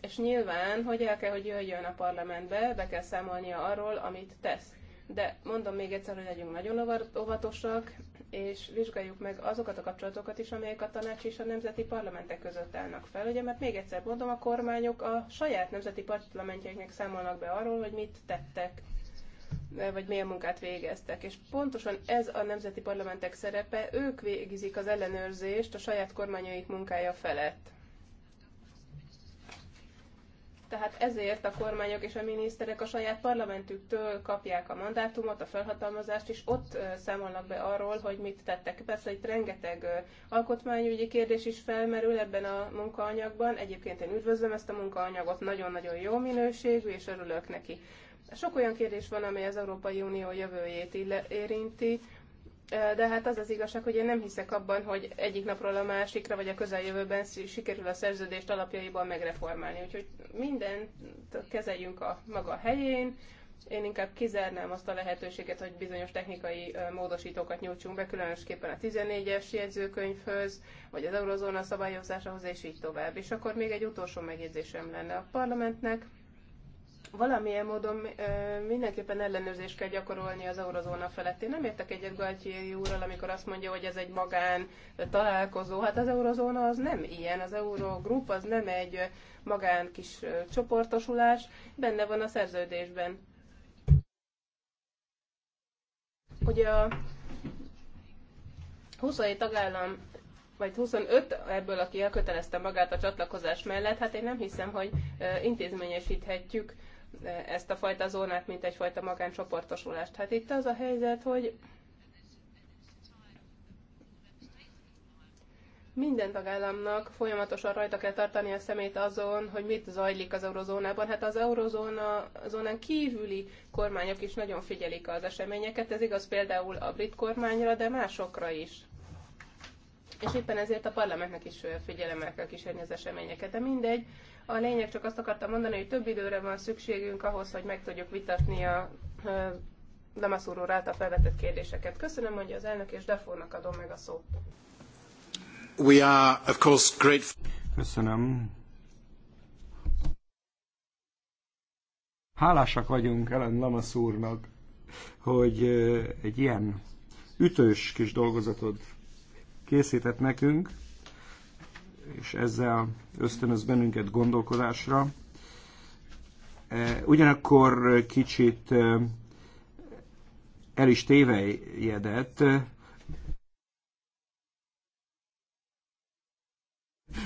és nyilván, hogy el kell, hogy jöjjön a parlamentbe, be kell számolnia arról, amit tesz de mondom még egyszer, hogy legyünk nagyon óvatosak, és vizsgáljuk meg azokat a kapcsolatokat is, amelyek a tanács és a nemzeti parlamentek között állnak fel. Ugye, mert még egyszer mondom, a kormányok a saját nemzeti parlamentjeiknek számolnak be arról, hogy mit tettek vagy milyen munkát végeztek. És pontosan ez a nemzeti parlamentek szerepe, ők végzik az ellenőrzést a saját kormányaik munkája felett. Tehát ezért a kormányok és a miniszterek a saját parlamentüktől kapják a mandátumot, a felhatalmazást, és ott számolnak be arról, hogy mit tettek. Persze itt rengeteg alkotmányügyi kérdés is felmerül ebben a munkaanyagban. Egyébként én üdvözlöm ezt a munkaanyagot, nagyon-nagyon jó minőségű, és örülök neki. Sok olyan kérdés van, amely az Európai Unió jövőjét érinti, de hát az az igazság, hogy én nem hiszek abban, hogy egyik napról a másikra, vagy a közeljövőben sikerül a szerződést alapjaiban megreformálni. Úgyhogy mindent kezeljünk a maga helyén. Én inkább kizárnám azt a lehetőséget, hogy bizonyos technikai módosítókat nyújtsunk be, különösképpen a 14-es jegyzőkönyvhöz, vagy az eurozóna szabályozásához, és így tovább. És akkor még egy utolsó megjegyzésem lenne a parlamentnek valamilyen módon mindenképpen ellenőrzést kell gyakorolni az eurozóna felett. Én nem értek egyet Galtieri úrral, amikor azt mondja, hogy ez egy magán találkozó. Hát az eurozóna az nem ilyen, az eurogrup az nem egy magán kis csoportosulás, benne van a szerződésben. Ugye a 27 tagállam vagy 25 ebből, aki elkötelezte magát a csatlakozás mellett, hát én nem hiszem, hogy intézményesíthetjük ezt a fajta zónát, mint egyfajta magáncsoportosulást. Hát itt az a helyzet, hogy minden tagállamnak folyamatosan rajta kell tartani a szemét azon, hogy mit zajlik az eurozónában. Hát az eurozóna zónán kívüli kormányok is nagyon figyelik az eseményeket. Ez igaz például a brit kormányra, de másokra is és éppen ezért a parlamentnek is figyelemmel kell kísérni az eseményeket. De mindegy, a lényeg csak azt akartam mondani, hogy több időre van szükségünk ahhoz, hogy meg tudjuk vitatni a Lamaszúr úr által felvetett kérdéseket. Köszönöm, mondja az elnök, és Defornak adom meg a szót. We are, of course, grateful. Köszönöm. Hálásak vagyunk Ellen úrnak, hogy egy ilyen ütős kis dolgozatot készített nekünk, és ezzel ösztönöz bennünket gondolkodásra. E, ugyanakkor kicsit e, el is tévejedett,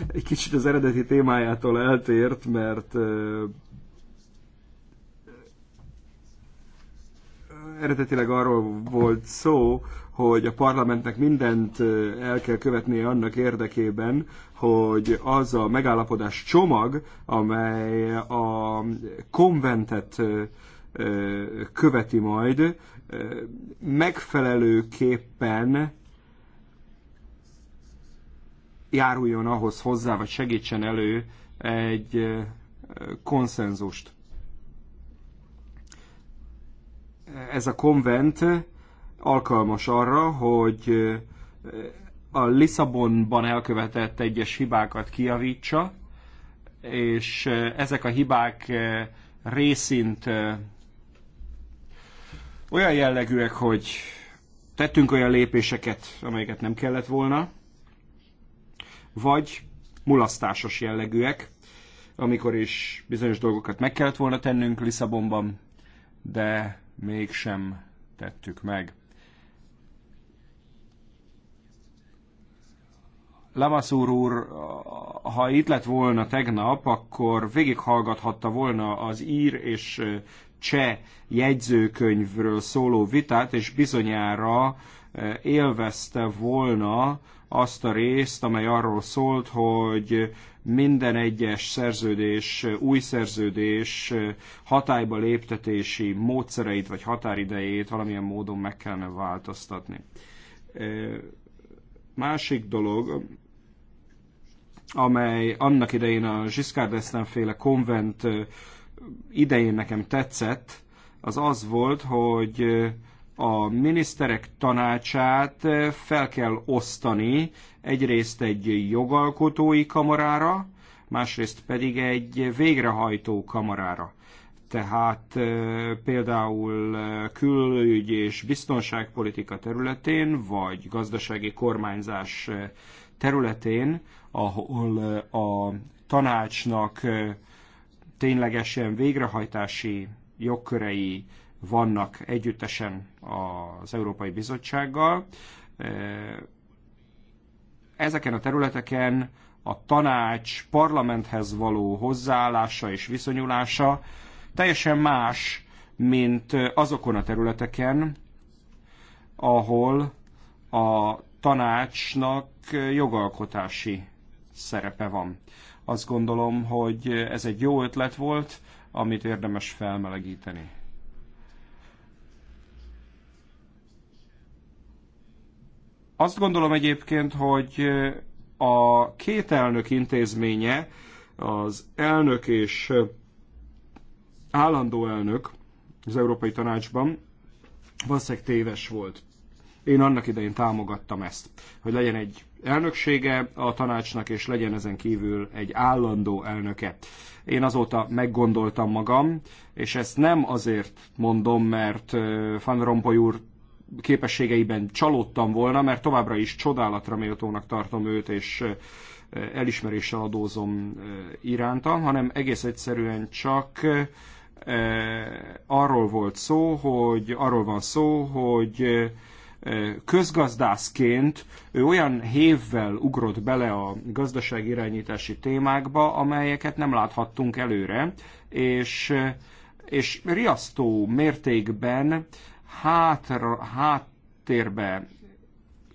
egy kicsit az eredeti témájától eltért, mert e, eredetileg arról volt szó, hogy a parlamentnek mindent el kell követnie annak érdekében, hogy az a megállapodás csomag, amely a konventet követi majd, megfelelőképpen járuljon ahhoz hozzá, vagy segítsen elő egy konszenzust. Ez a konvent alkalmas arra, hogy eh, a Lisszabonban elkövetett egyes hibákat kiavítsa, és eh, ezek a hibák eh, részint olyan jellegűek, hogy tettünk olyan lépéseket, amelyeket nem kellett volna, vagy mulasztásos jellegűek, amikor is bizonyos dolgokat meg kellett volna tennünk Lisszabonban, de mégsem tettük meg. Lamaszúr úr, ha itt lett volna tegnap, akkor végighallgathatta volna az ír és cseh jegyzőkönyvről szóló vitát, és bizonyára élvezte volna azt a részt, amely arról szólt, hogy minden egyes szerződés, új szerződés hatályba léptetési módszereit vagy határidejét valamilyen módon meg kellene változtatni. Másik dolog, amely annak idején a Giscard d'Estaing féle konvent idején nekem tetszett, az az volt, hogy a miniszterek tanácsát fel kell osztani egyrészt egy jogalkotói kamarára, másrészt pedig egy végrehajtó kamarára. Tehát például külügy és biztonságpolitika területén, vagy gazdasági kormányzás területén, ahol a tanácsnak ténylegesen végrehajtási jogkörei vannak együttesen az Európai Bizottsággal. Ezeken a területeken a tanács parlamenthez való hozzáállása és viszonyulása teljesen más, mint azokon a területeken, ahol a tanácsnak jogalkotási szerepe van. Azt gondolom, hogy ez egy jó ötlet volt, amit érdemes felmelegíteni. Azt gondolom egyébként, hogy a két elnök intézménye, az elnök és állandó elnök az Európai Tanácsban valószínűleg téves volt. Én annak idején támogattam ezt, hogy legyen egy elnöksége a tanácsnak, és legyen ezen kívül egy állandó elnöke. Én azóta meggondoltam magam, és ezt nem azért mondom, mert Van Rompuy úr képességeiben csalódtam volna, mert továbbra is csodálatra méltónak tartom őt, és elismeréssel adózom iránta, hanem egész egyszerűen csak arról volt szó, hogy arról van szó, hogy közgazdászként ő olyan hévvel ugrott bele a irányítási témákba, amelyeket nem láthattunk előre, és, és riasztó mértékben hátra, háttérbe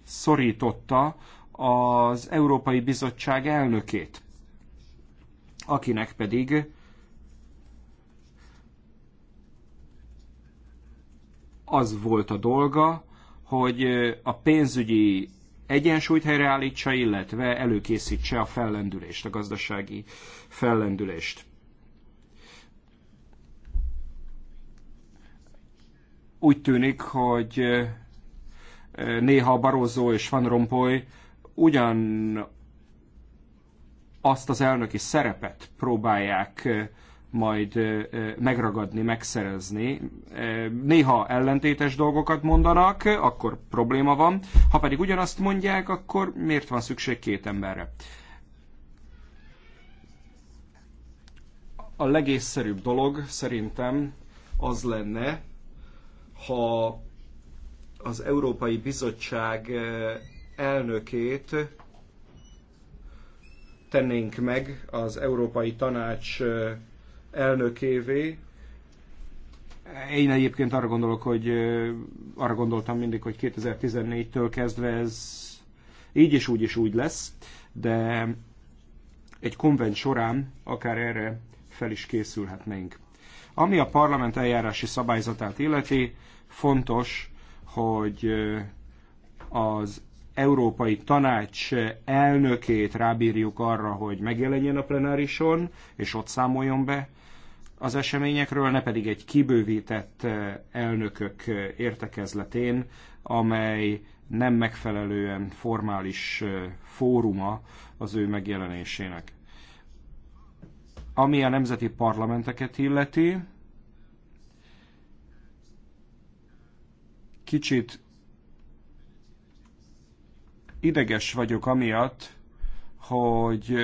szorította az Európai Bizottság elnökét, akinek pedig az volt a dolga, hogy a pénzügyi egyensúlyt helyreállítsa, illetve előkészítse a fellendülést, a gazdasági fellendülést. Úgy tűnik, hogy néha Barózó és Van Rompuy ugyan azt az elnöki szerepet próbálják majd megragadni, megszerezni. Néha ellentétes dolgokat mondanak, akkor probléma van. Ha pedig ugyanazt mondják, akkor miért van szükség két emberre? A legészszerűbb dolog szerintem az lenne, ha az Európai Bizottság elnökét tennénk meg az Európai Tanács elnökévé. Én egyébként arra gondolok, hogy arra gondoltam mindig, hogy 2014-től kezdve ez így is úgy is úgy lesz, de egy konvent során akár erre fel is készülhetnénk. Ami a parlament eljárási szabályzatát illeti, fontos, hogy az Európai Tanács elnökét rábírjuk arra, hogy megjelenjen a plenárison, és ott számoljon be az eseményekről, ne pedig egy kibővített eh, elnökök eh, értekezletén, amely nem megfelelően formális eh, fóruma az ő megjelenésének. Ami a nemzeti parlamenteket illeti, kicsit ideges vagyok amiatt, hogy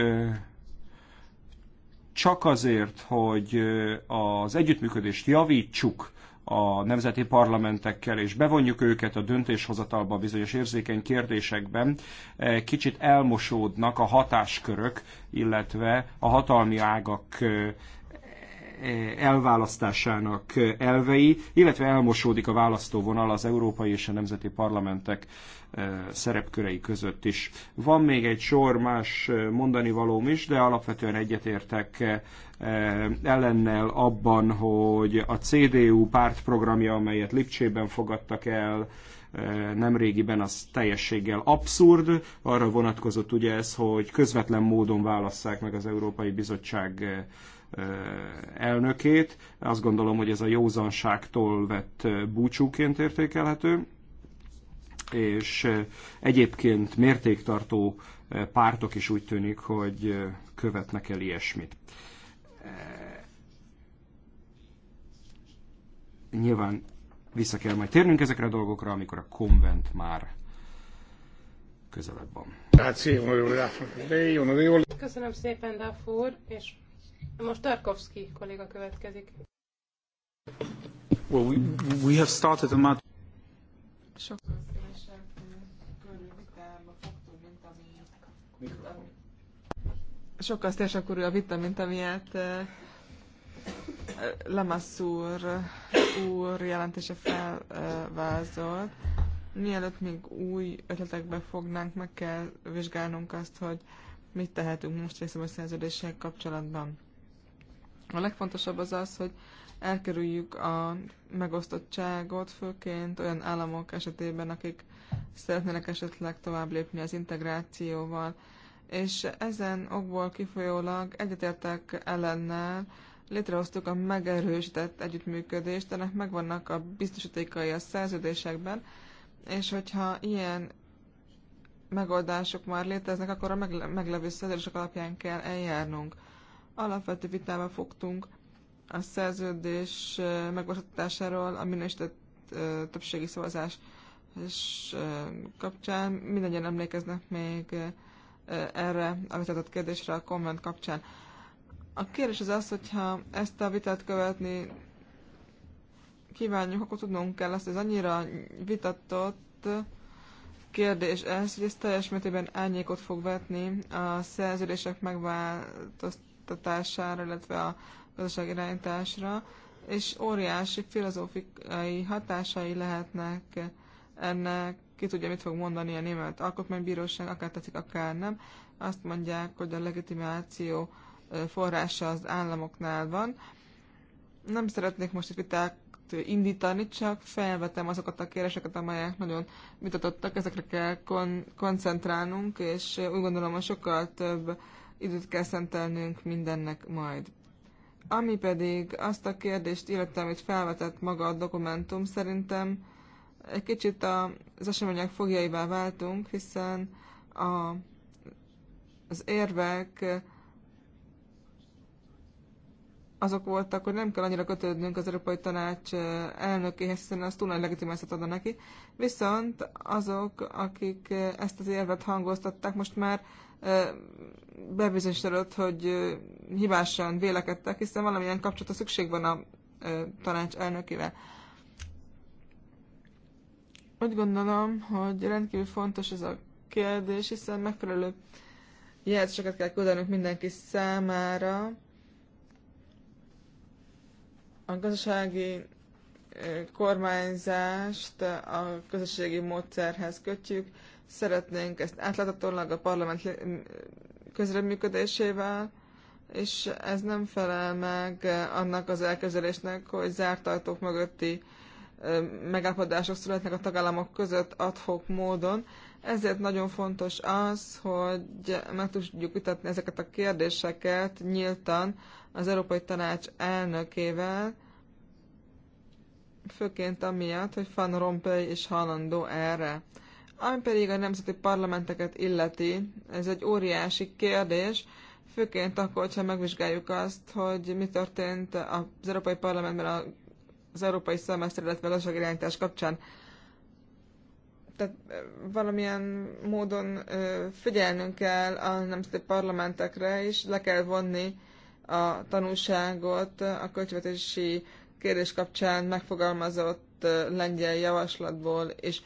csak azért, hogy az együttműködést javítsuk a nemzeti parlamentekkel, és bevonjuk őket a döntéshozatalba bizonyos érzékeny kérdésekben, e, kicsit elmosódnak a hatáskörök, illetve a hatalmi ágak elválasztásának elvei, illetve elmosódik a választóvonal az európai és a nemzeti parlamentek eh, szerepkörei között is. Van még egy sor más eh, mondani valóm is, de alapvetően egyetértek ellennel eh, abban, hogy a CDU pártprogramja, amelyet Lipcsében fogadtak el, nemrégiben az teljességgel abszurd. Arra vonatkozott ugye ez, hogy közvetlen módon válasszák meg az Európai Bizottság elnökét. Azt gondolom, hogy ez a józanságtól vett búcsúként értékelhető, és egyébként mértéktartó pártok is úgy tűnik, hogy követnek el ilyesmit. Nyilván vissza kell majd térnünk ezekre a dolgokra, amikor a konvent már közelebb van. Köszönöm szépen, Dafur, és most Tarkovsky kolléga következik. Well, we, we have started a matter. Sok sokkal szélesebb körül a vita, mint amilyet eh, Lemasszúr úr jelentése felvázolt. Mielőtt még új ötletekbe fognánk, meg kell vizsgálnunk azt, hogy mit tehetünk most részem a szerződéssel kapcsolatban. A legfontosabb az az, hogy elkerüljük a megosztottságot, főként olyan államok esetében, akik szeretnének esetleg tovább lépni az integrációval. És ezen okból kifolyólag egyetértek ellennel, létrehoztuk a megerősített együttműködést, ennek megvannak a biztosítékai a szerződésekben, és hogyha ilyen megoldások már léteznek, akkor a meglevő szerződések alapján kell eljárnunk alapvető vitába fogtunk a szerződés megosztásáról, a minősített többségi szavazás és kapcsán. Mindannyian emlékeznek még erre a vitatott kérdésre a komment kapcsán. A kérdés az az, hogyha ezt a vitát követni kívánjuk, akkor tudnunk kell azt, hogy ez annyira vitatott kérdés ez, hogy ez teljes mértékben árnyékot fog vetni a szerződések megváltoztatására oktatására, illetve a gazdaság irányításra, és óriási filozófikai hatásai lehetnek ennek, ki tudja, mit fog mondani a német alkotmánybíróság, akár tetszik, akár nem. Azt mondják, hogy a legitimáció forrása az államoknál van. Nem szeretnék most egy vitát indítani, csak felvetem azokat a kéréseket, amelyek nagyon vitatottak, ezekre kell kon- koncentrálnunk, és úgy gondolom, hogy sokkal több időt kell szentelnünk mindennek majd. Ami pedig azt a kérdést illetve, amit felvetett maga a dokumentum, szerintem egy kicsit az események fogjaivá váltunk, hiszen a, az érvek azok voltak, hogy nem kell annyira kötődnünk az Európai Tanács elnökéhez, hiszen az túl nagy legitimációt adna neki. Viszont azok, akik ezt az érvet hangoztatták, most már bebizonyosodott, hogy hibásan vélekedtek, hiszen valamilyen kapcsolata szükség van a tanács elnökével. Úgy gondolom, hogy rendkívül fontos ez a kérdés, hiszen megfelelő jelzéseket kell küldenünk mindenki számára. A gazdasági kormányzást a közösségi módszerhez kötjük. Szeretnénk ezt átláthatólag a parlament közreműködésével, és ez nem felel meg annak az elképzelésnek, hogy zárt ajtók mögötti megállapodások születnek a tagállamok között adhok módon. Ezért nagyon fontos az, hogy meg tudjuk vitatni ezeket a kérdéseket nyíltan az Európai Tanács elnökével, főként amiatt, hogy Van Rompuy is hajlandó erre. Ami pedig a nemzeti parlamenteket illeti, ez egy óriási kérdés, főként akkor, ha megvizsgáljuk azt, hogy mi történt az Európai Parlamentben az Európai Szemeszter, illetve a gazdaságirányítás kapcsán. Tehát valamilyen módon figyelnünk kell a nemzeti parlamentekre, és le kell vonni a tanulságot a költségvetési kérdés kapcsán megfogalmazott lengyel javaslatból, és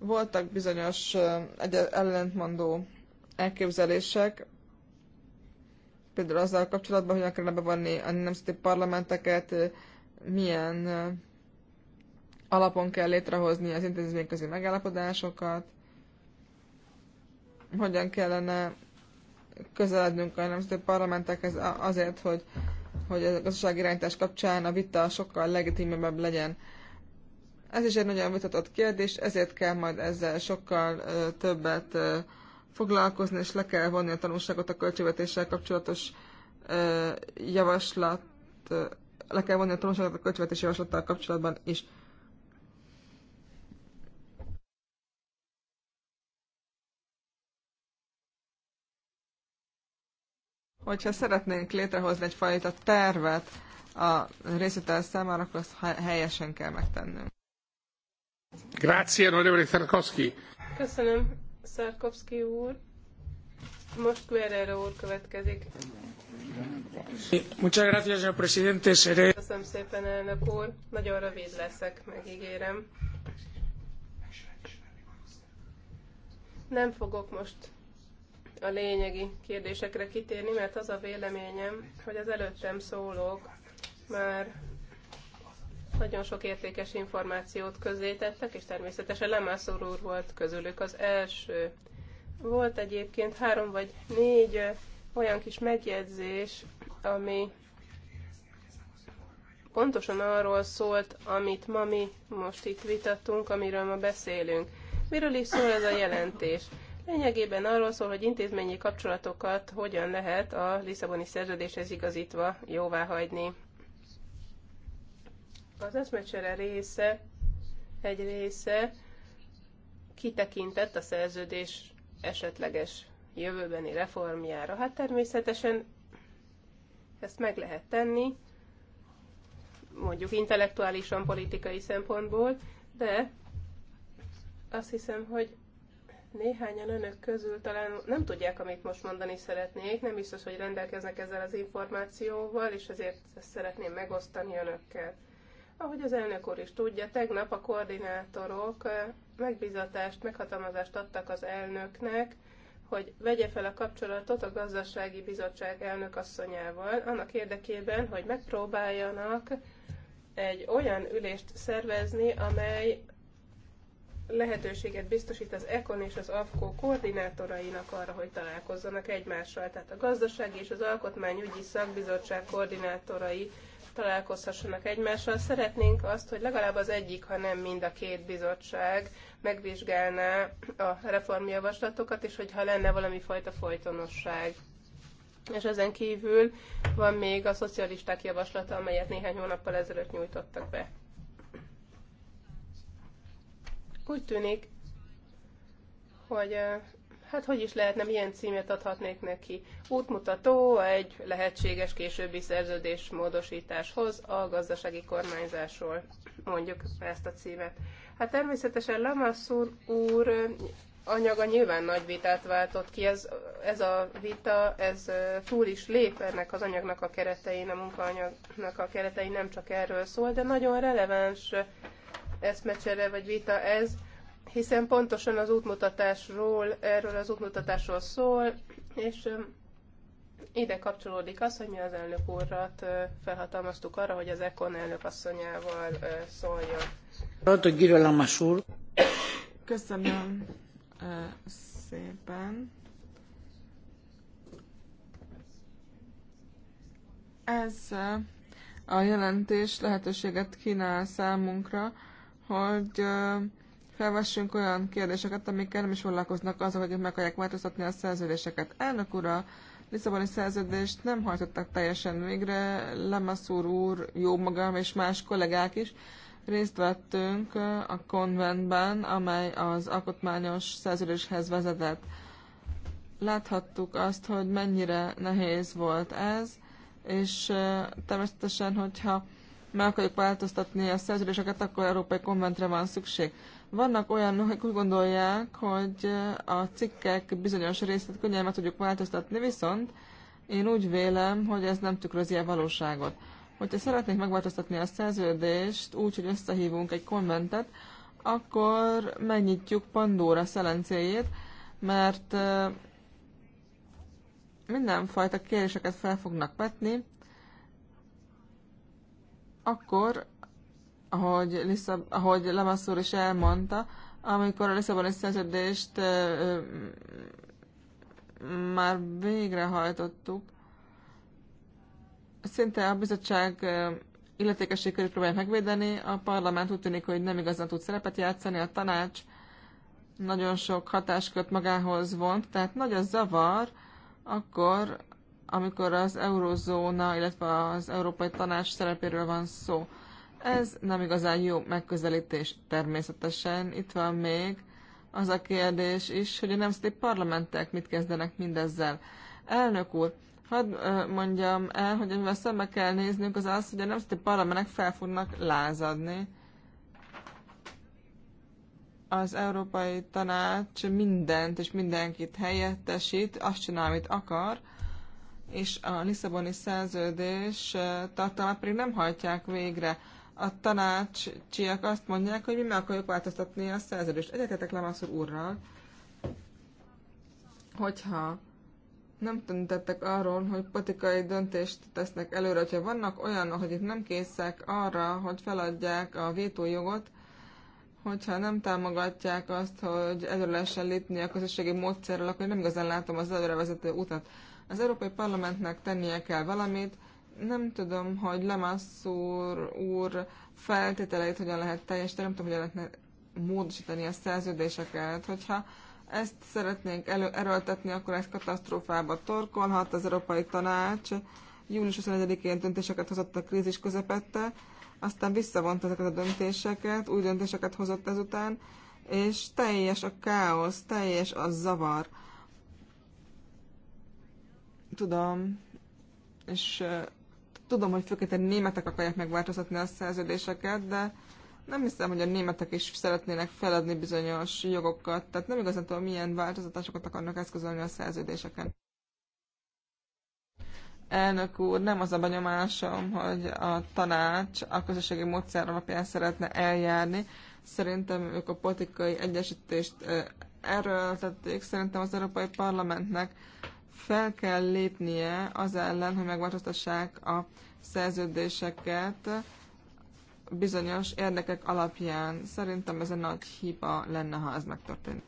voltak bizonyos ellentmondó elképzelések, például azzal kapcsolatban, hogyan kellene bevonni a nemzeti parlamenteket, milyen alapon kell létrehozni az intézményközi megállapodásokat, hogyan kellene közelednünk a nemzeti parlamentekhez azért, hogy, hogy a gazdasági irányítás kapcsán a vita sokkal legitimebb legyen. Ez is egy nagyon vitatott kérdés, ezért kell majd ezzel sokkal többet foglalkozni, és le kell vonni a tanulságot a költségvetéssel kapcsolatos javaslat, le kell vonni a tanulságot a költségvetési javaslattal kapcsolatban is. hogyha szeretnénk létrehozni egyfajta tervet a részvétel számára, akkor azt helyesen kell megtennünk. Köszönöm, Szarkovszki úr. Most Guerrero úr következik. Muchas gracias, señor presidente. Seré... Köszönöm szépen, elnök úr. Nagyon rövid leszek, megígérem. Nem fogok most a lényegi kérdésekre kitérni, mert az a véleményem, hogy az előttem szólók már nagyon sok értékes információt közzétettek, és természetesen Lemászor úr volt közülük az első. Volt egyébként három vagy négy olyan kis megjegyzés, ami pontosan arról szólt, amit ma mi most itt vitattunk, amiről ma beszélünk. Miről is szól ez a jelentés? Lényegében arról szól, hogy intézményi kapcsolatokat hogyan lehet a Lisszaboni szerződéshez igazítva jóvá hagyni. Az eszmecsere része, egy része kitekintett a szerződés esetleges jövőbeni reformjára. Hát természetesen ezt meg lehet tenni, mondjuk intellektuálisan, politikai szempontból, de azt hiszem, hogy néhányan önök közül talán nem tudják, amit most mondani szeretnék, nem biztos, hogy rendelkeznek ezzel az információval, és ezért ezt szeretném megosztani önökkel. Ahogy az elnök úr is tudja, tegnap a koordinátorok eh, megbizatást, meghatalmazást adtak az elnöknek, hogy vegye fel a kapcsolatot a gazdasági bizottság asszonyával, annak érdekében, hogy megpróbáljanak egy olyan ülést szervezni, amely lehetőséget biztosít az ECON és az AFKO koordinátorainak arra, hogy találkozzanak egymással. Tehát a gazdasági és az alkotmányügyi szakbizottság koordinátorai találkozhassanak egymással. Szeretnénk azt, hogy legalább az egyik, ha nem mind a két bizottság megvizsgálná a reformjavaslatokat, és hogyha lenne valami fajta folytonosság. És ezen kívül van még a szocialisták javaslata, amelyet néhány hónappal ezelőtt nyújtottak be. Úgy tűnik, hogy hát hogy is lehetne, milyen címet adhatnék neki? Útmutató egy lehetséges későbbi szerződés módosításhoz a gazdasági kormányzásról, mondjuk ezt a címet. Hát természetesen Lamassur úr anyaga nyilván nagy vitát váltott ki, ez, ez a vita, ez túl is lép ennek az anyagnak a keretein, a munkaanyagnak a keretein nem csak erről szól, de nagyon releváns eszmecsere vagy vita ez, hiszen pontosan az útmutatásról, erről az útmutatásról szól, és ide kapcsolódik az, hogy mi az elnök úrat felhatalmaztuk arra, hogy az Ekon elnök asszonyával szóljon. Köszönöm szépen. Ez a jelentés lehetőséget kínál számunkra, hogy felvessünk olyan kérdéseket, amikkel nem is foglalkoznak azok, akik meg akarják változtatni a szerződéseket. Elnök ura, Lisszaboni szerződést nem hajtottak teljesen végre, Lemaszúr úr, jó magam és más kollégák is részt vettünk a konventben, amely az alkotmányos szerződéshez vezetett. Láthattuk azt, hogy mennyire nehéz volt ez, és természetesen, hogyha meg akarjuk változtatni a szerződéseket, akkor európai konventre van szükség. Vannak olyanok, akik úgy gondolják, hogy a cikkek bizonyos részét könnyen meg tudjuk változtatni, viszont én úgy vélem, hogy ez nem tükrözi a valóságot. Hogyha szeretnék megváltoztatni a szerződést úgy, hogy összehívunk egy kommentet, akkor megnyitjuk Pandora szelencéjét, mert mindenfajta kéréseket fel fognak vetni, akkor ahogy, Lisszab, ahogy Lamassur is elmondta, amikor a Lisszaboni szerződést már végrehajtottuk, szinte a bizottság illetékesség körül próbálja megvédeni, a parlament úgy tűnik, hogy nem igazán tud szerepet játszani, a tanács nagyon sok hatáskört magához vont, tehát nagy a zavar, akkor, amikor az eurozóna, illetve az Európai Tanács szerepéről van szó. Ez nem igazán jó megközelítés természetesen. Itt van még az a kérdés is, hogy a nemzeti parlamentek mit kezdenek mindezzel. Elnök úr, hadd mondjam el, hogy amivel szembe kell néznünk, az az, hogy a nemzeti parlamentek fel fognak lázadni. Az Európai Tanács mindent és mindenkit helyettesít, azt csinál, amit akar, és a Lisszaboni szerződés tartalmát pedig nem hajtják végre a tanácsiak azt mondják, hogy mi meg akarjuk változtatni a szerződést. Egyetetek Lamaszur úrral, hogyha nem tanítettek arról, hogy politikai döntést tesznek előre, hogyha vannak olyanok, hogy itt nem készek arra, hogy feladják a vétójogot, hogyha nem támogatják azt, hogy előre lehessen lépni a közösségi módszerrel, akkor nem igazán látom az előrevezető utat. Az Európai Parlamentnek tennie kell valamit, nem tudom, hogy Lemasszúr úr feltételeit hogyan lehet teljesíteni, nem tudom, hogyan lehetne módosítani a szerződéseket. Hogyha ezt szeretnénk elő, erőltetni, akkor ez katasztrófába torkolhat. Az Európai Tanács július 21-én döntéseket hozott a krízis közepette, aztán visszavont ezeket a döntéseket, új döntéseket hozott ezután, és teljes a káosz, teljes a zavar. Tudom, és Tudom, hogy főként a németek akarják megváltoztatni a szerződéseket, de nem hiszem, hogy a németek is szeretnének feladni bizonyos jogokat, tehát nem igazán tudom, milyen változatásokat akarnak eszközölni a szerződéseken. Elnök úr, nem az a benyomásom, hogy a tanács a közösségi módszer alapján szeretne eljárni. Szerintem ők a politikai egyesítést erőltették, szerintem az Európai Parlamentnek fel kell lépnie az ellen, hogy megváltoztassák a szerződéseket bizonyos érdekek alapján. Szerintem ez egy nagy hiba lenne, ha ez megtörténik.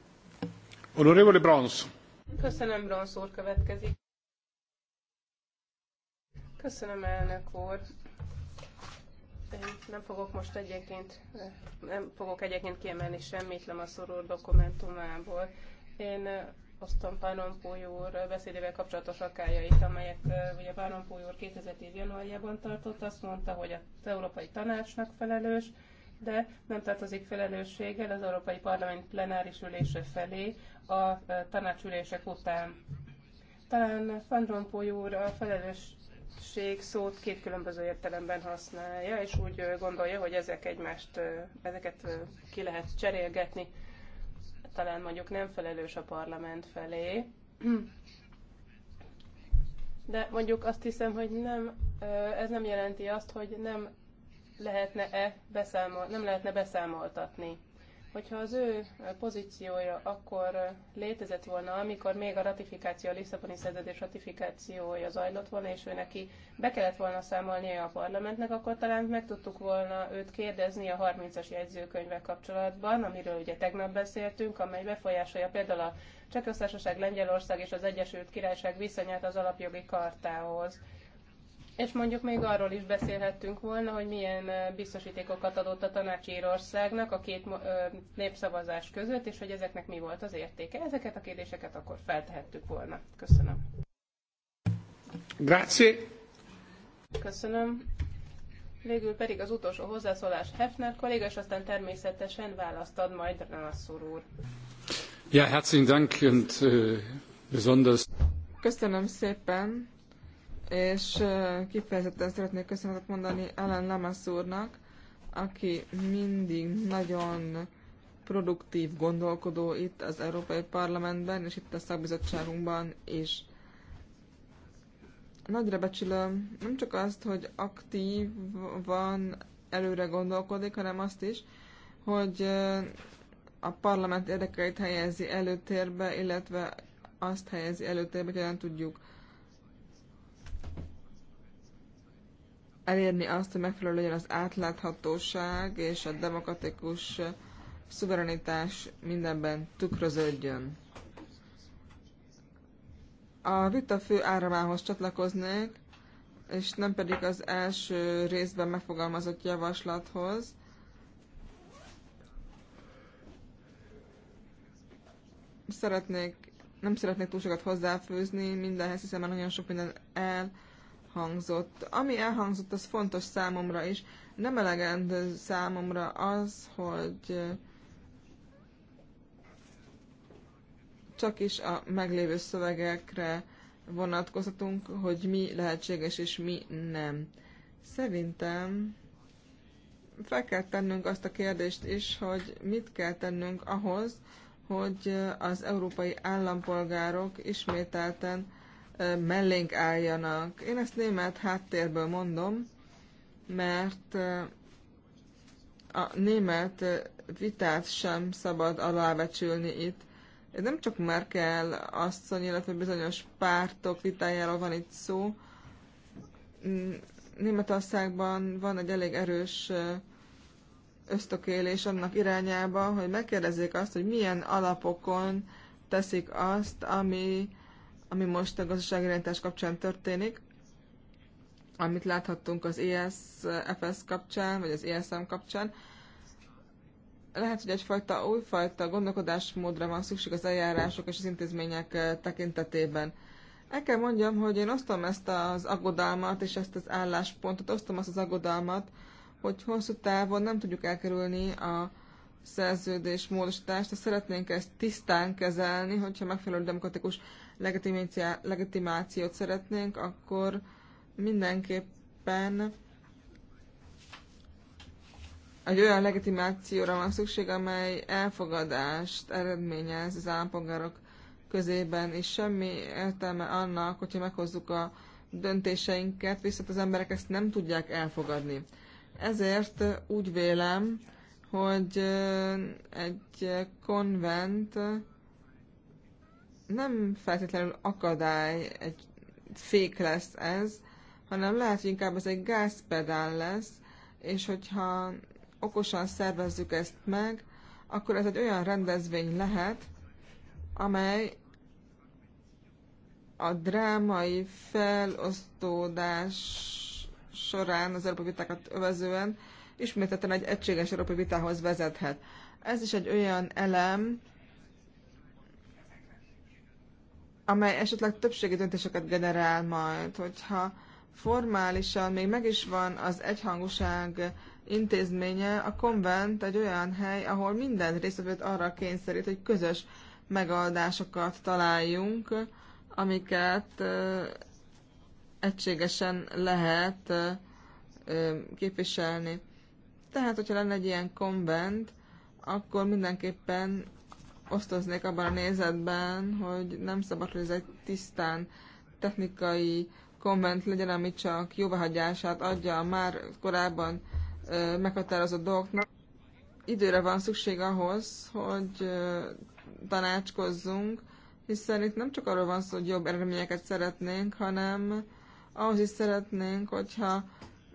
Honorable Brons. Köszönöm, Brons úr következik. Köszönöm, elnök úr. Én nem fogok most egyébként, nem fogok egyébként kiemelni semmit, nem a szorul dokumentumából. Én hoztam Van Rompuy úr beszédével kapcsolatos akályait, amelyet ugye Van Rompuy úr 2010 januárjában tartott, azt mondta, hogy az Európai Tanácsnak felelős, de nem tartozik felelősséggel az Európai Parlament plenáris ülése felé a tanácsülések után. Talán Van Rompuy úr a felelősség szót két különböző értelemben használja, és úgy gondolja, hogy ezek egymást, ezeket ki lehet cserélgetni talán mondjuk nem felelős a parlament felé, de mondjuk azt hiszem, hogy nem, ez nem jelenti azt, hogy nem lehetne-e beszámol, nem lehetne beszámoltatni hogyha az ő pozíciója akkor létezett volna, amikor még a ratifikáció, a Lisszaboni szerződés ratifikációja zajlott volna, és ő neki be kellett volna számolnia a parlamentnek, akkor talán meg tudtuk volna őt kérdezni a 30-as jegyzőkönyvvel kapcsolatban, amiről ugye tegnap beszéltünk, amely befolyásolja például a Csehköztársaság, Lengyelország és az Egyesült Királyság viszonyát az alapjogi kartához. És mondjuk még arról is beszélhettünk volna, hogy milyen biztosítékokat adott a tanács Írországnak a két népszavazás között, és hogy ezeknek mi volt az értéke. Ezeket a kérdéseket akkor feltehettük volna. Köszönöm. Grazie. Köszönöm. Végül pedig az utolsó hozzászólás Hefner kolléga, és aztán természetesen választ ad majd Ranasszúr úr. Ja, herzlichen Dank und äh, besonders. Köszönöm szépen és kifejezetten szeretnék köszönetet mondani Ellen Lamassz úrnak, aki mindig nagyon produktív gondolkodó itt az Európai Parlamentben és itt a szakbizottságunkban is. Nagyra becsülöm nem csak azt, hogy aktív van, előre gondolkodik, hanem azt is, hogy a parlament érdekeit helyezi előtérbe, illetve azt helyezi előtérbe, hogy hogyan tudjuk elérni azt, hogy megfelelő legyen az átláthatóság és a demokratikus szuverenitás mindenben tükröződjön. A vita fő áramához csatlakoznék, és nem pedig az első részben megfogalmazott javaslathoz. Szeretnék, nem szeretnék túl sokat hozzáfőzni mindenhez, hiszen már nagyon sok minden el hangzott. Ami elhangzott, az fontos számomra is. Nem elegendő számomra az, hogy csak is a meglévő szövegekre vonatkozhatunk, hogy mi lehetséges és mi nem. Szerintem fel kell tennünk azt a kérdést is, hogy mit kell tennünk ahhoz, hogy az európai állampolgárok ismételten mellénk álljanak. Én ezt német háttérből mondom, mert eh, a német eh, vitát sem szabad alábecsülni itt. Ez nem csak Merkel asszony, illetve bizonyos pártok vitájáról van itt szó. Mm, Németországban van egy elég erős eh, ösztökélés annak irányába, hogy megkérdezzék azt, hogy milyen alapokon teszik azt, ami ami most a gazdasági irányítás kapcsán történik, amit láthattunk az ESFS kapcsán, vagy az ESM kapcsán, lehet, hogy egyfajta újfajta gondolkodásmódra van szükség az eljárások és az intézmények eh, tekintetében. El kell mondjam, hogy én osztom ezt az aggodalmat és ezt az álláspontot, osztom azt az aggodalmat, hogy hosszú távon nem tudjuk elkerülni a szerződés módosítást, de szeretnénk ezt tisztán kezelni, hogyha megfelelő demokratikus legitimációt szeretnénk, akkor mindenképpen egy olyan legitimációra van szükség, amely elfogadást eredményez az állampolgárok közében, és semmi értelme annak, hogyha meghozzuk a döntéseinket, viszont az emberek ezt nem tudják elfogadni. Ezért úgy vélem, hogy egy konvent nem feltétlenül akadály, egy fék lesz ez, hanem lehet, hogy inkább ez egy gázpedál lesz, és hogyha okosan szervezzük ezt meg, akkor ez egy olyan rendezvény lehet, amely a drámai felosztódás során az európai vitákat övezően ismételten egy egységes európai vitához vezethet. Ez is egy olyan elem, amely esetleg többségi döntéseket generál majd, hogyha formálisan még meg is van az egyhangúság intézménye, a konvent egy olyan hely, ahol minden részvevőt arra kényszerít, hogy közös megoldásokat találjunk, amiket egységesen lehet képviselni. Tehát, hogyha lenne egy ilyen konvent, akkor mindenképpen osztoznék abban a nézetben, hogy nem szabad, hogy ez egy tisztán technikai komment legyen, ami csak jóváhagyását adja a már korábban meghatározott dolgoknak. Időre van szükség ahhoz, hogy tanácskozzunk, hiszen itt nem csak arról van szó, hogy jobb eredményeket szeretnénk, hanem ahhoz is szeretnénk, hogyha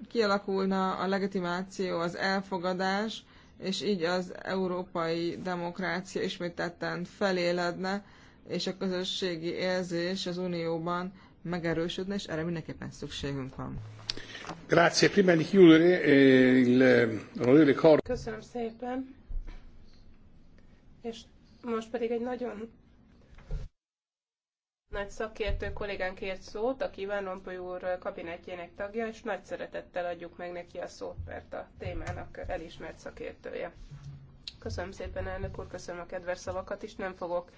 kialakulna a legitimáció, az elfogadás, és így az európai demokrácia ismételten feléledne, és a közösségi érzés az Unióban megerősödne, és erre mindenképpen szükségünk van. Eh, Köszönöm szépen. És most pedig egy nagyon nagy szakértő kollégánk ért szót, aki Iván Lompoly úr kabinetjének tagja, és nagy szeretettel adjuk meg neki a szót, mert a témának elismert szakértője. Köszönöm szépen, elnök úr, köszönöm a kedves szavakat is, nem fogok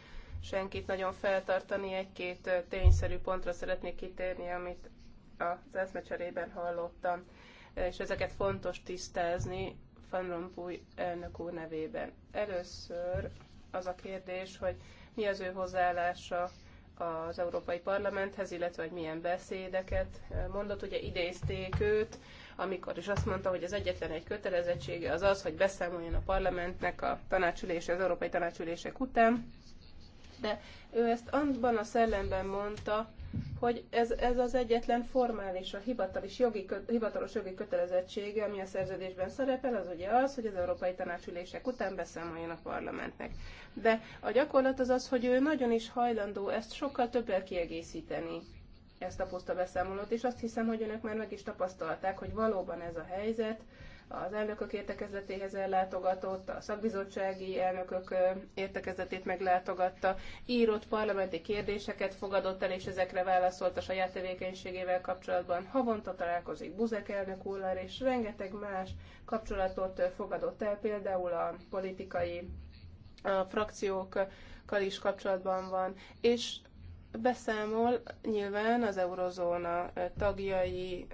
senkit nagyon feltartani, egy-két tényszerű pontra szeretnék kitérni, amit az eszmecserében hallottam, és ezeket fontos tisztázni Van Rompuy elnök úr nevében. Először az a kérdés, hogy mi az ő hozzáállása az Európai Parlamenthez, illetve hogy milyen beszédeket mondott. Ugye idézték őt, amikor is azt mondta, hogy az egyetlen egy kötelezettsége az az, hogy beszámoljon a parlamentnek a tanácsülése, az európai tanácsülések után. De ő ezt abban a szellemben mondta, hogy ez, ez az egyetlen formális, a hivatalos jogi, hivatalos jogi kötelezettsége, ami a szerződésben szerepel, az ugye az, hogy az Európai Tanácsülések után beszámoljon a parlamentnek. De a gyakorlat az az, hogy ő nagyon is hajlandó ezt sokkal többel kiegészíteni ezt a puszta beszámolót, és azt hiszem, hogy önök már meg is tapasztalták, hogy valóban ez a helyzet, az elnökök értekezletéhez ellátogatott, a szakbizottsági elnökök értekezletét meglátogatta, írott parlamenti kérdéseket fogadott el, és ezekre válaszolt a saját tevékenységével kapcsolatban. Havonta találkozik Buzek elnök úrral, és rengeteg más kapcsolatot fogadott el, például a politikai a frakciókkal is kapcsolatban van, és beszámol nyilván az eurozóna tagjai,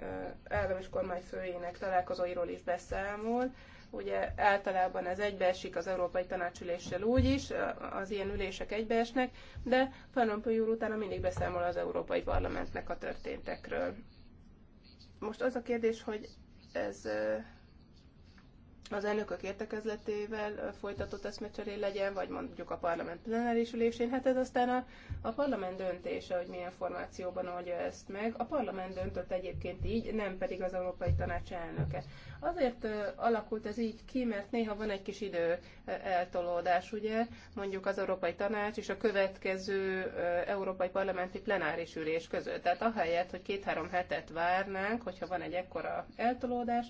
állam és kormányfőjének találkozóiról is beszámol. Ugye általában ez egybeesik az Európai Tanácsüléssel úgy is, az ilyen ülések egybeesnek, de Van Rompuy úr utána mindig beszámol az Európai Parlamentnek a történtekről. Most az a kérdés, hogy ez az elnökök értekezletével folytatott eszmecseré legyen, vagy mondjuk a parlament plenáris ülésén, hát ez aztán a, a parlament döntése, hogy milyen formációban oldja ezt meg. A parlament döntött egyébként így, nem pedig az Európai Tanács elnöke. Azért uh, alakult ez így ki, mert néha van egy kis idő eltolódás, ugye, mondjuk az Európai Tanács és a következő uh, Európai Parlamenti plenáris ülés között. Tehát ahelyett, hogy két-három hetet várnánk, hogyha van egy ekkora eltolódás,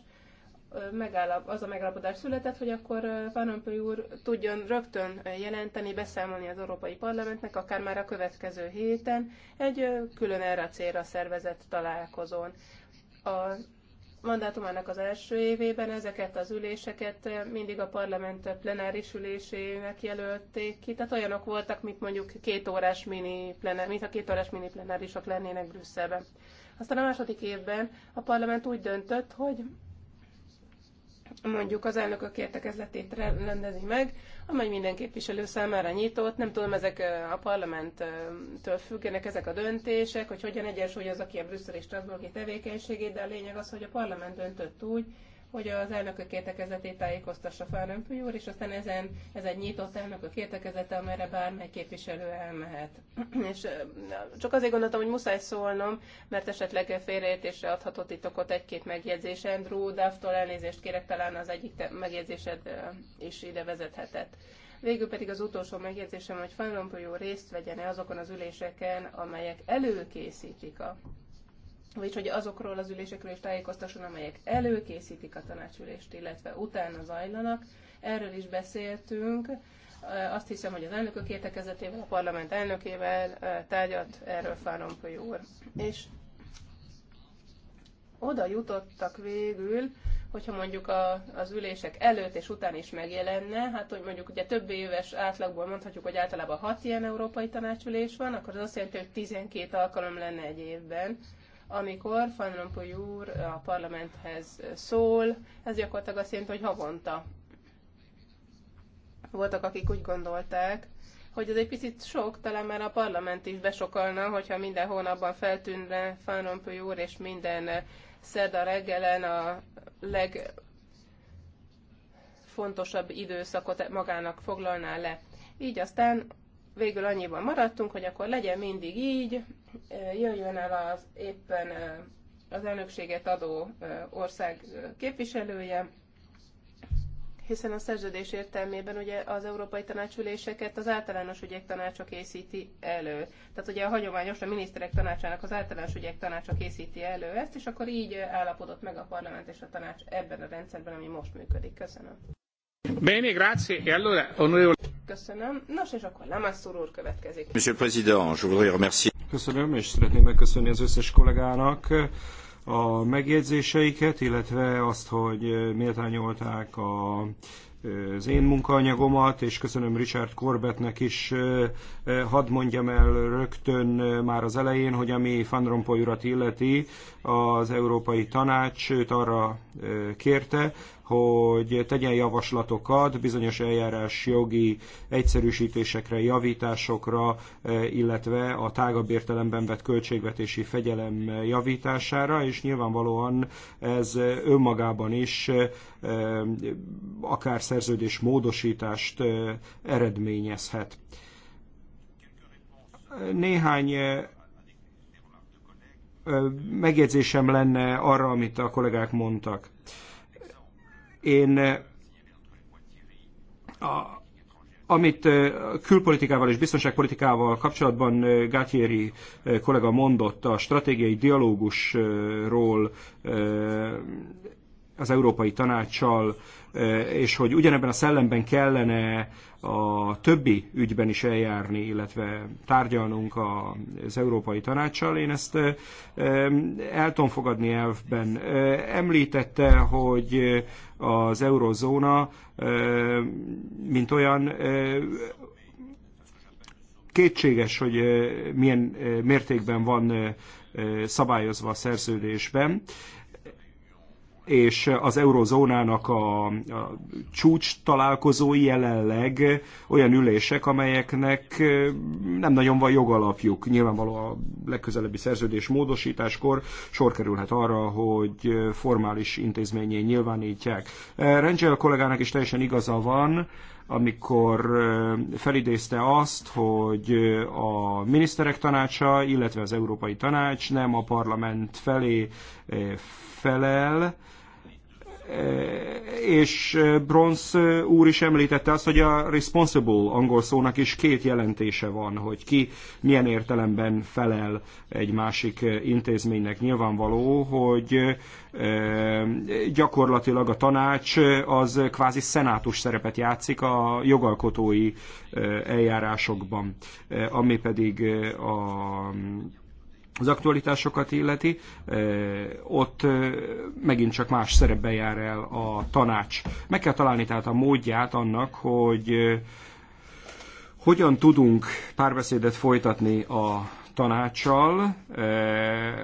megállap, az a megállapodás született, hogy akkor Van Rompuy úr tudjon rögtön jelenteni, beszámolni az Európai Parlamentnek, akár már a következő héten, egy külön erre a célra szervezett találkozón. A mandátumának az első évében ezeket az üléseket mindig a parlament plenáris ülésének jelölték ki, tehát olyanok voltak, mint mondjuk két órás mini plenár, mint a két órás mini plenárisok lennének Brüsszelben. Aztán a második évben a parlament úgy döntött, hogy mondjuk az elnökök értekezletét rendezi meg, amely minden képviselő számára nyitott. Nem tudom, ezek a parlamenttől függenek ezek a döntések, hogy hogyan egyensúly az, aki a brüsszeli Strasburgi tevékenységét, de a lényeg az, hogy a parlament döntött úgy, hogy az elnökök értekezetét tájékoztassa Fárömpő úr, és aztán ezen, ez egy nyitott elnökök értekezete, amelyre bármely képviselő elmehet. [CLEARS THROAT] és csak azért gondoltam, hogy muszáj szólnom, mert esetleg félreértésre adhatott itt okot egy-két megjegyzés. Andrew Duff-tól elnézést kérek, talán az egyik megjegyzésed is ide vezethetett. Végül pedig az utolsó megjegyzésem, hogy Van részt vegyene azokon az üléseken, amelyek előkészítik a vagyis hogy azokról az ülésekről is tájékoztasson, amelyek előkészítik a tanácsülést, illetve utána zajlanak. Erről is beszéltünk. Azt hiszem, hogy az elnökök értekezetével, a parlament elnökével tárgyalt erről Fáronpöly úr. És oda jutottak végül, hogyha mondjuk a, az ülések előtt és után is megjelenne, hát hogy mondjuk ugye több éves átlagból mondhatjuk, hogy általában hat ilyen európai tanácsülés van, akkor az azt jelenti, hogy 12 alkalom lenne egy évben, amikor Van Rompuy úr a parlamenthez szól, ez gyakorlatilag azt jelenti, hogy havonta. Voltak, akik úgy gondolták, hogy ez egy picit sok, talán már a parlament is besokalna, hogyha minden hónapban feltűnne Van Rompuy úr, és minden szerda reggelen a leg fontosabb időszakot magának foglalná le. Így aztán végül annyiban maradtunk, hogy akkor legyen mindig így, jöjjön el az éppen az elnökséget adó ország képviselője, hiszen a szerződés értelmében ugye az európai tanácsüléseket az általános ügyek tanácsa készíti elő. Tehát ugye a hagyományos a miniszterek tanácsának az általános ügyek tanácsa készíti elő ezt, és akkor így állapodott meg a parlament és a tanács ebben a rendszerben, ami most működik. Köszönöm. Bene, grazie. E allora, onorevole... Köszönöm. Nos, és akkor Lamassur úr következik. Monsieur le Président, je voudrais remercier... Köszönöm, és szeretném megköszönni az összes kollégának a megjegyzéseiket, illetve azt, hogy méltányolták a az én munkaanyagomat, és köszönöm Richard Corbettnek is, hadd mondjam el rögtön már az elején, hogy ami Van Rompuy urat illeti, az Európai Tanács őt arra kérte, hogy tegyen javaslatokat bizonyos eljárás jogi egyszerűsítésekre, javításokra, e, illetve a tágabb értelemben vett költségvetési fegyelem javítására, és nyilvánvalóan ez önmagában is e, akár szerződés módosítást e, eredményezhet. Néhány megjegyzésem lenne arra, amit a kollégák mondtak. Én eh, a, amit eh, külpolitikával és biztonságpolitikával kapcsolatban eh, Gátyéri kollega mondott a stratégiai dialógusról, az Európai Tanácssal, e, és hogy ugyanebben a szellemben kellene a többi ügyben is eljárni, illetve tárgyalnunk az Európai Tanácssal. Én ezt e, el tudom fogadni elvben. E, említette, hogy az eurozóna, mint olyan, kétséges, hogy milyen mértékben van szabályozva a szerződésben és az eurozónának a, a csúcs találkozói jelenleg olyan ülések, amelyeknek nem nagyon van jogalapjuk. Nyilvánvaló a legközelebbi szerződés módosításkor sor kerülhet arra, hogy formális intézményén nyilvánítják. Rangel kollégának is teljesen igaza van, amikor felidézte azt, hogy a miniszterek tanácsa, illetve az Európai Tanács nem a parlament felé felel, Eh, és eh, Bronz eh, úr is említette azt, hogy a responsible angol szónak is két jelentése van, hogy ki milyen értelemben felel egy másik intézménynek. Nyilvánvaló, hogy gyakorlatilag a tanács az kvázi szenátus szerepet játszik a jogalkotói eljárásokban, ami pedig a az aktualitásokat illeti, ott megint csak más szerepben jár el a tanács. Meg kell találni tehát a módját annak, hogy hogyan tudunk párbeszédet folytatni a tanácsal,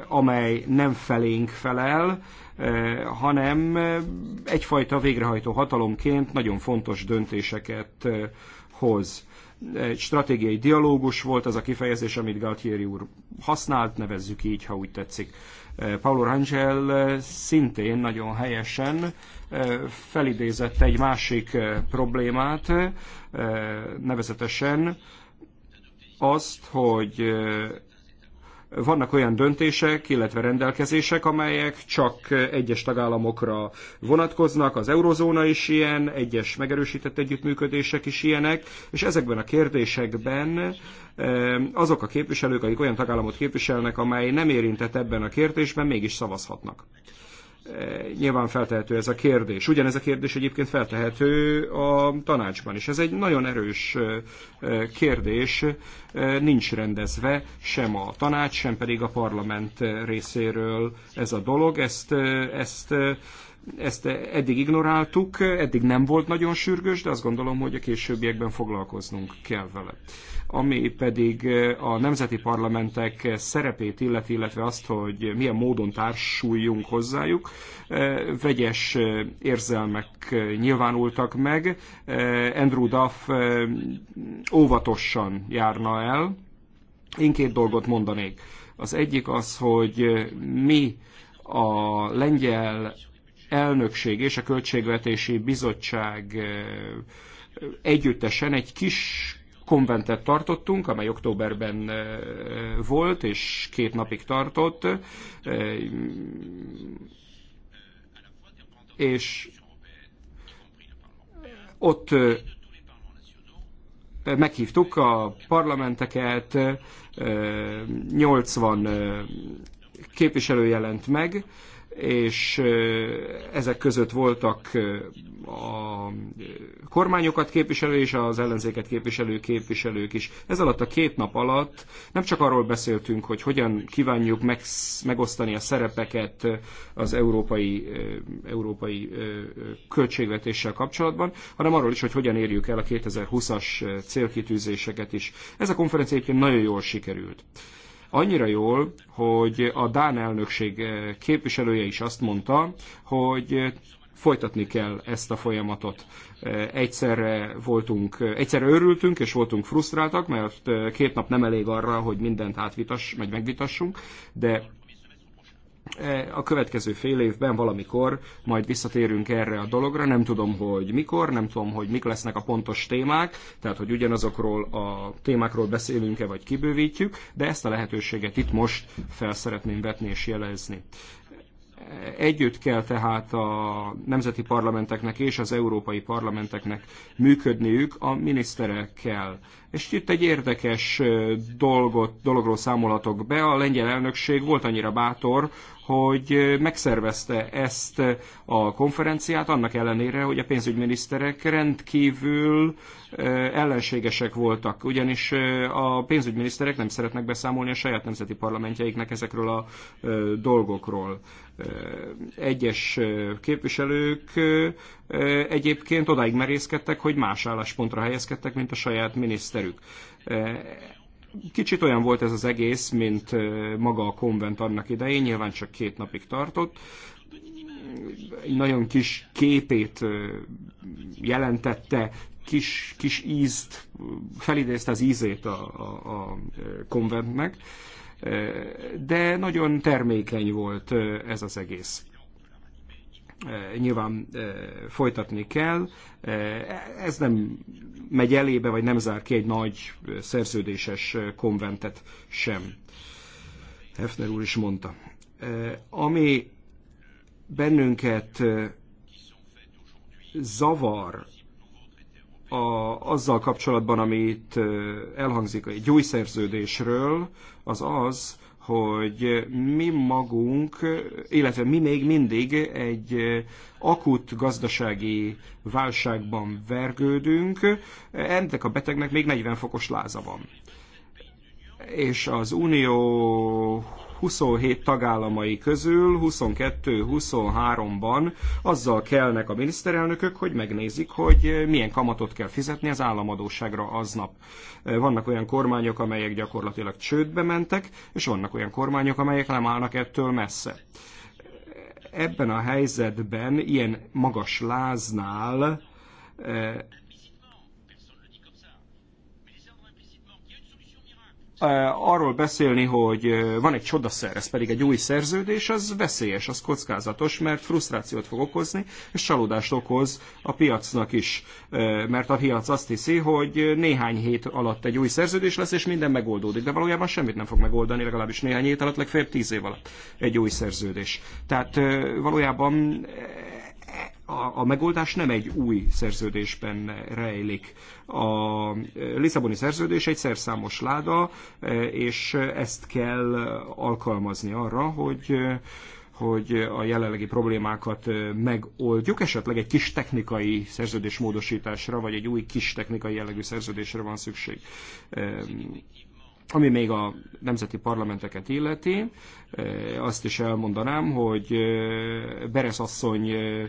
amely nem felénk felel, hanem egyfajta végrehajtó hatalomként nagyon fontos döntéseket hoz. Egy stratégiai dialógus volt az a kifejezés, amit Galtieri úr használt, nevezzük így, ha úgy tetszik. Eh, Paulo Rangel eh, szintén nagyon helyesen eh, felidézett egy másik problémát, nevezetesen azt, hogy vannak olyan döntések, illetve rendelkezések, amelyek csak egyes tagállamokra vonatkoznak, az eurozóna is ilyen, egyes megerősített együttműködések is ilyenek, és ezekben a kérdésekben eh, azok a képviselők, akik olyan tagállamot képviselnek, amely nem érintett ebben a kérdésben, mégis szavazhatnak. Eh, nyilván feltehető ez a kérdés. Ugyanez a kérdés egyébként feltehető a tanácsban is. Ez egy nagyon erős eh, eh, kérdés, nincs rendezve sem a tanács, sem pedig a parlament részéről ez a dolog. Ezt, ezt ezt eddig ignoráltuk, eddig nem volt nagyon sürgős, de azt gondolom, hogy a későbbiekben foglalkoznunk kell vele ami pedig eh, a nemzeti parlamentek szerepét illeti, illetve azt, hogy milyen módon társuljunk hozzájuk. Eh, vegyes eh, érzelmek nyilvánultak meg. Andrew Duff óvatosan járna el. Én két dolgot mondanék. Az egyik az, hogy mi a lengyel elnökség és a Költségvetési Bizottság együttesen egy kis konventet tartottunk, amely októberben volt, és két napig tartott, és ott meghívtuk a parlamenteket, 80 képviselő jelent meg, és ezek között voltak a kormányokat képviselő és az ellenzéket képviselő képviselők is. Ez alatt a két nap alatt nem csak arról beszéltünk, hogy hogyan kívánjuk megosztani a szerepeket az európai, európai költségvetéssel kapcsolatban, hanem arról is, hogy hogyan érjük el a 2020-as célkitűzéseket is. Ez a konferencia egyébként nagyon jól sikerült. Annyira jól, hogy a Dán elnökség eh, képviselője is azt mondta, hogy eh, folytatni kell ezt a folyamatot. Eh, egyszerre voltunk, egyszerre örültünk és voltunk frusztráltak, mert két nap nem elég arra, hogy mindent átvitass, meg megvitassunk, de E, a következő fél évben valamikor majd visszatérünk erre a dologra, nem tudom, hogy mikor, nem tudom, hogy mik lesznek a pontos témák, tehát hogy ugyanazokról a témákról beszélünk-e, vagy kibővítjük, de ezt a lehetőséget itt most fel szeretném vetni és jelezni. Együtt kell tehát a nemzeti parlamenteknek és az európai parlamenteknek működniük a miniszterekkel. És itt egy érdekes dolgot, dologról számolhatok be. A lengyel elnökség volt annyira bátor, hogy megszervezte ezt a konferenciát, annak ellenére, hogy a pénzügyminiszterek rendkívül ellenségesek voltak, ugyanis a pénzügyminiszterek nem szeretnek beszámolni a saját nemzeti parlamentjeiknek ezekről a dolgokról. Egyes képviselők egyébként odáig merészkedtek, hogy más álláspontra helyezkedtek, mint a saját miniszterük Kicsit olyan volt ez az egész, mint maga a konvent annak idején, nyilván csak két napig tartott. Egy nagyon kis képét jelentette, kis, kis ízt, felidézte az ízét a, a, a konventnek, de nagyon termékeny volt ez az egész. Eh, nyilván eh, folytatni kell. Eh, ez nem megy elébe, vagy nem zár ki egy nagy szerződéses konventet sem. Hefner úr is mondta. Ami bennünket zavar a, azzal kapcsolatban, amit elhangzik egy új szerződésről, az az, hogy mi magunk, illetve mi még mindig egy akut gazdasági válságban vergődünk, ennek a betegnek még 40 fokos láza van. És az Unió 27 tagállamai közül 22-23-ban azzal kelnek a miniszterelnökök, hogy megnézik, hogy milyen kamatot kell fizetni az államadóságra aznap. Vannak olyan kormányok, amelyek gyakorlatilag csődbe mentek, és vannak olyan kormányok, amelyek nem állnak ettől messze. Ebben a helyzetben, ilyen magas láznál eh, arról beszélni, hogy van egy csodaszer, ez pedig egy új szerződés, az veszélyes, az kockázatos, mert frusztrációt fog okozni, és csalódást okoz a piacnak is, mert a piac azt hiszi, hogy néhány hét alatt egy új szerződés lesz, és minden megoldódik, de valójában semmit nem fog megoldani, legalábbis néhány hét alatt, legfeljebb tíz év alatt egy új szerződés. Tehát valójában a, a megoldás nem egy új szerződésben rejlik. A e, Lisszaboni szerződés egy szerszámos láda, e, és ezt kell alkalmazni arra, hogy e, hogy a jelenlegi problémákat megoldjuk, esetleg egy kis technikai szerződésmódosításra, vagy egy új kis technikai jellegű szerződésre van szükség. Ami még a nemzeti parlamenteket illeti, eh, azt is elmondanám, hogy eh, Beres asszony eh,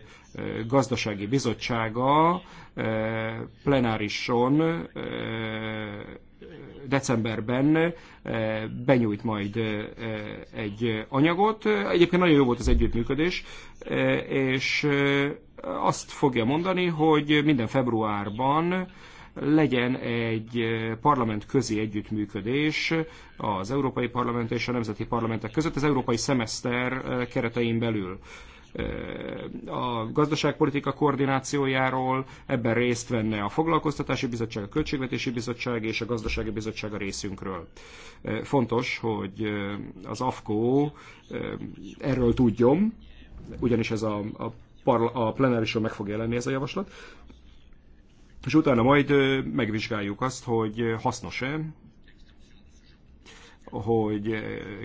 gazdasági bizottsága plenárison decemberben benyújt majd egy anyagot. Egyébként nagyon jó volt az együttműködés, és azt fogja mondani, hogy minden februárban legyen egy eh, parlament közi együttműködés az Európai Parlament és a Nemzeti Parlamentek között az Európai Szemeszter eh, keretein belül eh, a gazdaságpolitika koordinációjáról, ebben részt venne a Foglalkoztatási Bizottság, a Költségvetési Bizottság és a Gazdasági Bizottság a részünkről. Fontos, hogy az AFKO erről tudjon, ugyanis ez a, a, a plenárison meg fog jelenni ez a javaslat, és utána majd megvizsgáljuk azt, hogy hasznos-e, hogy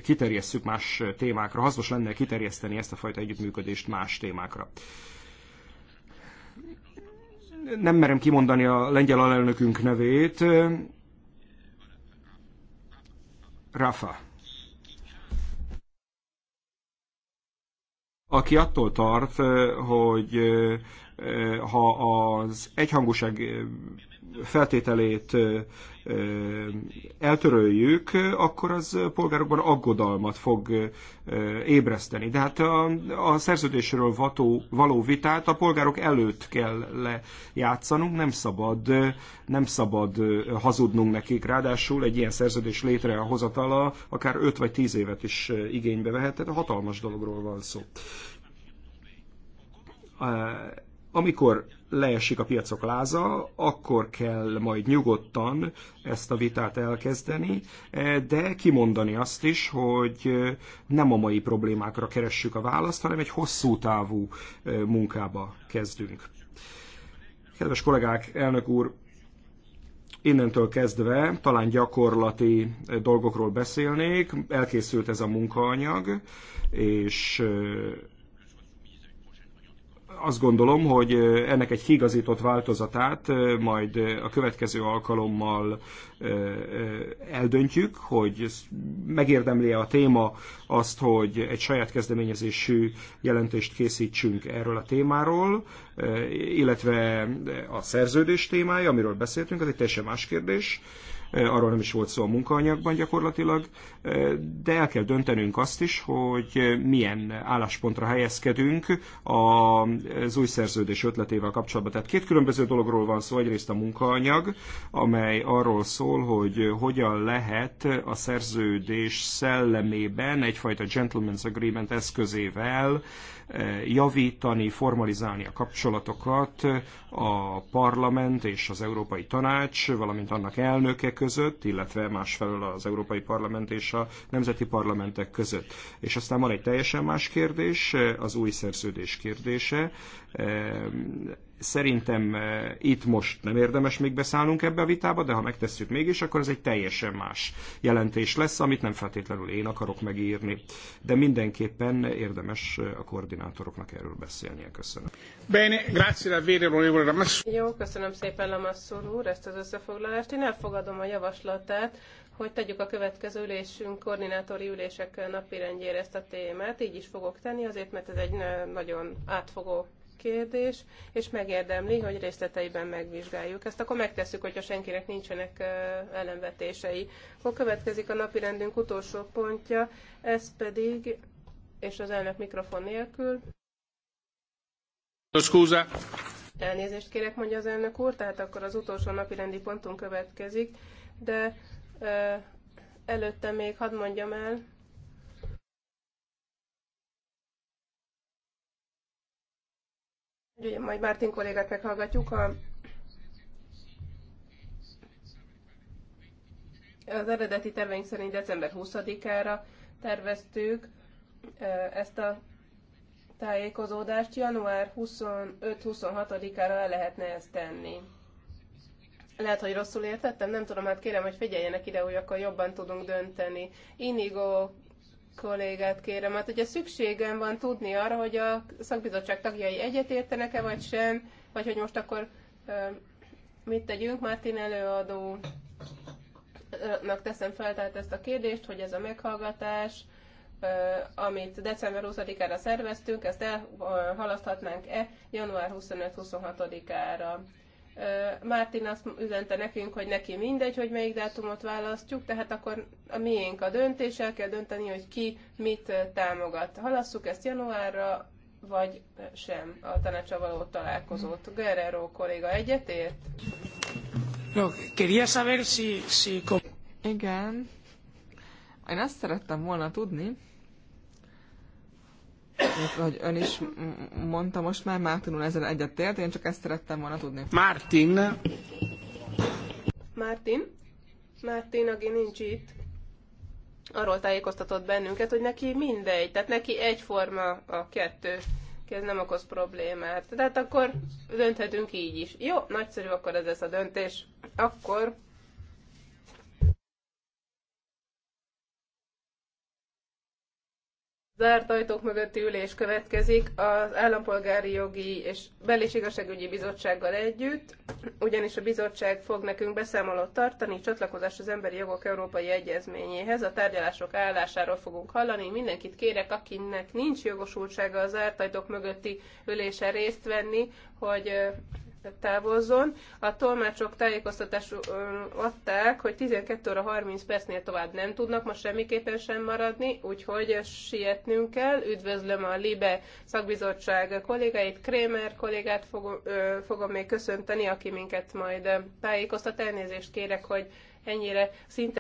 kiterjesszük más témákra, hasznos lenne kiterjeszteni ezt a fajta együttműködést más témákra. Nem merem kimondani a lengyel alelnökünk nevét. Rafa. aki attól tart, hogy ha az egyhangúság feltételét eltöröljük, akkor az polgárokban aggodalmat fog ébreszteni. De hát a, a szerződésről vató, való vitát a polgárok előtt kell lejátszanunk, nem szabad, nem szabad hazudnunk nekik. Ráadásul egy ilyen szerződés létrehozatala akár 5 vagy 10 évet is igénybe vehet, tehát hatalmas dologról van szó amikor leesik a piacok láza, akkor kell majd nyugodtan ezt a vitát elkezdeni, eh, de kimondani azt is, hogy eh, nem a mai problémákra keressük a választ, hanem egy hosszú távú eh, munkába kezdünk. Kedves kollégák, elnök úr, innentől kezdve talán gyakorlati dolgokról beszélnék. Elkészült ez a munkaanyag, és azt gondolom, hogy ennek egy higazított változatát majd a következő alkalommal eldöntjük, hogy megérdemli-e a téma azt, hogy egy saját kezdeményezésű jelentést készítsünk erről a témáról, illetve a szerződés témája, amiről beszéltünk, az egy teljesen más kérdés arról nem is volt szó a munkaanyagban gyakorlatilag, de el kell döntenünk azt is, hogy milyen álláspontra helyezkedünk az új szerződés ötletével kapcsolatban. Tehát két különböző dologról van szó, egyrészt a munkaanyag, amely arról szól, hogy hogyan lehet a szerződés szellemében egyfajta gentleman's agreement eszközével javítani, formalizálni a kapcsolatokat a parlament és az Európai Tanács, valamint annak elnöke között, illetve másfelől az Európai Parlament és a nemzeti parlamentek között. És aztán van egy teljesen más kérdés, az új szerződés kérdése. Szerintem eh, itt most nem érdemes még beszállnunk ebbe a vitába, de ha megtesszük mégis, akkor ez egy teljesen más jelentés lesz, amit nem feltétlenül én akarok megírni. De mindenképpen érdemes eh, a koordinátoroknak erről beszélnie. Köszönöm. Bene, grazie davvero, Lamassu. Jó, köszönöm szépen Lamassur úr ezt az összefoglalást. Én elfogadom a javaslatát, hogy tegyük a következő ülésünk koordinátori ülések napirendjére ezt a témát. Így is fogok tenni, azért mert ez egy eh, nagyon átfogó kérdés, és megérdemli, hogy részleteiben megvizsgáljuk. Ezt akkor megtesszük, hogyha senkinek nincsenek ellenvetései. Akkor következik a rendünk utolsó pontja, ez pedig, és az elnök mikrofon nélkül. Scusa. Elnézést kérek, mondja az elnök úr, tehát akkor az utolsó napi rendi pontunk következik, de előtte még hadd mondjam el, Ugye majd Mártin kollégát meghallgatjuk. A, az eredeti terveink szerint december 20-ára terveztük e, ezt a tájékozódást. Január 25-26-ára le lehetne ezt tenni. Lehet, hogy rosszul értettem, nem tudom, hát kérem, hogy figyeljenek ide, hogy akkor jobban tudunk dönteni. Inigo kollégát kérem. Hát hogyha szükségem van tudni arra, hogy a szakbizottság tagjai egyetértenek-e vagy sem, vagy hogy most akkor mit tegyünk. Mártin előadó teszem fel tehát ezt a kérdést, hogy ez a meghallgatás, amit december 20-ára szerveztünk, ezt elhalaszthatnánk-e január 25-26-ára. Mártin azt üzente nekünk, hogy neki mindegy, hogy melyik dátumot választjuk, tehát akkor a miénk a döntés, el kell dönteni, hogy ki mit támogat. Halasszuk ezt januárra, vagy sem a tanácsa való találkozót. Guerrero kolléga egyetért? No, quería saber si, si... Igen. Én azt szerettem volna tudni, hogy ön is mondta most már, Márton úr ezzel egyetért, én csak ezt szerettem volna tudni. Mártin! Mártin? Mártin, aki nincs itt, arról tájékoztatott bennünket, hogy neki mindegy, tehát neki egyforma a kettő, ez nem okoz problémát. Tehát akkor dönthetünk így is. Jó, nagyszerű akkor ez lesz a döntés. Akkor Zárt ajtók mögötti ülés következik az Állampolgári Jogi és Belés Igazságügyi Bizottsággal együtt, ugyanis a bizottság fog nekünk beszámolót tartani, csatlakozás az Emberi Jogok Európai Egyezményéhez, a tárgyalások állásáról fogunk hallani. Mindenkit kérek, akinek nincs jogosultsága az zárt ajtók mögötti ülésen részt venni, hogy távozzon. A tolmácsok tájékoztatást adták, hogy 12 óra 30 percnél tovább nem tudnak ma semmiképpen sem maradni, úgyhogy sietnünk kell. Üdvözlöm a LIBE szakbizottság kollégáit, Krémer kollégát fogom, ö, fogom még köszönteni, aki minket majd tájékoztat. Elnézést kérek, hogy ennyire szinte